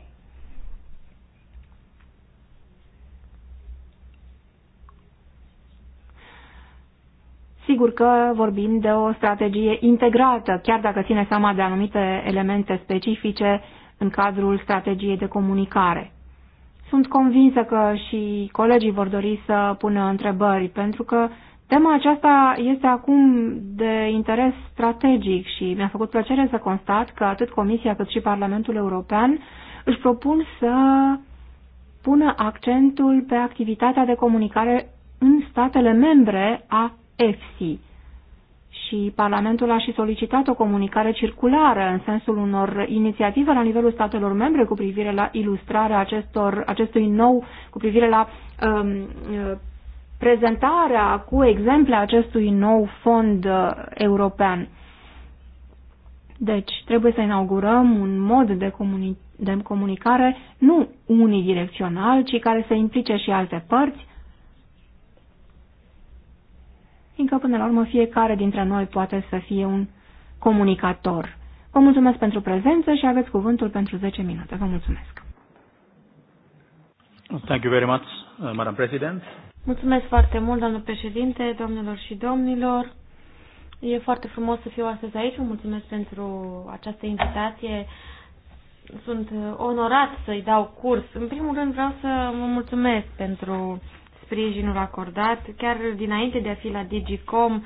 Sigur că vorbim de o strategie integrată, chiar dacă ține seama de anumite elemente specifice în cadrul strategiei de comunicare. Sunt convinsă că și colegii vor dori să pună întrebări, pentru că tema aceasta este acum de interes strategic și mi-a făcut plăcere să constat că atât Comisia cât și Parlamentul European își propun să pună accentul pe activitatea de comunicare în statele membre a EFSI și Parlamentul a și solicitat o comunicare circulară în sensul unor inițiative la nivelul statelor membre cu privire la ilustrarea acestor, acestui nou, cu privire la um, uh, prezentarea cu exemple acestui nou fond uh, european. Deci, trebuie să inaugurăm un mod de, comuni de comunicare nu unidirecțional, ci care să implice și alte părți, fiindcă până la urmă fiecare dintre noi poate să fie un comunicator. Vă mulțumesc pentru prezență și aveți cuvântul pentru 10 minute. Vă mulțumesc. Thank you very much, uh, Madam President. Mulțumesc foarte mult, domnul președinte, domnilor și domnilor. E foarte frumos să fiu astăzi aici. Vă mulțumesc pentru această invitație. Sunt onorat să-i dau curs. În primul rând vreau să vă mulțumesc pentru sprijinul acordat. Chiar dinainte de a fi la Digicom, uh,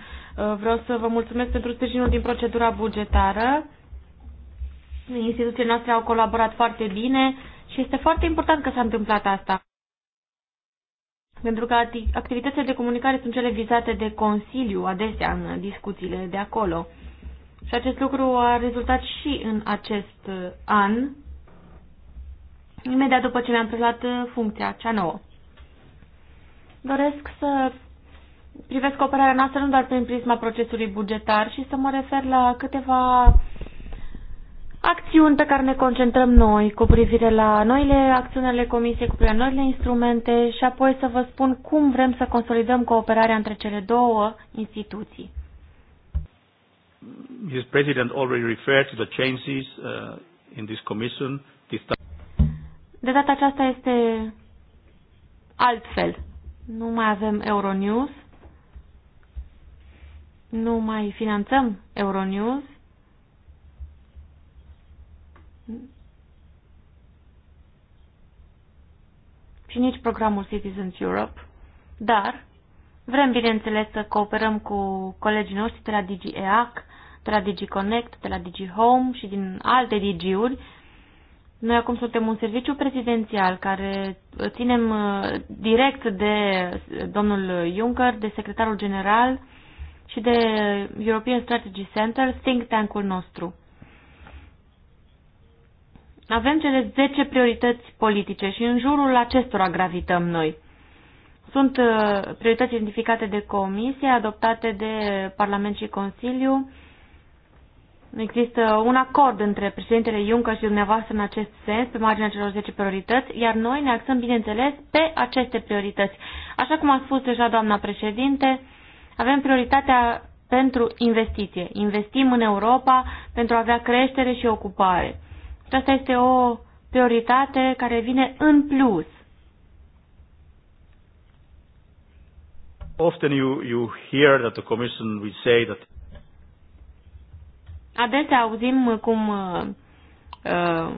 vreau să vă mulțumesc pentru sprijinul din procedura bugetară. Instituțiile noastre au colaborat foarte bine și este foarte important că s-a întâmplat asta. Pentru că activitățile de comunicare sunt cele vizate de Consiliu adesea în discuțiile de acolo. Și acest lucru a rezultat și în acest uh, an, imediat după ce mi-am preluat uh, funcția cea nouă. Doresc să privesc cooperarea noastră nu doar prin prisma procesului bugetar, și să mă refer la câteva acțiuni pe care ne concentrăm noi cu privire la noile acțiuni ale Comisiei, cu privire la noile instrumente și apoi să vă spun cum vrem să consolidăm cooperarea între cele două instituții. Mr. President already referred to the changes uh, in this commission. This de data aceasta este altfel. Nu mai avem Euronews. Nu mai finanțăm Euronews. Și nici programul Citizens Europe. Dar vrem, bineînțeles, să cooperăm cu colegii noștri de la DigiEAC, de la DigiConnect, de la DigiHome și din alte DG-uri noi acum suntem un serviciu prezidențial care ținem uh, direct de domnul Juncker, de secretarul general și de European Strategy Center, think tank-ul nostru. Avem cele 10 priorități politice și în jurul acestora gravităm noi. Sunt uh, priorități identificate de Comisie, adoptate de Parlament și Consiliu, Există un acord între președintele Juncker și dumneavoastră în acest sens, pe marginea celor 10 priorități, iar noi ne axăm, bineînțeles, pe aceste priorități. Așa cum a spus deja doamna președinte, avem prioritatea pentru investiție. Investim în Europa pentru a avea creștere și ocupare. Și asta este o prioritate care vine în plus. Often you, you hear that the Commission will say that Adesea auzim cum uh, uh,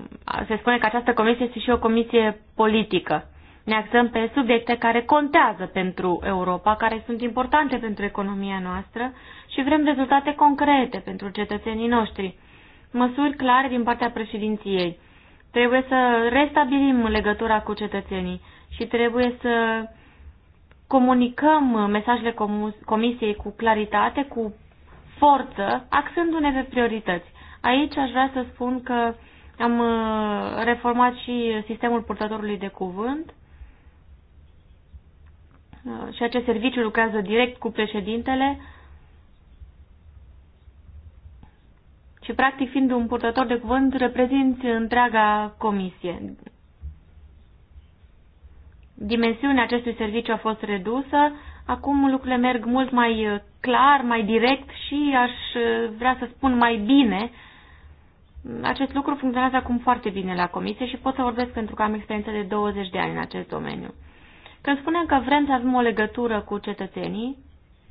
se spune că această comisie este și o comisie politică. Ne axăm pe subiecte care contează pentru Europa, care sunt importante pentru economia noastră și vrem rezultate concrete pentru cetățenii noștri. Măsuri clare din partea președinției. Trebuie să restabilim legătura cu cetățenii și trebuie să comunicăm mesajele comisiei cu claritate, cu forță, axându-ne pe priorități. Aici aș vrea să spun că am uh, reformat și sistemul purtătorului de cuvânt uh, și acest serviciu lucrează direct cu președintele și practic fiind un purtător de cuvânt reprezinți întreaga comisie. Dimensiunea acestui serviciu a fost redusă, Acum lucrurile merg mult mai uh, clar, mai direct și aș uh, vrea să spun mai bine. Mm, acest lucru funcționează acum foarte bine la comisie și pot să vorbesc pentru că am experiență de 20 de ani în acest domeniu. Când spunem că vrem să avem o legătură cu cetățenii,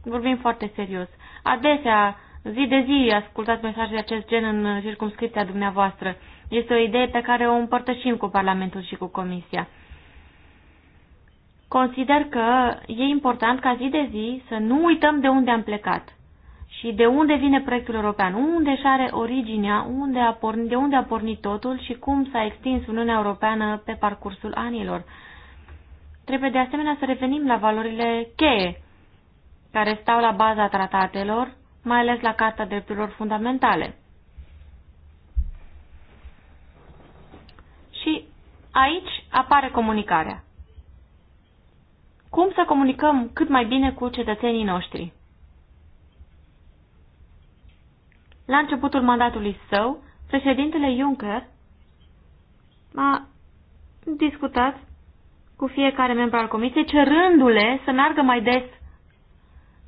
vorbim foarte serios. Adesea, zi de zi, ascultați mesaje de acest gen în uh, circumscripția dumneavoastră. Este o idee pe care o împărtășim cu Parlamentul și cu Comisia consider că e important ca zi de zi să nu uităm de unde am plecat și de unde vine proiectul european, unde și are originea, unde a pornit, de unde a pornit totul și cum s-a extins Uniunea Europeană pe parcursul anilor. Trebuie de asemenea să revenim la valorile cheie care stau la baza tratatelor, mai ales la Carta Drepturilor Fundamentale. Și aici apare comunicarea cum să comunicăm cât mai bine cu cetățenii noștri. La începutul mandatului său, președintele Juncker a discutat cu fiecare membru al comisiei, cerându-le să meargă mai des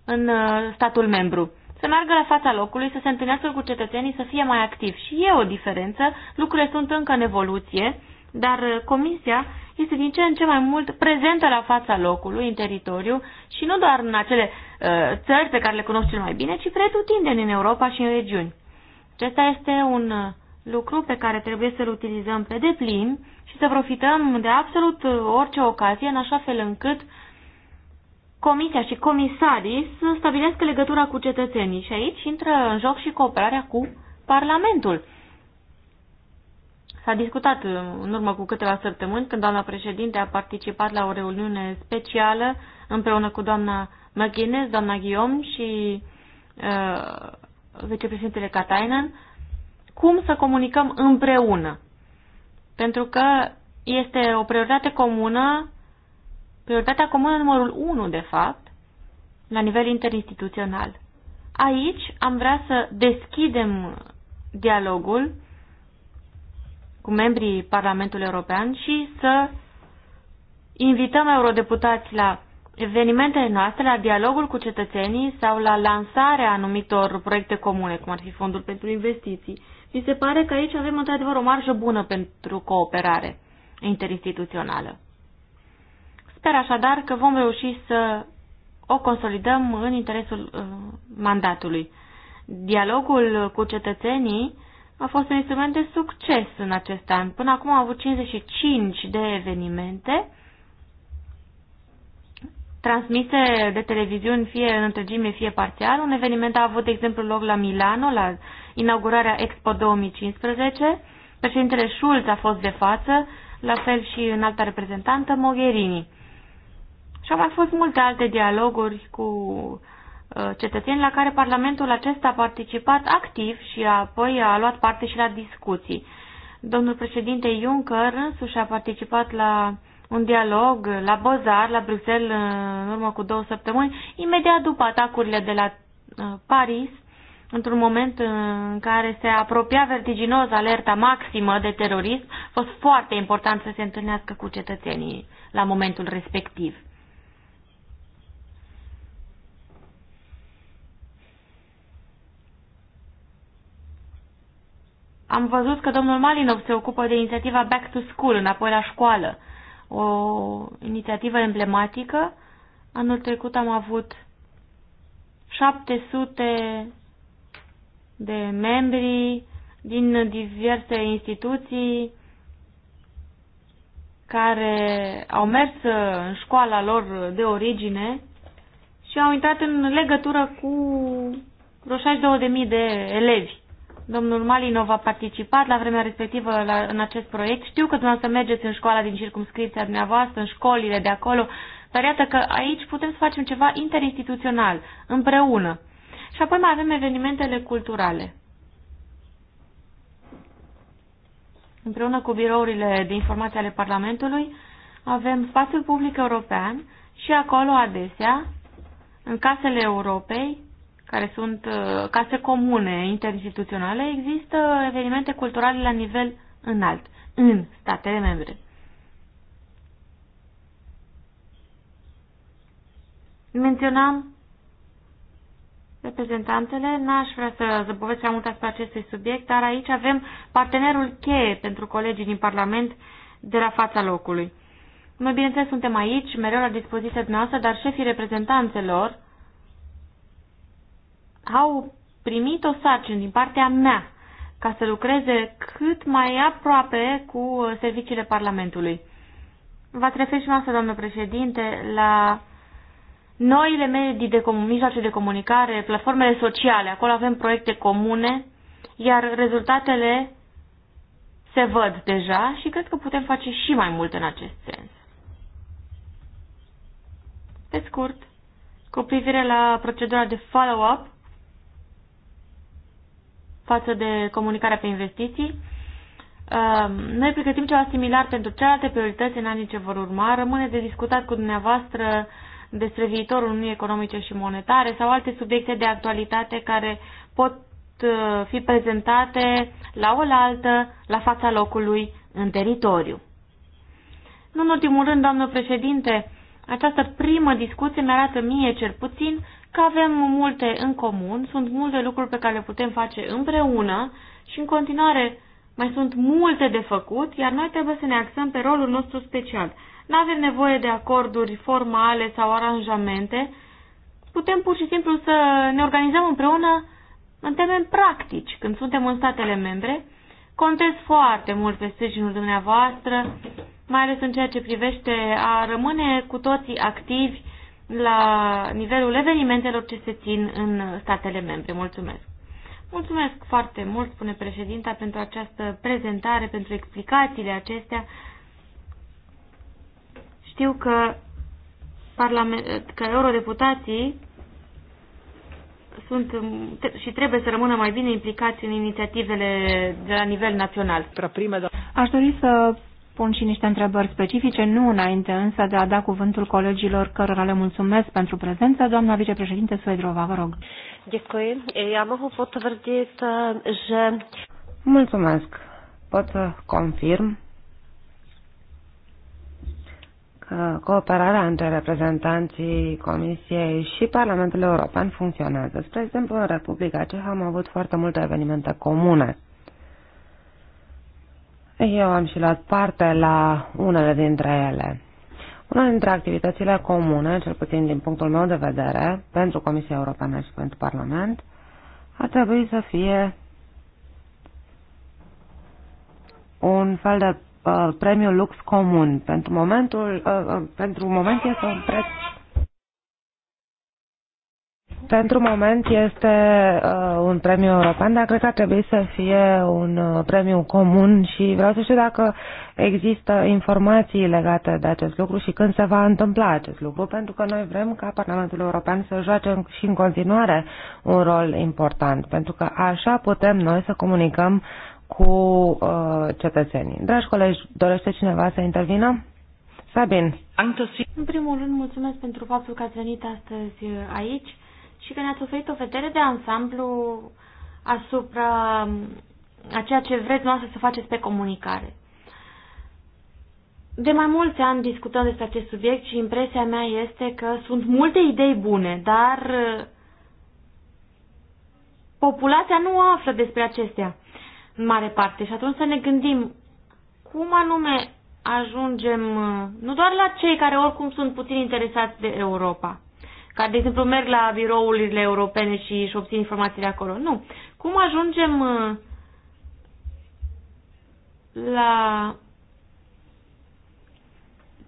în uh, statul membru. Să meargă la fața locului, să se întâlnească cu cetățenii, să fie mai activ. Și e o diferență, lucrurile sunt încă în evoluție, dar uh, Comisia este din ce în ce mai mult prezentă la fața locului, în teritoriu, și nu doar în acele uh, țări pe care le cunosc cel mai bine, ci pretutindeni în Europa și în regiuni. Acesta este un uh, lucru pe care trebuie să-l utilizăm pe deplin și să profităm de absolut uh, orice ocazie, în așa fel încât comisia și comisarii să stabilească legătura cu cetățenii. Și aici intră în joc și cooperarea cu Parlamentul. S-a discutat uh, în urmă cu câteva săptămâni când doamna președinte a participat la o reuniune specială împreună cu doamna McGuinness, doamna Guillaume și uh, vicepreședintele Katainen cum să comunicăm împreună. Pentru că este o prioritate comună, prioritatea comună numărul 1, de fapt, la nivel interinstituțional. Aici am vrea să deschidem dialogul cu membrii Parlamentului European și să invităm eurodeputați la evenimentele noastre, la dialogul cu cetățenii sau la lansarea anumitor proiecte comune, cum ar fi Fondul pentru Investiții. Mi se pare că aici avem într-adevăr o marjă bună pentru cooperare interinstituțională. Sper așadar că vom reuși să o consolidăm în interesul uh, mandatului. Dialogul cu cetățenii a fost un instrument de succes în acest an. Până acum am avut 55 de evenimente transmise de televiziuni, fie în întregime, fie parțial. Un eveniment a avut, de exemplu, loc la Milano, la inaugurarea Expo 2015. Președintele Schulz a fost de față, la fel și în alta reprezentantă, Mogherini. Și au mai fost multe alte dialoguri cu Uh, cetățeni la care Parlamentul acesta a participat activ și apoi a luat parte și la discuții. Domnul președinte Juncker însuși a participat la un dialog la Bozar, la Bruxelles, în urmă cu două săptămâni, imediat după atacurile de la uh, Paris, într-un moment uh, în care se apropia vertiginos alerta maximă de terorism, a fost foarte important să se întâlnească cu cetățenii la momentul respectiv. Am văzut că domnul Malinov se ocupă de inițiativa Back to School, înapoi la școală, o inițiativă emblematică. Anul trecut am avut 700 de membri din diverse instituții care au mers în școala lor de origine și au intrat în legătură cu vreo 62.000 de elevi. Domnul Malinov a participat la vremea respectivă la, în acest proiect. Știu că dumneavoastră mergeți în școala din circumscripția dumneavoastră, în școlile de acolo, dar iată că aici putem să facem ceva interinstituțional, împreună. Și apoi mai avem evenimentele culturale. Împreună cu birourile de informații ale Parlamentului, avem spațiul public european și acolo adesea, în casele Europei, care sunt uh, case comune interinstituționale, există evenimente culturale la nivel înalt în statele membre. Menționam reprezentantele, n-aș vrea să zăbovesc prea mult asupra acestui subiect, dar aici avem partenerul cheie pentru colegii din Parlament de la fața locului. Noi, bineînțeles, suntem aici, mereu la dispoziția dumneavoastră, dar șefii reprezentanțelor au primit o sarcină din partea mea ca să lucreze cât mai aproape cu serviciile Parlamentului. V-ați referit și noastră, doamnă președinte, la noile medii de comun, mijloace de comunicare, platformele sociale. Acolo avem proiecte comune, iar rezultatele se văd deja și cred că putem face și mai mult în acest sens. Pe scurt, cu privire la procedura de follow-up, față de comunicarea pe investiții. Ehm, noi pregătim ceva similar pentru celelalte priorități în anii ce vor urma. Rămâne de discutat cu dumneavoastră despre viitorul Uniunii Economice și Monetare sau alte subiecte de actualitate care pot eh, fi prezentate la oaltă, la fața locului, în teritoriu. Nu în ultimul rând, doamnă președinte, această primă discuție mi arată mie, cel puțin, că avem multe în comun, sunt multe lucruri pe care le putem face împreună și în continuare mai sunt multe de făcut, iar noi trebuie să ne axăm pe rolul nostru special. Nu avem nevoie de acorduri formale sau aranjamente, putem pur și simplu să ne organizăm împreună în termen practici când suntem în statele membre. Contez foarte mult pe sprijinul dumneavoastră, mai ales în ceea ce privește a rămâne cu toții activi la nivelul evenimentelor ce se țin în statele membre. Mulțumesc! Mulțumesc foarte mult, spune președinta, pentru această prezentare, pentru explicațiile acestea. Știu că, parlament, că eurodeputații sunt și trebuie să rămână mai bine implicați în inițiativele de la nivel național. Aș dori să pun și niște întrebări specifice, nu înainte însă de a da cuvântul colegilor cărora le mulțumesc pentru prezență. Doamna vicepreședinte Suedrova, vă rog. Mulțumesc. Pot să confirm că cooperarea între reprezentanții Comisiei și Parlamentul European funcționează. Spre exemplu, în Republica Cehă am avut foarte multe evenimente comune eu am și luat parte la unele dintre ele. Una dintre activitățile comune, cel puțin din punctul meu de vedere, pentru Comisia Europeană și pentru Parlament, ar trebui să fie un fel de uh, premiu lux comun. Pentru momentul, uh, uh, pentru moment este un preț pentru moment este uh, un premiu european, dar cred că ar trebui să fie un uh, premiu comun și vreau să știu dacă există informații legate de acest lucru și când se va întâmpla acest lucru, pentru că noi vrem ca Parlamentul European să joace și în continuare un rol important, pentru că așa putem noi să comunicăm cu uh, cetățenii. Dragi colegi, dorește cineva să intervină? Sabin. În primul rând, mulțumesc pentru faptul că ați venit astăzi aici și că ne-ați oferit o vedere de ansamblu asupra a ceea ce vreți noastră să faceți pe comunicare. De mai mulți ani discutăm despre acest subiect și impresia mea este că sunt multe idei bune, dar uh, populația nu află despre acestea în mare parte. Și atunci să ne gândim cum anume ajungem uh, nu doar la cei care oricum sunt puțin interesați de Europa, ca de exemplu, merg la birourile europene și își obțin informațiile acolo. Nu. Cum ajungem uh, la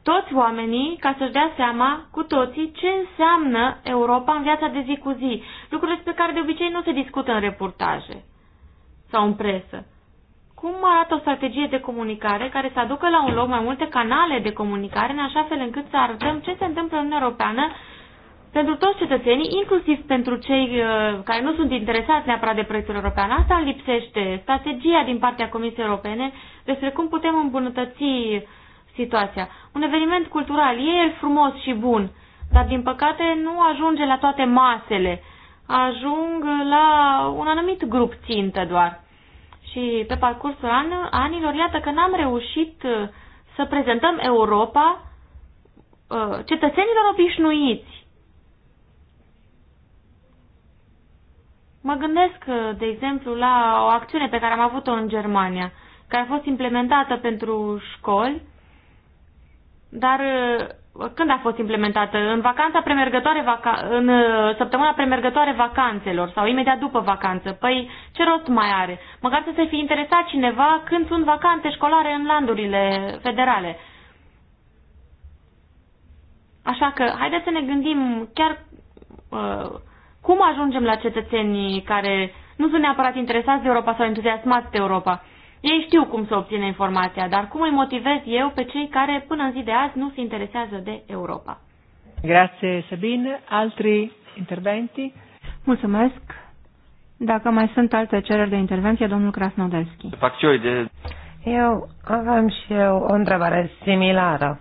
toți oamenii ca să-și dea seama cu toții ce înseamnă Europa în viața de zi cu zi, lucruri despre care de obicei nu se discută în reportaje sau în presă. Cum arată o strategie de comunicare care să aducă la un loc mai multe canale de comunicare în așa fel încât să arătăm ce se întâmplă în Europeană pentru toți cetățenii, inclusiv pentru cei uh, care nu sunt interesați neapărat de proiectul european. Asta lipsește strategia din partea Comisiei Europene despre cum putem îmbunătăți situația. Un eveniment cultural e el frumos și bun, dar din păcate nu ajunge la toate masele. Ajung la un anumit grup țintă doar. Și pe parcursul an, anilor, iată că n-am reușit uh, să prezentăm Europa uh, cetățenilor obișnuiți Mă gândesc, uh, de exemplu, la o acțiune pe care am avut-o în Germania, care a fost implementată pentru școli, dar uh, când a fost implementată? În vacanța premergătoare, vaca- în uh, săptămâna premergătoare vacanțelor sau imediat după vacanță. Păi ce rost mai are? Măcar să se fi interesat cineva când sunt vacanțe școlare în landurile federale. Așa că haideți să ne gândim chiar uh, cum ajungem la cetățenii care nu sunt neapărat interesați de Europa sau entuziasmați de Europa? Ei știu cum să obțină informația, dar cum îi motivez eu pe cei care până în zi de azi nu se interesează de Europa? Grazie, Sabin. Altri interventi? Mulțumesc. Dacă mai sunt alte cereri de intervenție, domnul Krasnodelski. Eu aveam și eu o întrebare similară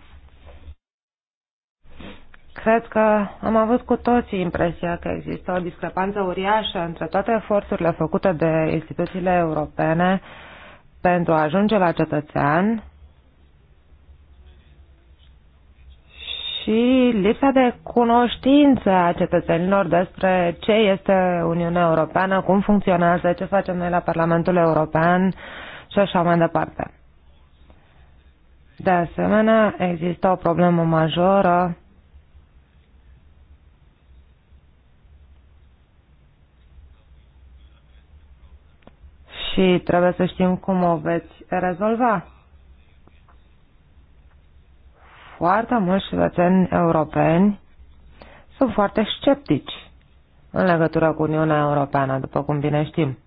cred că am avut cu toții impresia că există o discrepanță uriașă între toate eforturile făcute de instituțiile europene pentru a ajunge la cetățean și lipsa de cunoștință a cetățenilor despre ce este Uniunea Europeană, cum funcționează, ce facem noi la Parlamentul European și așa mai departe. De asemenea, există o problemă majoră și trebuie să știm cum o veți rezolva. Foarte mulți cetățeni europeni sunt foarte sceptici în legătură cu Uniunea Europeană, după cum bine știm.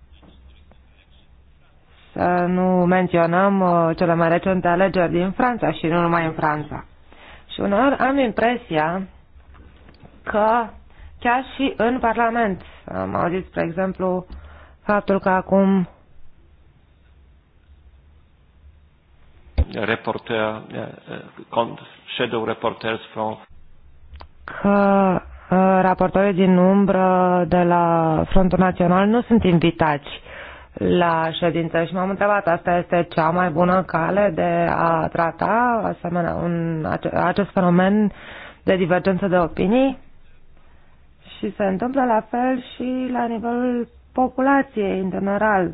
Să nu menționăm uh, cele mai recente alegeri din Franța și nu numai în Franța. Și uneori am impresia că chiar și în Parlament am auzit, spre exemplu, faptul că acum reporter, eh, eh, shadow reporters from că eh, raportorii din umbră de la Frontul Național nu sunt invitați la ședință și m-am întrebat, asta este cea mai bună cale de a trata asemenea un, acest fenomen de divergență de opinii? Și se întâmplă la fel și la nivelul populației în general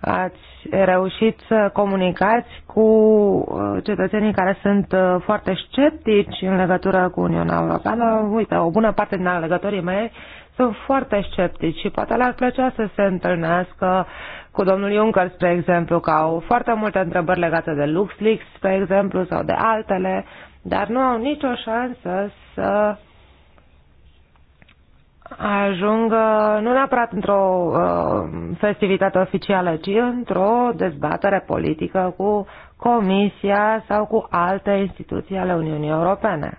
ați reușit să comunicați cu uh, cetățenii care sunt uh, foarte sceptici în legătură cu Uniunea Europeană. Uite, o bună parte din alegătorii mei sunt foarte sceptici și poate le-ar plăcea să se întâlnească cu domnul Juncker, spre exemplu, că au foarte multe întrebări legate de LuxLeaks, spre exemplu, sau de altele, dar nu au nicio șansă să ajung uh, nu neapărat într-o uh, festivitate oficială, ci într-o dezbatere politică cu Comisia sau cu alte instituții ale Uniunii Europene.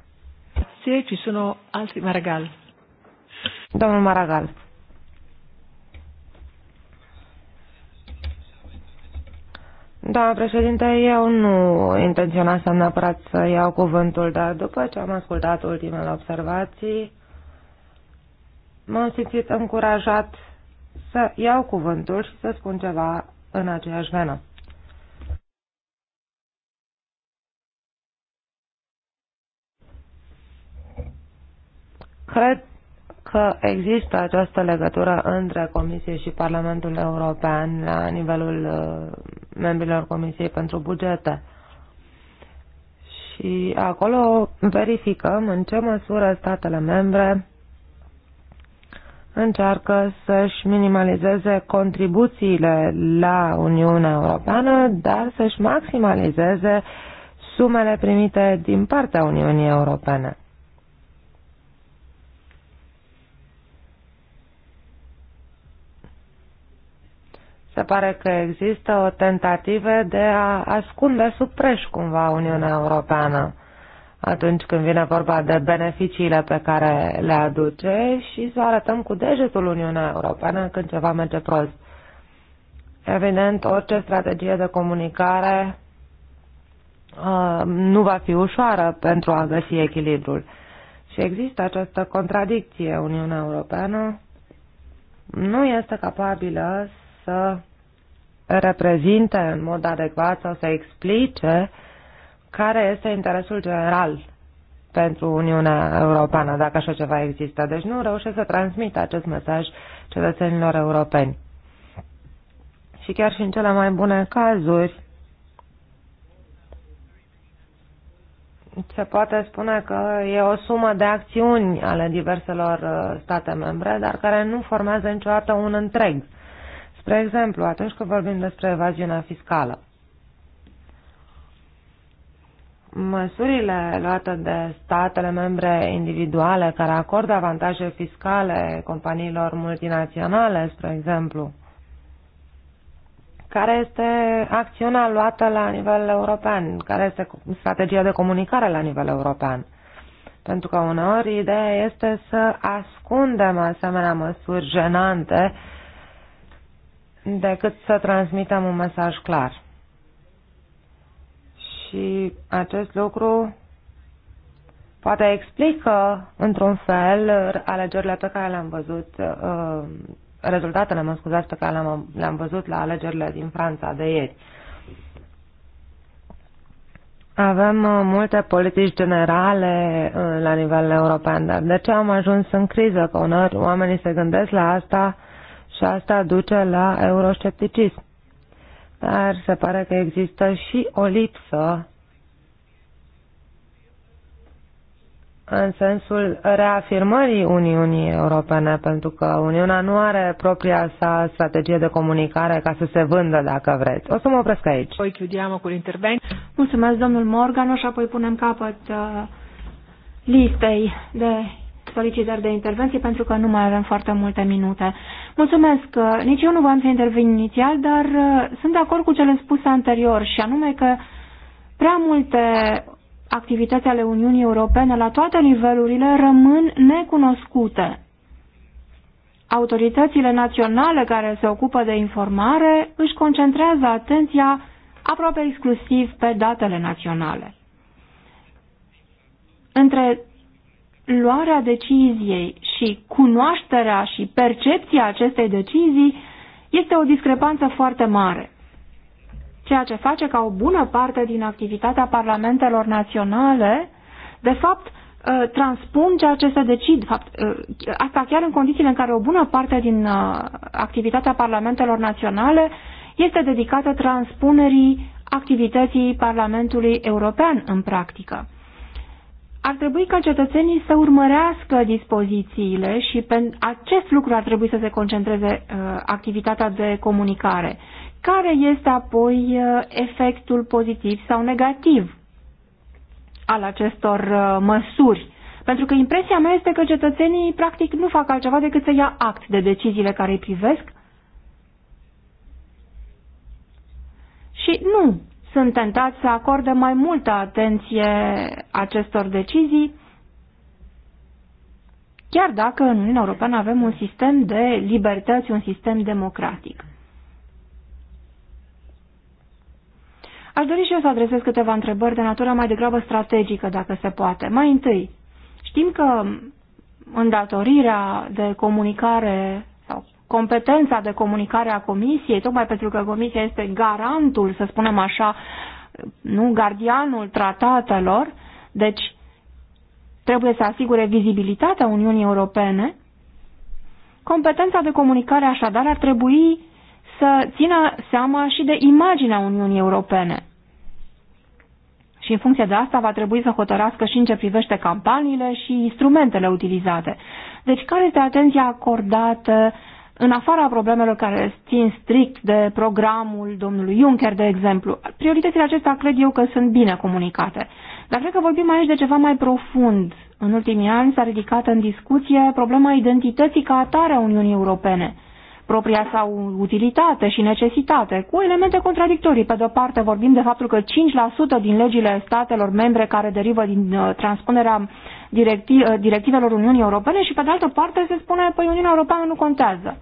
Grazie, ci sono altri Maragall? Domnul Maragall. Da, președinte, eu nu intenționasem neapărat să iau cuvântul, dar după ce am ascultat ultimele observații, m-am simțit încurajat să iau cuvântul și să spun ceva în aceeași venă. Cred că există această legătură între Comisie și Parlamentul European la nivelul uh, membrilor Comisiei pentru Bugete. Și acolo verificăm în ce măsură statele membre încearcă să-și minimalizeze contribuțiile la Uniunea Europeană, dar să-și maximalizeze sumele primite din partea Uniunii Europene. Se pare că există o tentativă de a ascunde sub preș cumva Uniunea Europeană atunci când vine vorba de beneficiile pe care le aduce și să arătăm cu degetul Uniunea Europeană când ceva merge prost. Evident, orice strategie de comunicare uh, nu va fi ușoară pentru a găsi echilibrul. Și există această contradicție. Uniunea Europeană nu este capabilă să reprezinte în mod adecvat sau să explice uh, care este interesul general pentru Uniunea Europeană, dacă așa ceva există. Deci nu reușesc să transmit acest mesaj cetățenilor europeni. Și chiar și în cele mai bune cazuri, se poate spune că e o sumă de acțiuni ale diverselor uh, state membre, dar care nu formează niciodată un întreg. Spre exemplu, atunci când vorbim despre evaziunea fiscală măsurile luate de statele membre individuale care acordă avantaje fiscale companiilor multinaționale, spre exemplu, care este acțiunea luată la nivel european, care este strategia de comunicare la nivel european. Pentru că uneori ideea este să ascundem asemenea măsuri jenante decât să transmitem un mesaj clar. Și acest lucru poate explică, într-un fel, alegerile pe care le-am văzut, uh, rezultatele, mă scuzați, pe care le-am, le-am văzut la alegerile din Franța de ieri. Avem uh, multe politici generale uh, la nivel european, dar de ce am ajuns în criză? Că uneori oamenii se gândesc la asta și asta duce la euroscepticism dar se pare că există și o lipsă în sensul reafirmării Uniunii Europene, pentru că Uniunea nu are propria sa strategie de comunicare ca să se vândă, dacă vreți. O să mă opresc aici. Voi chiudiamo cu interventi. Mulțumesc, domnul Morgan, și apoi punem capăt uh, listei de solicitări de intervenție pentru că nu mai avem foarte multe minute. Mulțumesc. Nici eu nu am să intervin inițial, dar uh, sunt de acord cu cele spuse anterior și anume că prea multe activități ale Uniunii Europene la toate nivelurile rămân necunoscute. Autoritățile naționale care se ocupă de informare își concentrează atenția aproape exclusiv pe datele naționale. Între luarea deciziei și cunoașterea și percepția acestei decizii este o discrepanță foarte mare. Ceea ce face ca o bună parte din activitatea parlamentelor naționale, de fapt, uh, transpun ceea ce se decid. Fapt, uh, asta chiar în condițiile în care o bună parte din uh, activitatea parlamentelor naționale este dedicată transpunerii activității Parlamentului European în practică ar trebui ca cetățenii să urmărească dispozițiile și pe acest lucru ar trebui să se concentreze uh, activitatea de comunicare. Care este apoi uh, efectul pozitiv sau negativ al acestor uh, măsuri? Pentru că impresia mea este că cetățenii practic nu fac altceva decât să ia act de deciziile care îi privesc și nu sunt tentați să acorde mai multă atenție acestor decizii, chiar dacă în Uniunea Europeană avem un sistem de libertăți, un sistem democratic. Aș dori și eu să adresez câteva întrebări de natură mai degrabă strategică, dacă se poate. Mai întâi, știm că îndatorirea de comunicare competența de comunicare a comisiei, tocmai pentru că comisia este garantul, să spunem așa, nu gardianul tratatelor, deci trebuie să asigure vizibilitatea Uniunii Europene, competența de comunicare așadar ar trebui să țină seama și de imaginea Uniunii Europene. Și în funcție de asta va trebui să hotărască și în ce privește campaniile și instrumentele utilizate. Deci care este atenția acordată uh, în afara problemelor care țin strict de programul domnului Juncker, de exemplu, prioritățile acestea cred eu că sunt bine comunicate. Dar cred că vorbim aici de ceva mai profund. În ultimii ani s-a ridicat în discuție problema identității ca atare a Uniunii Europene propria sa utilitate și necesitate, cu elemente contradictorii. Pe de-o parte vorbim de faptul că 5% din legile statelor membre care derivă din transponerea uh, transpunerea uh, directivelor Uniunii Europene și pe de altă parte se spune că păi, Uniunea Europeană nu contează.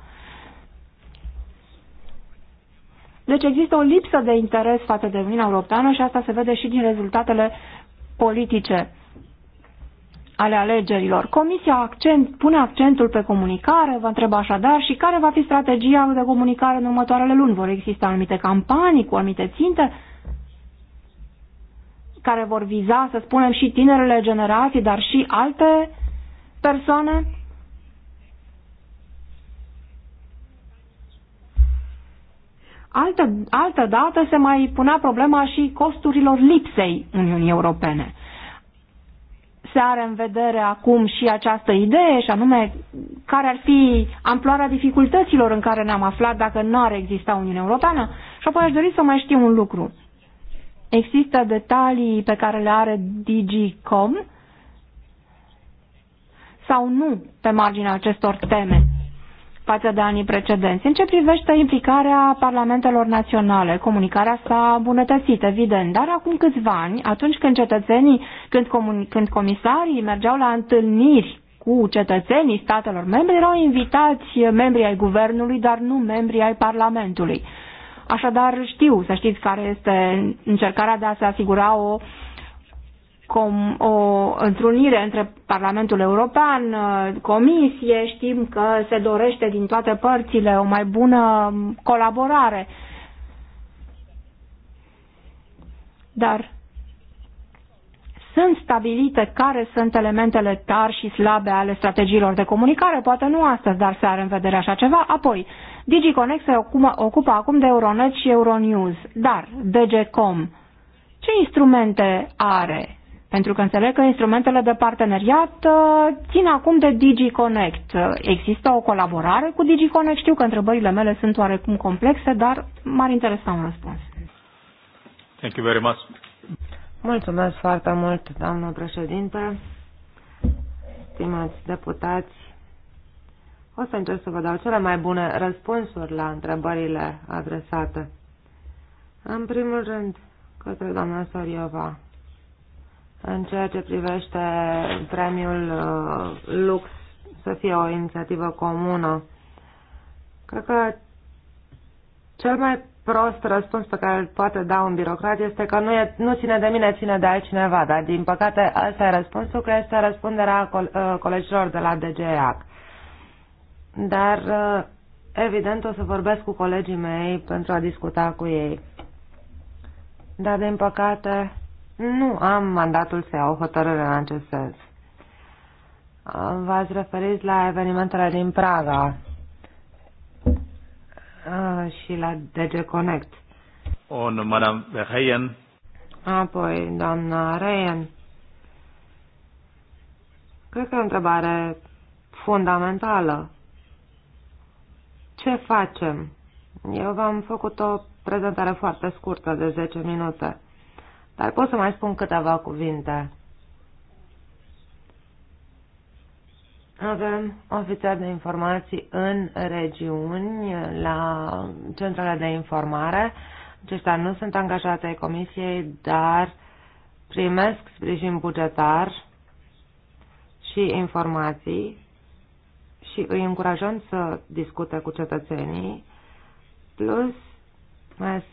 Deci există o lipsă de interes față de Uniunea Europeană și asta se vede și din rezultatele politice ale alegerilor. Comisia accent, pune accentul pe comunicare, vă întreb așadar, și care va fi strategia de comunicare în următoarele luni? Vor exista anumite campanii cu anumite ținte care vor viza, să spunem, și tinerele generații, dar și alte persoane? Altă, altă dată se mai punea problema și costurilor lipsei Uniunii Europene. Se are în vedere acum și această idee, și anume care ar fi amploarea dificultăților în care ne-am aflat dacă nu ar exista Uniunea Europeană. Și apoi aș dori să mai știu un lucru. Există detalii pe care le are DGCOM sau nu pe marginea acestor teme? față de anii precedenți. În ce privește implicarea parlamentelor naționale, comunicarea s-a îmbunătățit, evident, dar acum câțiva ani, atunci când cetățenii, când, comun, când comisarii mergeau la întâlniri cu cetățenii statelor membre, erau invitați membrii ai guvernului, dar nu membrii ai parlamentului. Așadar știu, să știți care este încercarea de a se asigura o uh, com, o întrunire între Parlamentul European, uh, Comisie, știm că se dorește din toate părțile o mai bună colaborare. Dar sunt stabilite care sunt elementele tari și slabe ale strategiilor de comunicare, poate nu astăzi, dar se are în vedere așa ceva. Apoi, DigiConnect se ocupă, ocupă acum de Euronet și Euronews, dar DGCom ce instrumente are? Pentru că înțeleg că instrumentele de parteneriat uh, țin acum de DigiConnect. Uh, există o colaborare cu DigiConnect? Știu că întrebările mele sunt oarecum complexe, dar m-ar interesa un răspuns. Thank you very much. Mulțumesc foarte mult, doamnă președinte, stimați deputați. O să încerc să vă dau cele mai bune răspunsuri la întrebările adresate. În primul rând, către doamna Soriova în ceea ce privește premiul uh, Lux să fie o inițiativă comună. Cred că cel mai prost răspuns pe care îl poate da un birocrat este că nu, e, nu ține de mine, ține de altcineva, dar din păcate ăsta e răspunsul, că este răspunderea uh, colegilor de la DGEAC. Dar uh, evident o să vorbesc cu colegii mei pentru a discuta cu ei. Dar din păcate nu am mandatul să iau hotărâre în acest sens. V-ați referit la evenimentele din Praga uh, și la DG Connect. On Madame Verheyen. Apoi, doamna Reyen. Cred că e o întrebare fundamentală. Ce facem? Eu v-am făcut o prezentare foarte scurtă de 10 minute. Dar pot să mai spun câteva cuvinte. Avem ofițeri de informații în regiuni, la centrele de informare. Aceștia nu sunt angajați ai comisiei, dar primesc sprijin bugetar și informații și îi încurajăm să discute cu cetățenii, plus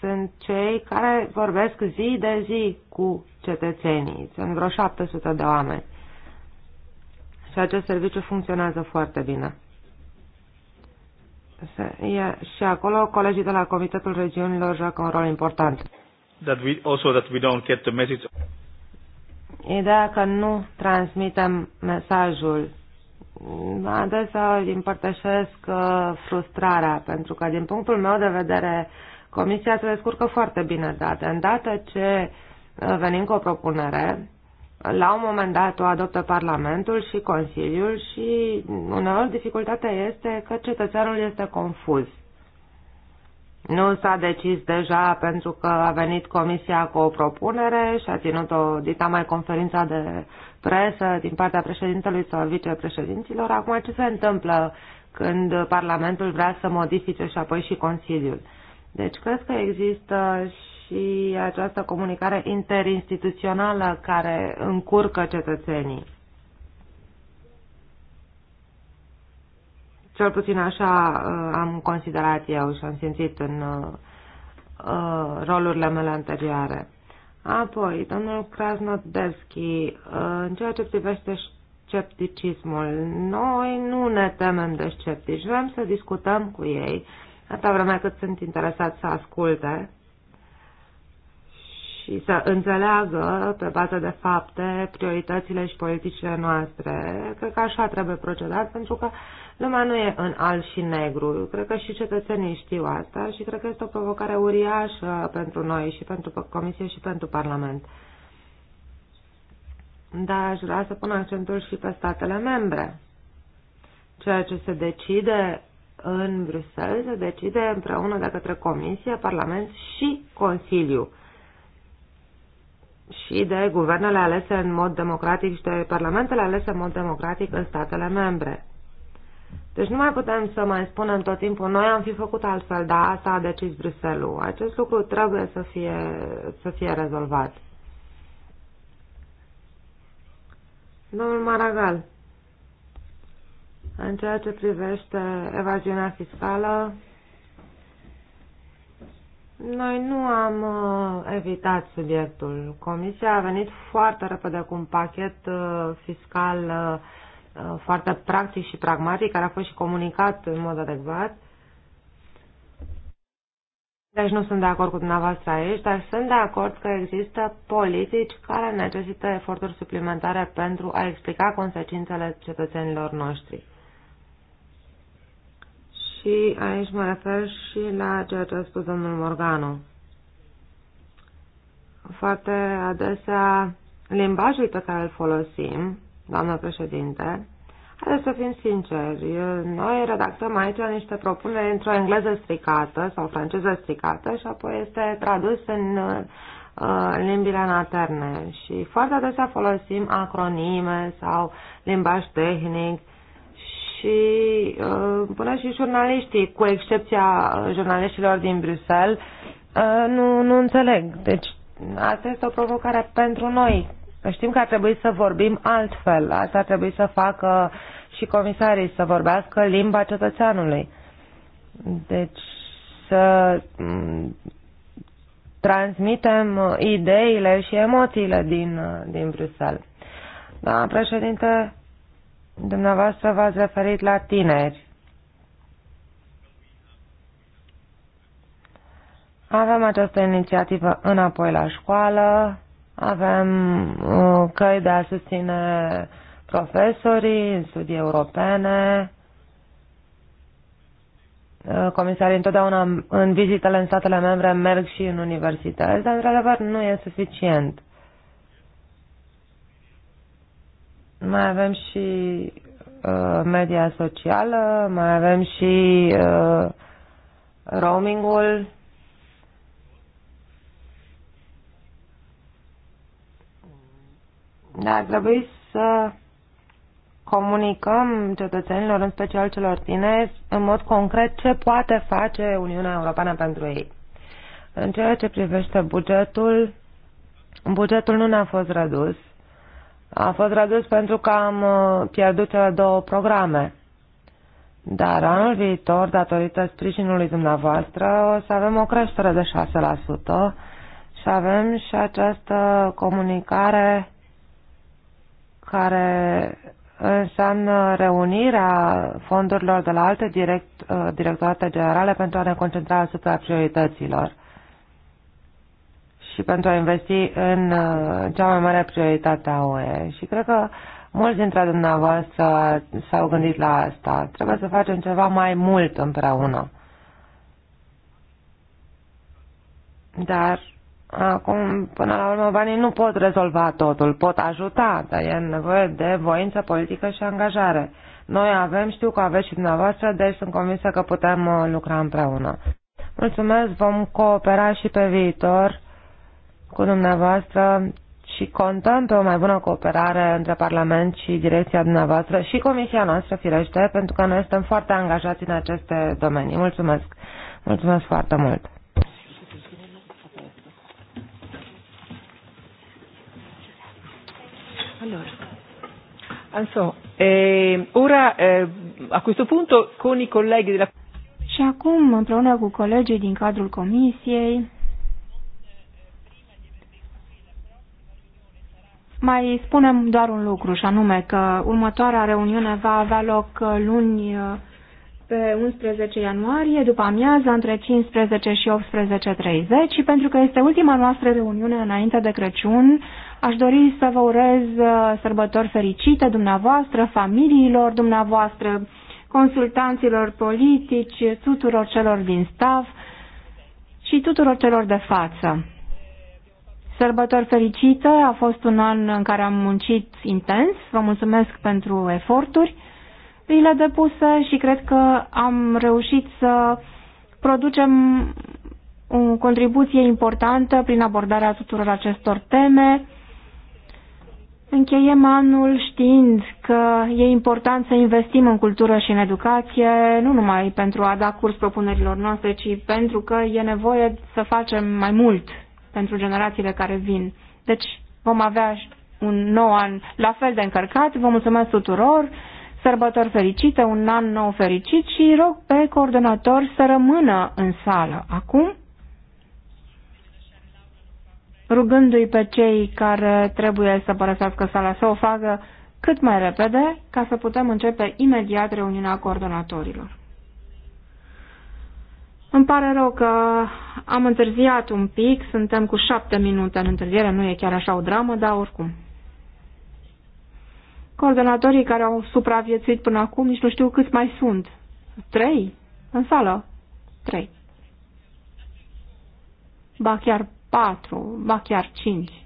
sunt cei care vorbesc zi de zi cu cetățenii. Sunt vreo 700 de oameni. Și acest serviciu funcționează foarte bine. și acolo colegii de la Comitetul Regiunilor joacă un rol important. That we, also that we don't get the message. Ideea că nu transmitem mesajul. Adesea împărtășesc uh, frustrarea, pentru că din punctul meu de vedere Comisia se descurcă foarte bine, date. de îndată ce uh, venim cu o propunere, la un moment dat o adoptă Parlamentul și Consiliul și uneori dificultatea este că cetățeanul este confuz. Nu s-a decis deja pentru că a venit Comisia cu o propunere și a ținut-o dita mai conferința de presă din partea președintelui sau vicepreședinților. Acum ce se întâmplă când Parlamentul vrea să modifice și apoi și Consiliul? Uh, deci cred că există și această comunicare interinstituțională care încurcă cetățenii. Cel puțin așa uh, am considerat eu și am simțit în uh, uh, rolurile mele anterioare. Apoi, domnul Krasnodevski, în ceea ce privește scepticismul, noi nu ne temem de sceptici, vrem să discutăm cu ei atâta vreme cât sunt interesat să asculte și să înțeleagă pe bază de fapte prioritățile și politicile noastre. Cred că așa trebuie procedat, pentru că lumea nu e în alb și negru. Cred că și cetățenii știu asta și cred că este o provocare uriașă pentru noi și pentru Comisie și pentru Parlament. Dar aș vrea să pun accentul și pe statele membre. Ceea ce se decide în Bruxelles se decide împreună de către Comisie, Parlament și Consiliu și de guvernele alese în mod democratic și de parlamentele alese în mod democratic în statele membre. Deci nu mai putem să mai spunem tot timpul, noi am fi făcut altfel, dar asta a decis Bruselul. Acest lucru trebuie să fie, să fie rezolvat. Domnul Maragal. În ceea ce privește evaziunea fiscală, noi nu am uh, evitat subiectul. Comisia a venit foarte repede cu un pachet uh, fiscal uh, uh, foarte practic și pragmatic, care a fost și comunicat în mod adecvat. Deci nu sunt de acord cu dumneavoastră aici, dar sunt de acord că există politici care necesită eforturi suplimentare pentru a explica consecințele cetățenilor noștri. Și aici mă refer și la ceea ce a spus domnul Morgano. Foarte adesea, limbajul pe care îl folosim, doamnă președinte, Haideți să fim sinceri, noi redactăm aici niște propuneri într-o engleză stricată sau franceză stricată și apoi este tradus în, uh, limbile naterne și foarte adesea folosim acronime sau limbaj tehnic și uh, până și jurnaliștii, cu excepția uh, jurnaliștilor din Bruxelles, uh, nu, nu înțeleg. Deci asta este o provocare pentru noi. Știm că ar trebui să vorbim altfel. Asta ar trebui să facă și comisarii, să vorbească limba cetățeanului. Deci să mm, transmitem ideile și emoțiile din, din Bruxelles. Da, președinte, Dumneavoastră v-ați referit la tineri. Avem această inițiativă înapoi la școală, avem uh, căi de a susține profesorii în studii europene, uh, comisarii întotdeauna în vizitele în statele membre merg și în universități, dar într-adevăr nu e suficient. Mai avem și uh, media socială, mai avem și uh, roamingul. Dar trebuie să comunicăm cetățenilor, în special celor tineri, în mod concret ce poate face Uniunea Europeană pentru ei. În ceea ce privește bugetul, bugetul nu ne-a fost redus a fost redus pentru că am uh, pierdut cele două programe. Dar anul viitor, datorită sprijinului dumneavoastră, o să avem o creștere de 6% și avem și această comunicare care înseamnă reunirea fondurilor de la alte direct, uh, directorate generale pentru a ne concentra asupra priorităților și pentru a investi în uh, cea mai mare prioritate a UE. Și cred că mulți dintre dumneavoastră s-au gândit la asta. Trebuie să facem ceva mai mult împreună. Dar acum, până la urmă, banii nu pot rezolva totul, pot ajuta, dar e nevoie de voință politică și angajare. Noi avem, știu că aveți și dumneavoastră, deci sunt convinsă că putem uh, lucra împreună. Mulțumesc, vom coopera și pe viitor cu dumneavoastră și contăm pe o mai bună cooperare între Parlament și direcția dumneavoastră și comisia noastră, firește, pentru că noi suntem foarte angajați în aceste domenii. Mulțumesc! Mulțumesc foarte mult! Eh, eh, și acum, împreună cu colegii din cadrul comisiei, Mai spunem doar un lucru, și anume că următoarea reuniune va avea loc uh, luni uh, pe 11 ianuarie, după amiază, între 15 și 18.30 și pentru că este ultima noastră reuniune înainte de Crăciun, aș dori să vă urez uh, sărbători fericite dumneavoastră, familiilor dumneavoastră, consultanților politici, tuturor celor din staff și tuturor celor de față. Sărbători fericite, a fost un an în care am muncit intens, vă mulțumesc pentru eforturi, le depuse și cred că am reușit să producem o contribuție importantă prin abordarea tuturor acestor teme. Încheiem anul știind că e important să investim în cultură și în educație, nu numai pentru a da curs propunerilor noastre, ci pentru că e nevoie să facem mai mult pentru generațiile care vin. Deci vom avea un nou an la fel de încărcat. Vă mulțumesc tuturor, sărbători fericite, un an nou fericit și rog pe coordonator să rămână în sală. Acum, rugându-i pe cei care trebuie să părăsească sala să o facă cât mai repede ca să putem începe imediat reuniunea coordonatorilor. Îmi pare rău că am întârziat un pic, suntem cu șapte minute în întârziere, nu e chiar așa o dramă, dar oricum. Coordonatorii care au supraviețuit până acum, nici nu știu câți mai sunt. Trei? În sală? Trei. Ba chiar patru, ba chiar cinci.